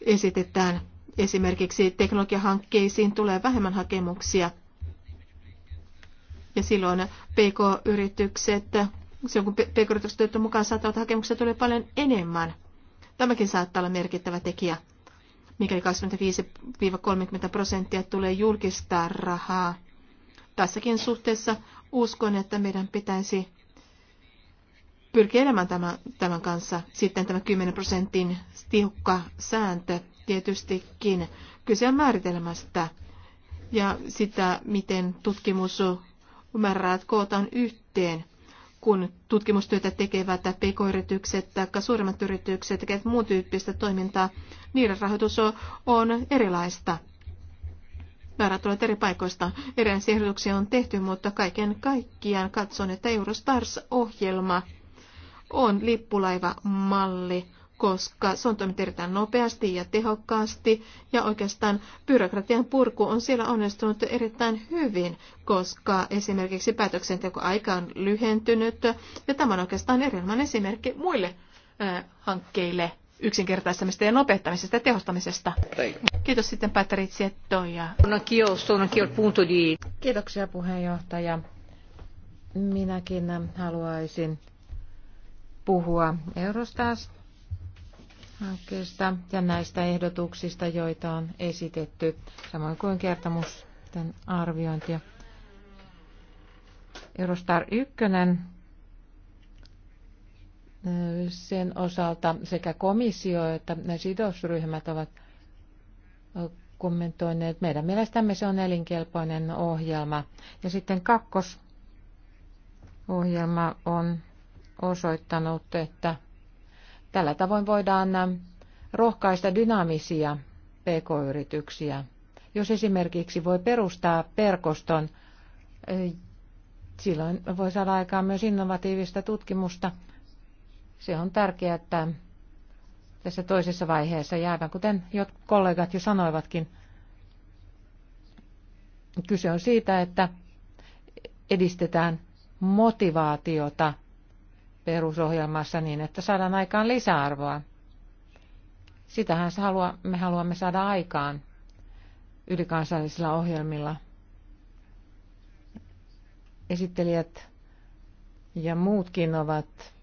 esitetään. Esimerkiksi teknologiahankkeisiin tulee vähemmän hakemuksia. Ja silloin PK-yritykset, silloin kun PK-yritykset mukaan saattavat hakemuksia tulee paljon enemmän. Tämäkin saattaa olla merkittävä tekijä mikäli 25-30 prosenttia tulee julkista rahaa Tässäkin suhteessa uskon, että meidän pitäisi pyrkiä elämään tämän, tämän kanssa. Sitten tämä 10 prosentin tiukka sääntö tietystikin. Kyse on määritelmästä ja sitä, miten määrät kootaan yhteen kun tutkimustyötä tekevät pk-yritykset tai suuremmat yritykset tekevät muun tyyppistä toimintaa, niiden rahoitus on erilaista määrät tulevat eri paikoista. Erilaisia ehdotuksia on tehty, mutta kaiken kaikkiaan katson, että Eurostars-ohjelma on lippulaivamalli, koska se on toiminut erittäin nopeasti ja tehokkaasti, ja oikeastaan byrokratian purku on siellä onnistunut erittäin hyvin, koska esimerkiksi päätöksentekoaika on lyhentynyt, ja tämä on oikeastaan erilainen esimerkki muille hankkeille yksinkertaistamisesta ja nopeuttamisesta ja tehostamisesta. Kiitos sitten Patri Zietto Kiitoksia puheenjohtaja. Minäkin haluaisin puhua Eurostas hankkeesta ja näistä ehdotuksista, joita on esitetty, samoin kuin kertomusten arviointia. Eurostar 1 sen osalta sekä komissio että sidosryhmät ovat kommentoineet. Meidän mielestämme se on elinkelpoinen ohjelma. Ja sitten kakkosohjelma on osoittanut, että tällä tavoin voidaan rohkaista dynaamisia pk-yrityksiä. Jos esimerkiksi voi perustaa verkoston, silloin voi saada aikaan myös innovatiivista tutkimusta – se on tärkeää, että tässä toisessa vaiheessa, ja kuten jotkut kollegat jo sanoivatkin, kyse on siitä, että edistetään motivaatiota perusohjelmassa niin, että saadaan aikaan lisäarvoa. Sitähän me haluamme saada aikaan ylikansallisilla ohjelmilla. Esittelijät ja muutkin ovat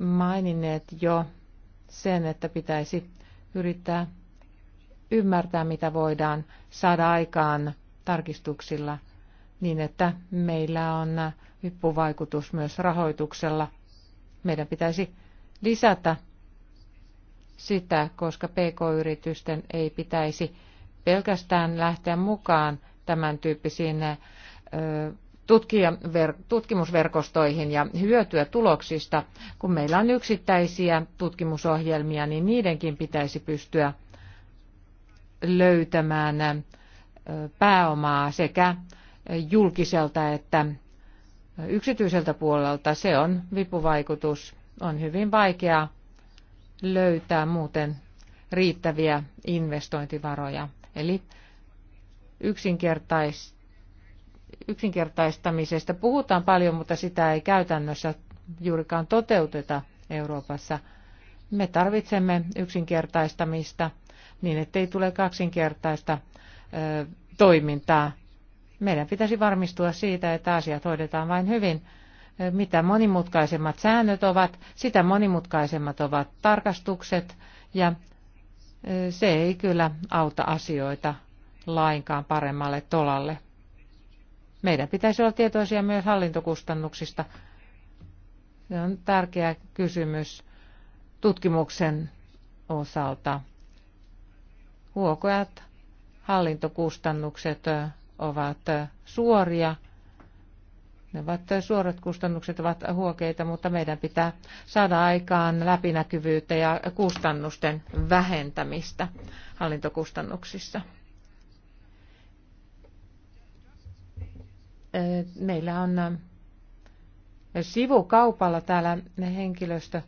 maininneet jo sen, että pitäisi yrittää ymmärtää, mitä voidaan saada aikaan tarkistuksilla niin, että meillä on vippuvaikutus myös rahoituksella. Meidän pitäisi lisätä sitä, koska pk-yritysten ei pitäisi pelkästään lähteä mukaan tämän tyyppisiin tutkimusverkostoihin ja hyötyä tuloksista. Kun meillä on yksittäisiä tutkimusohjelmia, niin niidenkin pitäisi pystyä löytämään pääomaa sekä julkiselta että yksityiseltä puolelta. Se on vipuvaikutus. On hyvin vaikea löytää muuten riittäviä investointivaroja. Eli yksinkertaista yksinkertaistamisesta puhutaan paljon, mutta sitä ei käytännössä juurikaan toteuteta Euroopassa. Me tarvitsemme yksinkertaistamista niin, ettei tule kaksinkertaista ö, toimintaa. Meidän pitäisi varmistua siitä, että asiat hoidetaan vain hyvin. Mitä monimutkaisemmat säännöt ovat, sitä monimutkaisemmat ovat tarkastukset ja se ei kyllä auta asioita lainkaan paremmalle tolalle meidän pitäisi olla tietoisia myös hallintokustannuksista. Se on tärkeä kysymys tutkimuksen osalta. Huokojat hallintokustannukset ovat suoria. Ne ovat suorat kustannukset ovat huokeita, mutta meidän pitää saada aikaan läpinäkyvyyttä ja kustannusten vähentämistä hallintokustannuksissa. meillä on sivukaupalla täällä henkilöstö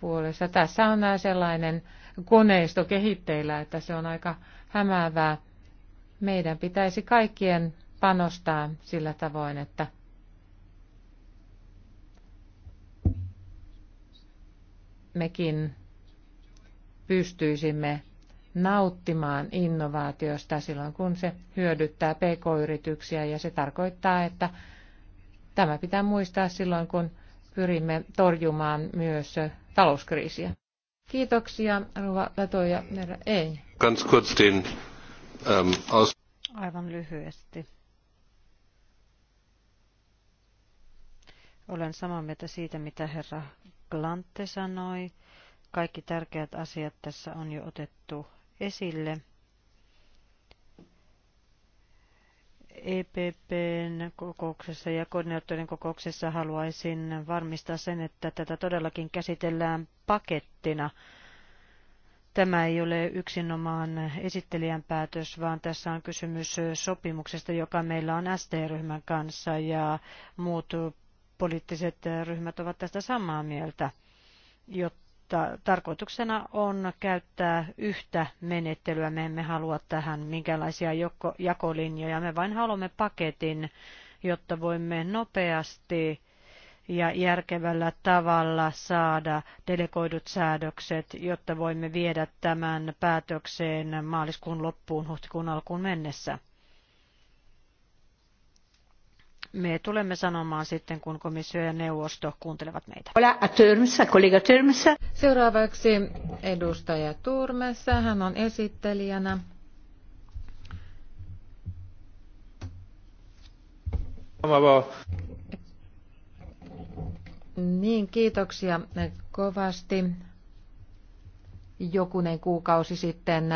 puolessa. Tässä on sellainen koneisto kehitteillä, että se on aika hämäävää. Meidän pitäisi kaikkien panostaa sillä tavoin, että mekin pystyisimme nauttimaan innovaatiosta silloin, kun se hyödyttää pk-yrityksiä ja se tarkoittaa, että tämä pitää muistaa silloin, kun pyrimme torjumaan myös talouskriisiä. Kiitoksia, Ruva Lato ja herra Ei. Ähm, Aivan lyhyesti. Olen samaa mieltä siitä, mitä herra Glante sanoi. Kaikki tärkeät asiat tässä on jo otettu esille EPPn kokouksessa ja koordinaattorin kokouksessa haluaisin varmistaa sen, että tätä todellakin käsitellään pakettina. Tämä ei ole yksinomaan esittelijän päätös, vaan tässä on kysymys sopimuksesta, joka meillä on ST-ryhmän kanssa ja muut poliittiset ryhmät ovat tästä samaa mieltä, jotta mutta tarkoituksena on käyttää yhtä menettelyä. Me emme halua tähän minkälaisia jakolinjoja. Me vain haluamme paketin, jotta voimme nopeasti ja järkevällä tavalla saada delegoidut säädökset, jotta voimme viedä tämän päätökseen maaliskuun loppuun, huhtikuun alkuun mennessä me tulemme sanomaan sitten, kun komissio ja neuvosto kuuntelevat meitä. kollega Törmsä. Seuraavaksi edustaja Turmessa. Hän on esittelijänä. Niin, kiitoksia kovasti. Jokunen kuukausi sitten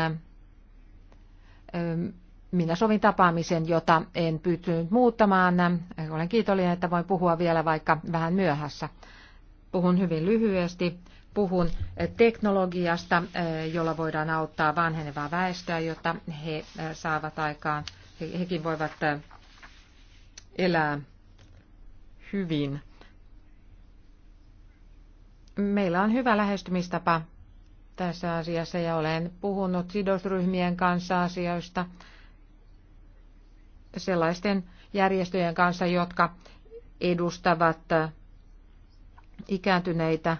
minä sovin tapaamisen, jota en pystynyt muuttamaan. Olen kiitollinen, että voin puhua vielä vaikka vähän myöhässä. Puhun hyvin lyhyesti. Puhun teknologiasta, jolla voidaan auttaa vanhenevaa väestöä, jotta he saavat aikaan, hekin voivat elää hyvin. Meillä on hyvä lähestymistapa tässä asiassa ja olen puhunut sidosryhmien kanssa asioista sellaisten järjestöjen kanssa, jotka edustavat äh, ikääntyneitä.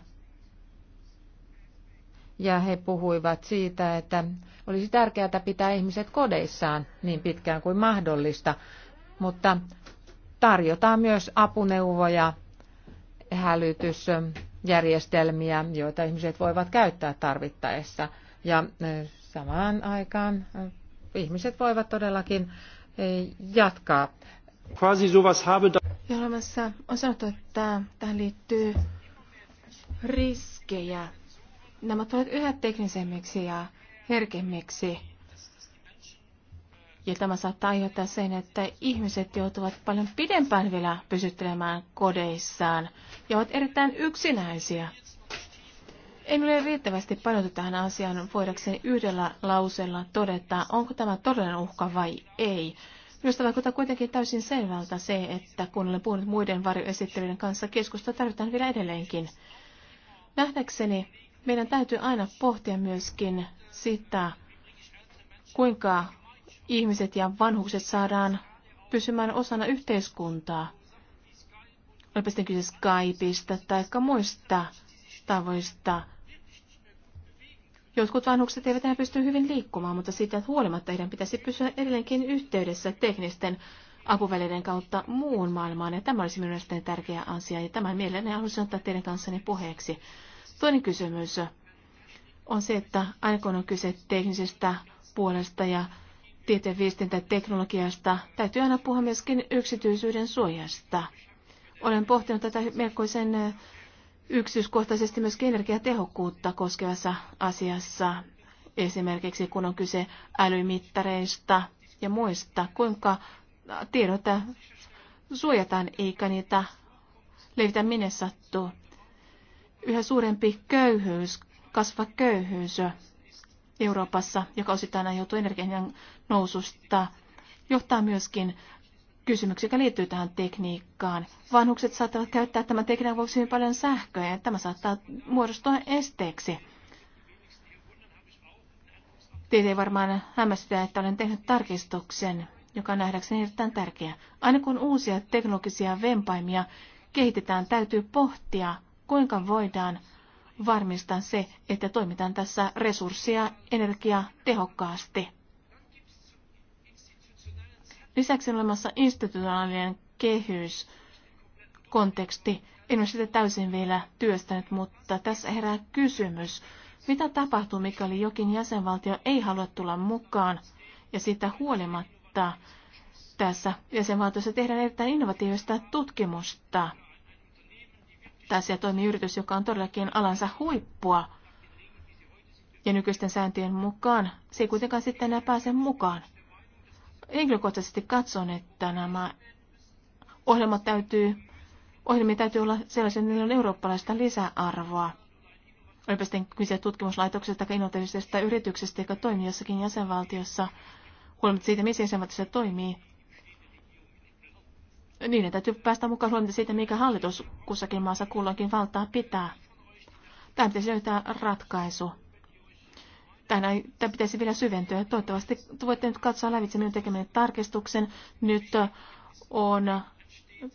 Ja he puhuivat siitä, että olisi tärkeää pitää ihmiset kodeissaan niin pitkään kuin mahdollista, mutta tarjotaan myös apuneuvoja, hälytysjärjestelmiä, joita ihmiset voivat käyttää tarvittaessa. Ja äh, samaan aikaan äh, ihmiset voivat todellakin Eh, jatkaa. Johjelmassa on sanottu, että tähän liittyy riskejä. Nämä tulevat yhä teknisemmiksi ja herkemmiksi. Ja tämä saattaa aiheuttaa sen, että ihmiset joutuvat paljon pidempään vielä pysyttelemään kodeissaan ja ovat erittäin yksinäisiä. En ole riittävästi paneutu tähän asiaan voidakseni yhdellä lauseella todeta, onko tämä todellinen uhka vai ei. Minusta vaikuttaa kuitenkin täysin selvältä se, että kun olen puhunut muiden varjoesittelyiden kanssa, keskusta tarvitaan vielä edelleenkin. Nähdäkseni meidän täytyy aina pohtia myöskin sitä, kuinka ihmiset ja vanhukset saadaan pysymään osana yhteiskuntaa. Olipa sitten kyse Skypeista tai muista tavoista Jotkut vanhukset eivät enää pysty hyvin liikkumaan, mutta siitä huolimatta heidän pitäisi pysyä edelleenkin yhteydessä teknisten apuvälineiden kautta muun maailmaan. Ja tämä olisi minun mielestäni tärkeä asia ja tämän mielelläni haluaisin ottaa teidän kanssanne puheeksi. Toinen kysymys on se, että aina kun on kyse teknisestä puolesta ja tieteen viestintäteknologiasta, täytyy aina puhua myöskin yksityisyyden suojasta. Olen pohtinut tätä melkoisen yksityiskohtaisesti myös energiatehokkuutta koskevassa asiassa, esimerkiksi kun on kyse älymittareista ja muista, kuinka tiedot suojataan eikä niitä levitä minne sattuu. Yhä suurempi köyhyys, kasva köyhyys Euroopassa, joka osittain aiheutuu energian noususta, johtaa myöskin kysymyksiä, joka liittyy tähän tekniikkaan. Vanhukset saattavat käyttää tämän tekniikan vuoksi hyvin paljon sähköä ja tämä saattaa muodostua esteeksi. Teitä ei varmaan hämmästytä, että olen tehnyt tarkistuksen, joka on nähdäkseni erittäin tärkeä. Aina kun uusia teknologisia vempaimia kehitetään, täytyy pohtia, kuinka voidaan varmistaa se, että toimitaan tässä resurssia energiaa tehokkaasti. Lisäksi on olemassa institutionaalinen kehys, konteksti. En ole sitä täysin vielä työstänyt, mutta tässä herää kysymys. Mitä tapahtuu, mikäli jokin jäsenvaltio ei halua tulla mukaan ja sitä huolimatta tässä jäsenvaltiossa tehdään erittäin innovatiivista tutkimusta? Tässä toimii yritys, joka on todellakin alansa huippua. Ja nykyisten sääntöjen mukaan se ei kuitenkaan sitten enää pääse mukaan henkilökohtaisesti katson, että nämä ohjelmat täytyy, ohjelmia täytyy olla sellaisia, että niillä on eurooppalaista lisäarvoa. Olipa sitten kyse tutkimuslaitoksesta tai innovatiivisesta yrityksestä, joka toimii jossakin jäsenvaltiossa, huolimatta siitä, missä jäsenvaltiossa toimii. Niiden täytyy päästä mukaan huomioon siitä, mikä hallitus kussakin maassa kulloinkin valtaa pitää. Tämä pitäisi löytää ratkaisu. Tähän pitäisi vielä syventyä. Toivottavasti voitte nyt katsoa lävitse minun tekemäni tarkistuksen. Nyt on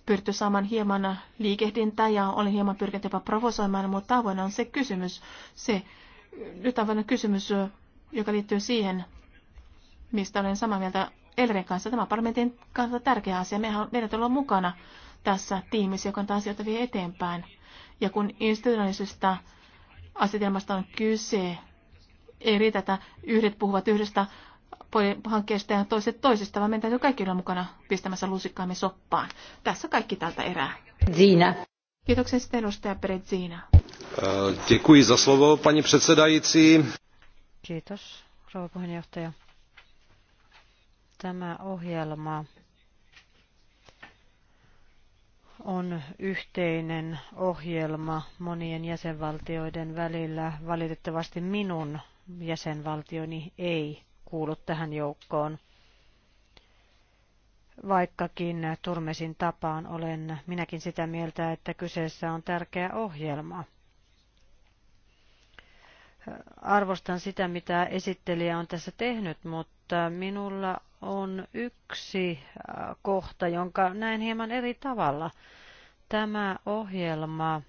pyritty saamaan hieman liikehdintää ja olin hieman pyrkinyt jopa provosoimaan, mutta avoinna on se kysymys. Se, nyt avoinna kysymys, joka liittyy siihen, mistä olen samaa mieltä Elren kanssa. Tämä parlamentin kannalta tärkeä asia. Mehän, meidät ollaan mukana tässä tiimissä, joka on asioita vie eteenpäin. Ja kun institutionaalisesta asetelmasta on kyse, ei riitä, että yhdet puhuvat yhdestä hankkeesta ja toiset toisesta, vaan meidän täytyy kaikki olla mukana pistämässä lusikkaamme soppaan. Tässä kaikki tältä erää. Ziina. Kiitoksia sitten edustaja Perezina. Äh, děkuji za slovo, paní předsedající. Kiitos, rouva puheenjohtaja. Tämä ohjelma on yhteinen ohjelma monien jäsenvaltioiden välillä, valitettavasti minun jäsenvaltioni ei kuulu tähän joukkoon. Vaikkakin Turmesin tapaan olen minäkin sitä mieltä, että kyseessä on tärkeä ohjelma. Arvostan sitä, mitä esittelijä on tässä tehnyt, mutta minulla on yksi äh, kohta, jonka näen hieman eri tavalla. Tämä ohjelma,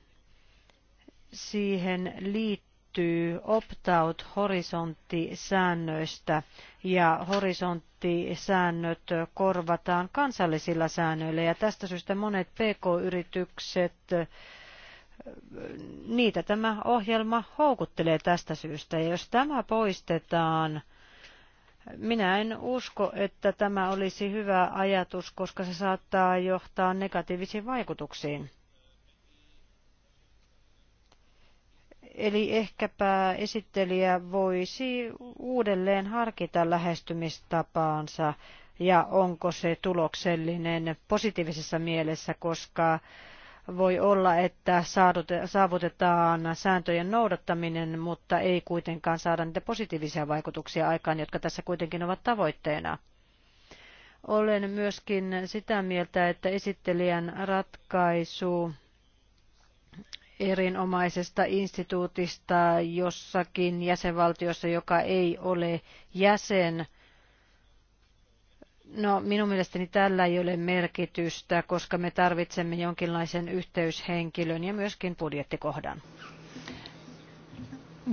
siihen liittyy löytyy opt-out-horisonttisäännöistä ja horisonttisäännöt korvataan kansallisilla säännöillä ja tästä syystä monet pk-yritykset niitä tämä ohjelma houkuttelee tästä syystä. Ja jos tämä poistetaan, minä en usko, että tämä olisi hyvä ajatus, koska se saattaa johtaa negatiivisiin vaikutuksiin. Eli ehkäpä esittelijä voisi uudelleen harkita lähestymistapaansa ja onko se tuloksellinen positiivisessa mielessä, koska voi olla, että saavutetaan sääntöjen noudattaminen, mutta ei kuitenkaan saada niitä positiivisia vaikutuksia aikaan, jotka tässä kuitenkin ovat tavoitteena. Olen myöskin sitä mieltä, että esittelijän ratkaisu erinomaisesta instituutista jossakin jäsenvaltiossa, joka ei ole jäsen. No, minun mielestäni tällä ei ole merkitystä, koska me tarvitsemme jonkinlaisen yhteyshenkilön ja myöskin budjettikohdan.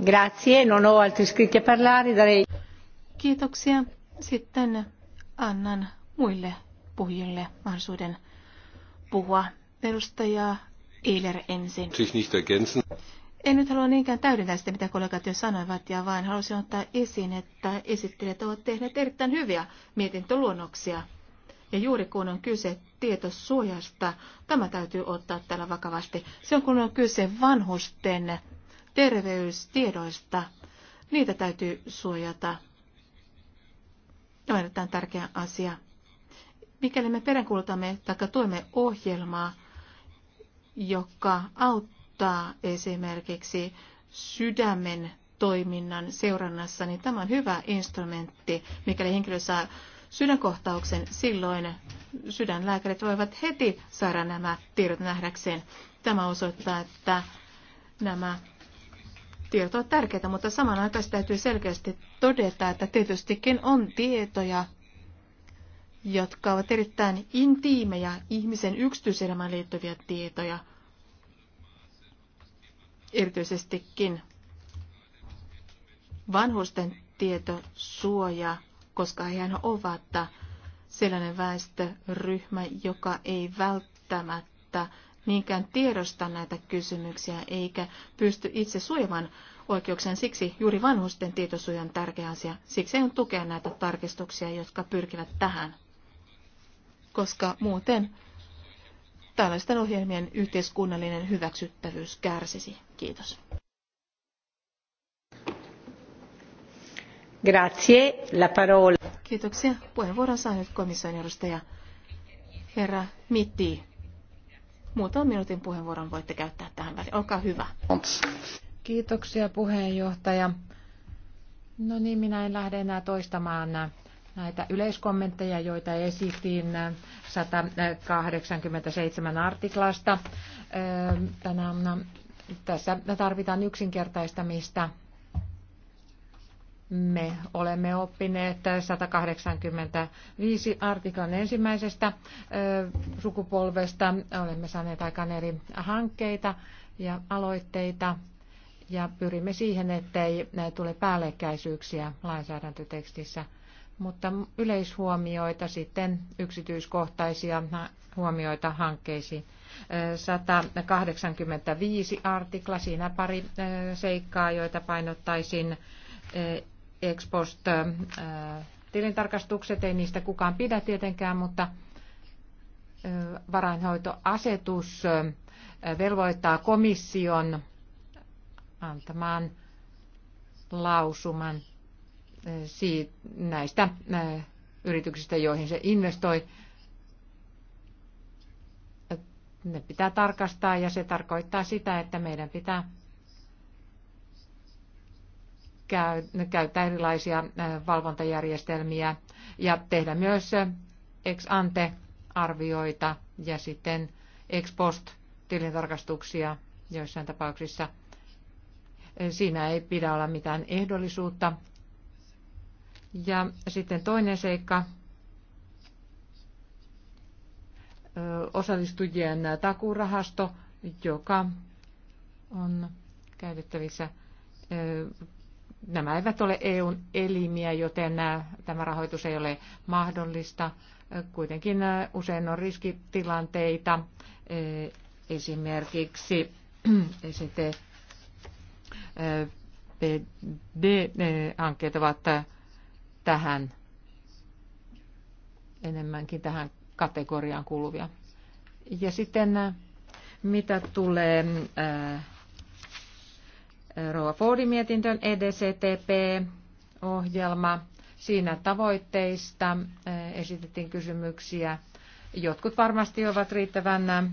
Grazie, non ho altri iscritti a parlare. Darei... Kiitoksia. Sitten annan muille puhujille mahdollisuuden puhua. Edustaja Eiler ensin. En nyt halua niinkään täydentää sitä, mitä kollegat jo sanoivat, ja vaan halusin ottaa esiin, että esittelijät ovat tehneet erittäin hyviä mietintöluonnoksia. Ja juuri kun on kyse tietosuojasta, tämä täytyy ottaa täällä vakavasti. Se on kun on kyse vanhusten terveystiedoista, niitä täytyy suojata. Tämä on tärkeä asia. Mikäli me peräänkuulutamme tai tuemme ohjelmaa, joka auttaa esimerkiksi sydämen toiminnan seurannassa, niin tämä on hyvä instrumentti. Mikäli henkilö saa sydänkohtauksen, silloin sydänlääkärit voivat heti saada nämä tiedot nähdäkseen. Tämä osoittaa, että nämä tiedot ovat tärkeitä, mutta samanaikaisesti täytyy selkeästi todeta, että tietystikin on tietoja, jotka ovat erittäin intiimejä ihmisen yksityiselämään liittyviä tietoja, erityisestikin vanhusten tietosuoja, koska hehän ovat sellainen väestöryhmä, joka ei välttämättä niinkään tiedosta näitä kysymyksiä eikä pysty itse suojamaan oikeuksien. Siksi juuri vanhusten tietosuoja on tärkeä asia. Siksi on tukea näitä tarkistuksia, jotka pyrkivät tähän koska muuten tällaisten ohjelmien yhteiskunnallinen hyväksyttävyys kärsisi. Kiitos. Grazie, la parola. Kiitoksia. Puheenvuoron saa nyt komission edustaja herra Mitti. Muutaman minuutin puheenvuoron voitte käyttää tähän väliin. Olkaa hyvä. Kiitoksia puheenjohtaja. No niin, minä en lähde enää toistamaan näitä yleiskommentteja, joita esitin 187 artiklasta öö, tänä aamuna. Tässä tarvitaan yksinkertaistamista. Me olemme oppineet 185 artiklan ensimmäisestä öö, sukupolvesta. Olemme saaneet aika eri hankkeita ja aloitteita ja pyrimme siihen, ettei tule päällekkäisyyksiä lainsäädäntötekstissä – mutta yleishuomioita sitten yksityiskohtaisia huomioita hankkeisiin. 185 artikla, siinä pari seikkaa, joita painottaisin e, Expost tilintarkastukset, ei niistä kukaan pidä tietenkään, mutta varainhoitoasetus velvoittaa komission antamaan lausuman siitä, näistä äh, yrityksistä, joihin se investoi. Ne pitää tarkastaa ja se tarkoittaa sitä, että meidän pitää käyttää erilaisia äh, valvontajärjestelmiä ja tehdä myös äh, ex ante arvioita ja sitten ex post tilintarkastuksia joissain tapauksissa. Siinä ei pidä olla mitään ehdollisuutta. Ja sitten toinen seikka, osallistujien takurahasto, joka on käytettävissä. Nämä eivät ole EUn elimiä, joten tämä rahoitus ei ole mahdollista. Kuitenkin usein on riskitilanteita, esimerkiksi sitten PD-hankkeet ovat tähän enemmänkin tähän kategoriaan kuuluvia. Ja sitten äh, mitä tulee äh, Rova Fordin mietintöön EDCTP-ohjelma. Siinä tavoitteista äh, esitettiin kysymyksiä. Jotkut varmasti ovat riittävän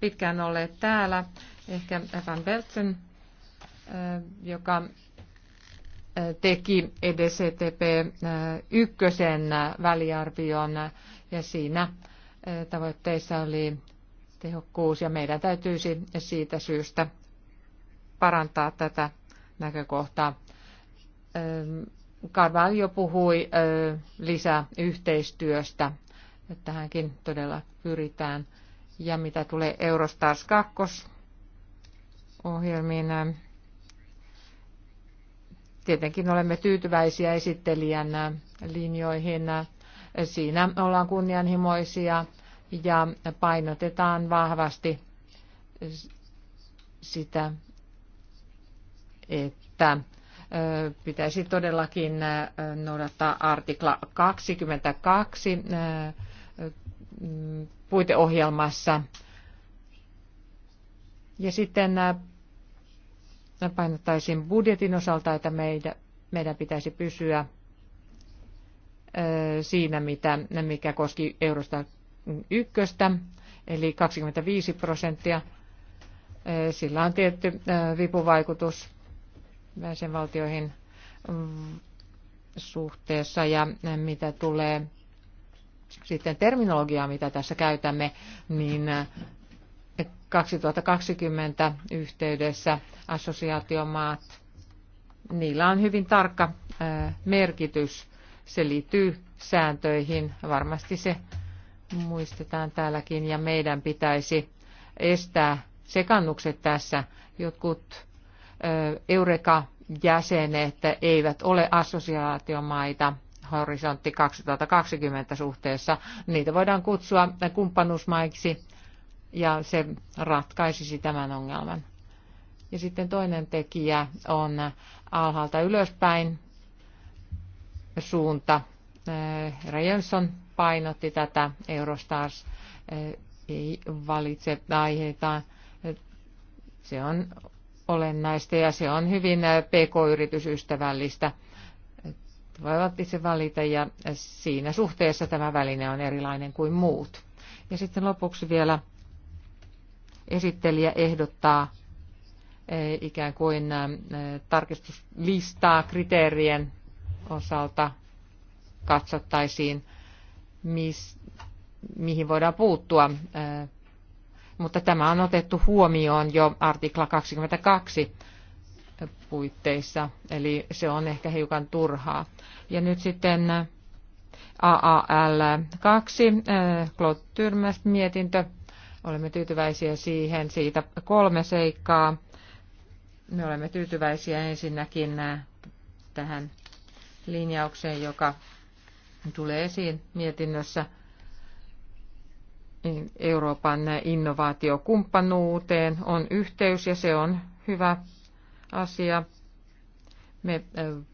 pitkään olleet täällä. Ehkä Evan Beltsen, joka teki EDCTP ykkösen väliarvion ja siinä tavoitteissa oli tehokkuus ja meidän täytyisi siitä syystä parantaa tätä näkökohtaa. Carvalho puhui lisäyhteistyöstä. Tähänkin todella pyritään. Ja mitä tulee Eurostars 2 ohjelmiin, Tietenkin olemme tyytyväisiä esittelijän linjoihin. Siinä ollaan kunnianhimoisia ja painotetaan vahvasti sitä, että pitäisi todellakin noudattaa artikla 22 puiteohjelmassa. Ja sitten painottaisin budjetin osalta, että meidän, meidän pitäisi pysyä siinä, mitä, mikä koski eurosta ykköstä, eli 25 prosenttia. Sillä on tietty vipuvaikutus jäsenvaltioihin suhteessa ja mitä tulee sitten terminologiaa, mitä tässä käytämme, niin 2020 yhteydessä assosiaatiomaat, niillä on hyvin tarkka merkitys. Se liittyy sääntöihin, varmasti se muistetaan täälläkin, ja meidän pitäisi estää sekannukset tässä. Jotkut Eureka-jäsenet eivät ole assosiaatiomaita horisontti 2020 suhteessa. Niitä voidaan kutsua kumppanuusmaiksi ja se ratkaisisi tämän ongelman. Ja sitten toinen tekijä on alhaalta ylöspäin suunta. Rejonson painotti tätä Eurostars eh, ei valitse aiheitaan. Se on olennaista ja se on hyvin eh, pk-yritysystävällistä. Voivat itse valita ja siinä suhteessa tämä väline on erilainen kuin muut. Ja sitten lopuksi vielä esittelijä ehdottaa eh, ikään kuin eh, tarkistuslistaa kriteerien osalta katsottaisiin, mis, mihin voidaan puuttua. Eh, mutta tämä on otettu huomioon jo artikla 22 puitteissa, eli se on ehkä hiukan turhaa. Ja nyt sitten AAL 2, Claude Tyrmäst, mietintö Olemme tyytyväisiä siihen. Siitä kolme seikkaa. Me olemme tyytyväisiä ensinnäkin äh, tähän linjaukseen, joka tulee esiin mietinnössä niin Euroopan innovaatiokumppanuuteen on yhteys ja se on hyvä asia. Me äh,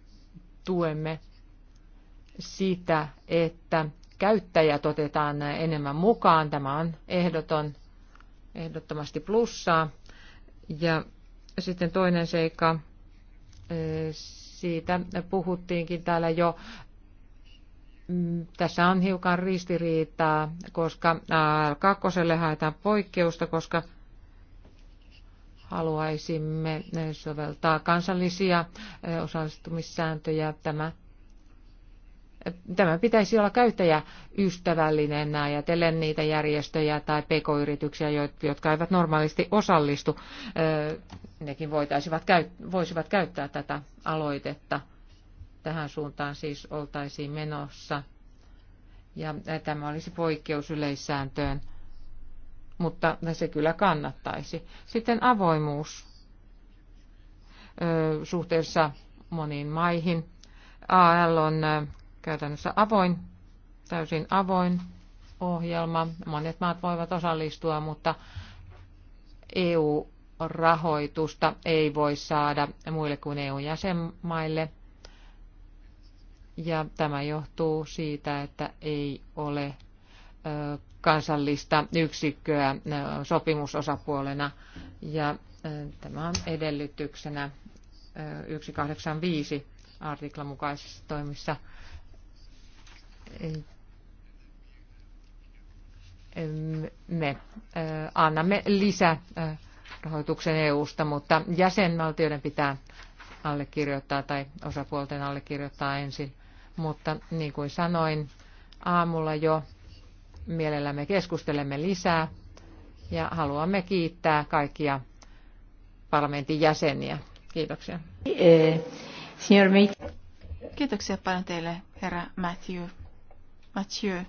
tuemme sitä, että käyttäjät otetaan enemmän mukaan. Tämä on ehdoton, ehdottomasti plussaa. Ja sitten toinen seikka, eh, siitä puhuttiinkin täällä jo. Mm, tässä on hiukan ristiriitaa, koska kakkoselle haetaan poikkeusta, koska haluaisimme eh, soveltaa kansallisia eh, osallistumissääntöjä. Tämä Tämä pitäisi olla käyttäjäystävällinen ajatellen niitä järjestöjä tai pk-yrityksiä, jotka eivät normaalisti osallistu. Nekin voitaisivat, voisivat käyttää tätä aloitetta. Tähän suuntaan siis oltaisiin menossa. Ja tämä olisi poikkeus yleissääntöön, mutta se kyllä kannattaisi. Sitten avoimuus suhteessa moniin maihin. AL on käytännössä avoin, täysin avoin ohjelma. Monet maat voivat osallistua, mutta EU-rahoitusta ei voi saada muille kuin EU-jäsenmaille. Ja tämä johtuu siitä, että ei ole kansallista yksikköä sopimusosapuolena. Ja tämä on edellytyksenä 185 artiklan mukaisissa toimissa me annamme lisärahoituksen EU-sta, mutta jäsenvaltioiden pitää allekirjoittaa tai osapuolten allekirjoittaa ensin. Mutta niin kuin sanoin, aamulla jo mielellämme keskustelemme lisää ja haluamme kiittää kaikkia parlamentin jäseniä. Kiitoksia. Eh, Kiitoksia paljon teille, herra Matthew. Mathieu.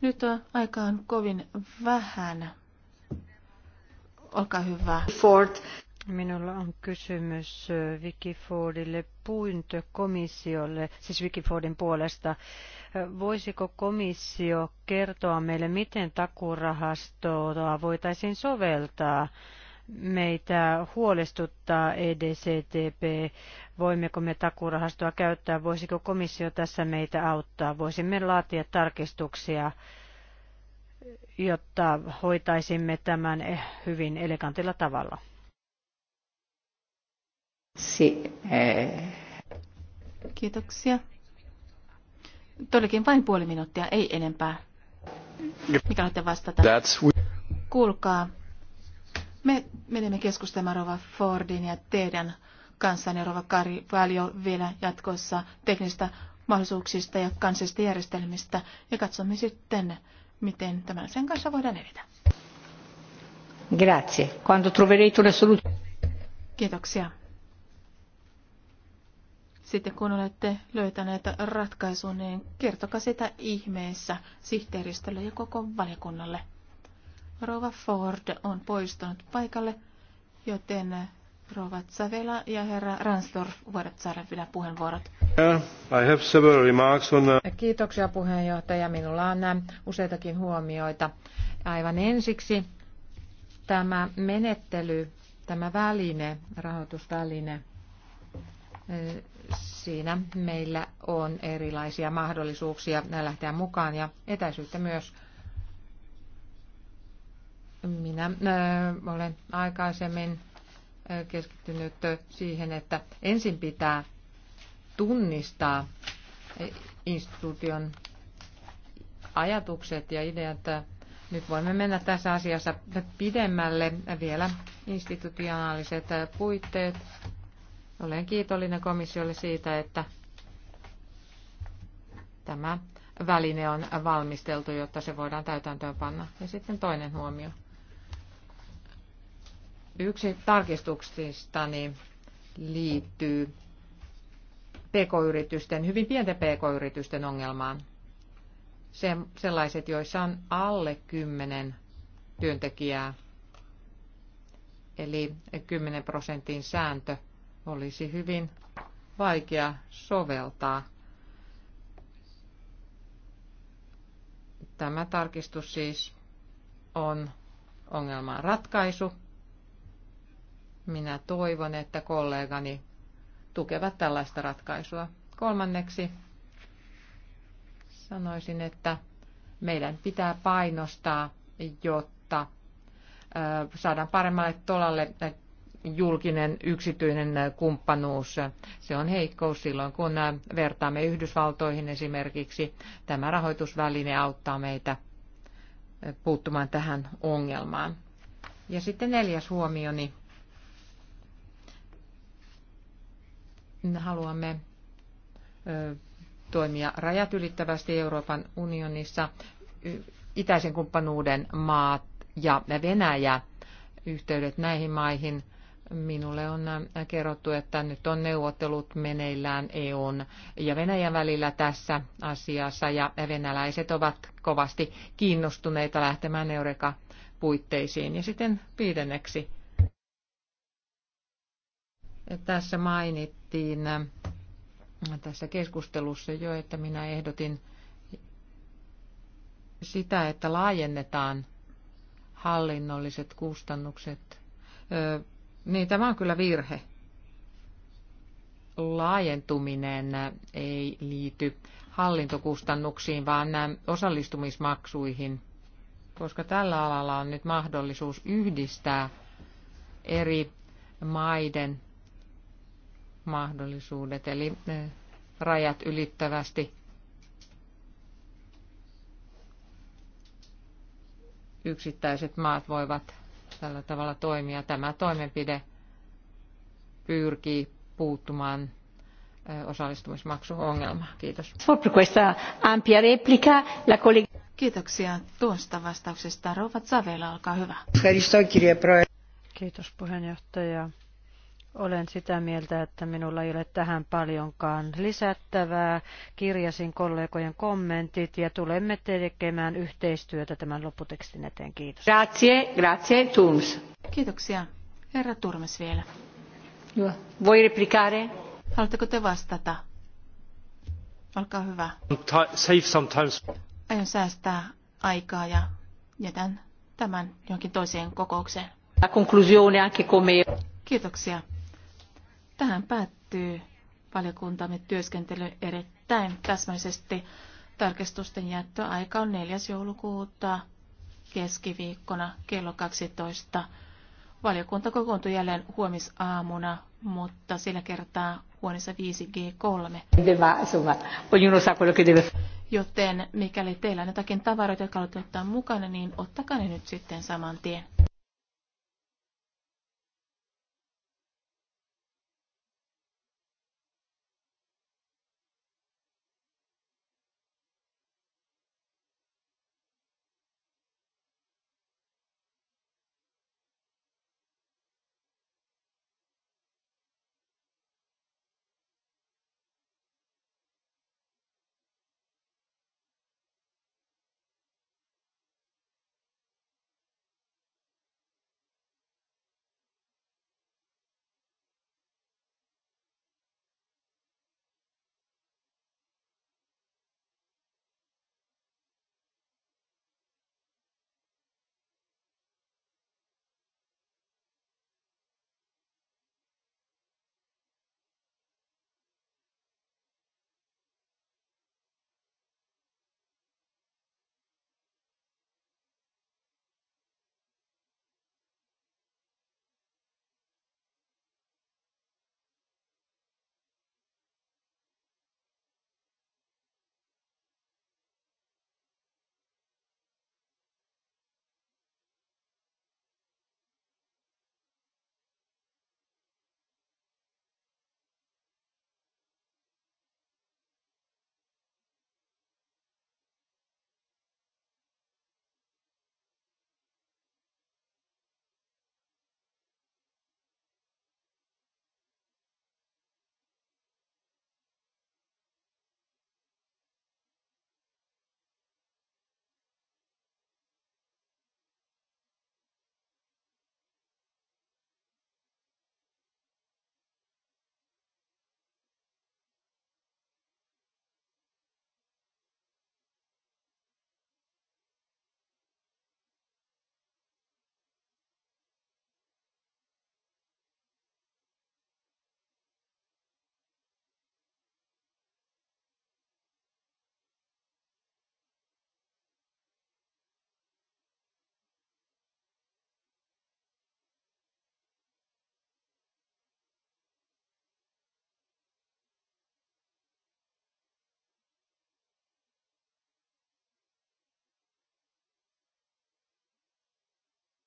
Nyt on aikaan kovin vähän. Olkaa hyvä. Ford. Minulla on kysymys Wikifordille pyyntö komissiolle, siis Wikifordin puolesta. Voisiko komissio kertoa meille, miten takurahastoa voitaisiin soveltaa? meitä huolestuttaa EDCTP. Voimmeko me takurahastoa käyttää? Voisiko komissio tässä meitä auttaa? Voisimme laatia tarkistuksia, jotta hoitaisimme tämän hyvin elegantilla tavalla. Si- eh. Kiitoksia. Todellakin vain puoli minuuttia, ei enempää. Mikä olette vastata? That's... Kuulkaa, me menemme keskustelemaan Rova Fordin ja teidän kanssanne Rova Kari Valio vielä jatkossa teknistä mahdollisuuksista ja kansallisista järjestelmistä ja katsomme sitten, miten tämän sen kanssa voidaan edetä. Grazie. Quando troverete una soluzione. Kiitoksia. Sitten kun olette löytäneet ratkaisun, niin kertokaa sitä ihmeessä sihteeristölle ja koko valiokunnalle. Rova Ford on poistunut paikalle, joten eh, Rova Savela ja herra Ransdorf voivat saada vielä puheenvuorot. I have several remarks on... Eh, Kiitoksia puheenjohtaja. Minulla on eh, useitakin huomioita. Aivan ensiksi tämä menettely, tämä väline, rahoitusväline, siinä meillä on erilaisia mahdollisuuksia lähteä mukaan ja etäisyyttä myös – minä olen aikaisemmin keskittynyt siihen, että ensin pitää tunnistaa e, instituution ajatukset ja ideat. Nyt voimme mennä tässä asiassa pidemmälle vielä institutionaaliset puitteet. Olen kiitollinen komissiolle siitä, että tämä väline on valmisteltu, jotta se voidaan täytäntöön panna. Ja sitten toinen huomio. Yksi tarkistuksistani liittyy pk-yritysten, hyvin pienten pk-yritysten ongelmaan. Se, sellaiset, joissa on alle 10 työntekijää, eli 10 prosentin sääntö olisi hyvin vaikea soveltaa. Tämä tarkistus siis on ongelman ratkaisu minä toivon, että kollegani tukevat tällaista ratkaisua. Kolmanneksi sanoisin, että meidän pitää painostaa, jotta saadaan paremmalle tolalle julkinen yksityinen kumppanuus. Se on heikkous silloin, kun vertaamme Yhdysvaltoihin esimerkiksi. Tämä rahoitusväline auttaa meitä puuttumaan tähän ongelmaan. Ja sitten neljäs huomioni. Niin haluamme toimia rajat ylittävästi Euroopan unionissa. Itäisen kumppanuuden maat ja Venäjä yhteydet näihin maihin. Minulle on kerrottu, että nyt on neuvottelut meneillään EUn ja Venäjän välillä tässä asiassa ja venäläiset ovat kovasti kiinnostuneita lähtemään Eureka puitteisiin. Ja sitten viidenneksi tässä mainittiin tässä keskustelussa jo, että minä ehdotin sitä, että laajennetaan hallinnolliset kustannukset. Niin tämä on kyllä virhe. Laajentuminen ei liity hallintokustannuksiin, vaan osallistumismaksuihin, koska tällä alalla on nyt mahdollisuus yhdistää eri maiden mahdollisuudet, eli eh, rajat ylittävästi yksittäiset maat voivat tällä tavalla toimia. Tämä toimenpide pyrkii puuttumaan eh, osallistumismaksuongelmaan. Kiitos. Kiitoksia tuosta vastauksesta. Rouva Zavela, olkaa hyvä. Kiitos puheenjohtaja. Olen sitä mieltä, että minulla ei ole tähän paljonkaan lisättävää. Kirjasin kollegojen kommentit ja tulemme tekemään yhteistyötä tämän lopputekstin eteen. Kiitos. Grazie, grazie, Turms. Kiitoksia. Herra Turmes vielä. Joo. Voi replicare? Haluatteko te vastata? Olkaa hyvä. Save sometimes. Aion säästää aikaa ja jätän tämän jonkin toiseen kokoukseen. La conclusione anche come... Kiitoksia. Tähän päättyy valiokuntamme työskentely erittäin täsmällisesti. Tarkistusten jättöaika on 4. joulukuuta keskiviikkona kello 12. Valiokunta kokoontui jälleen huomisaamuna, mutta sillä kertaa huoneessa 5G3. Joten mikäli teillä on jotakin tavaroita, jotka haluatte ottaa mukana, niin ottakaa ne nyt sitten saman tien.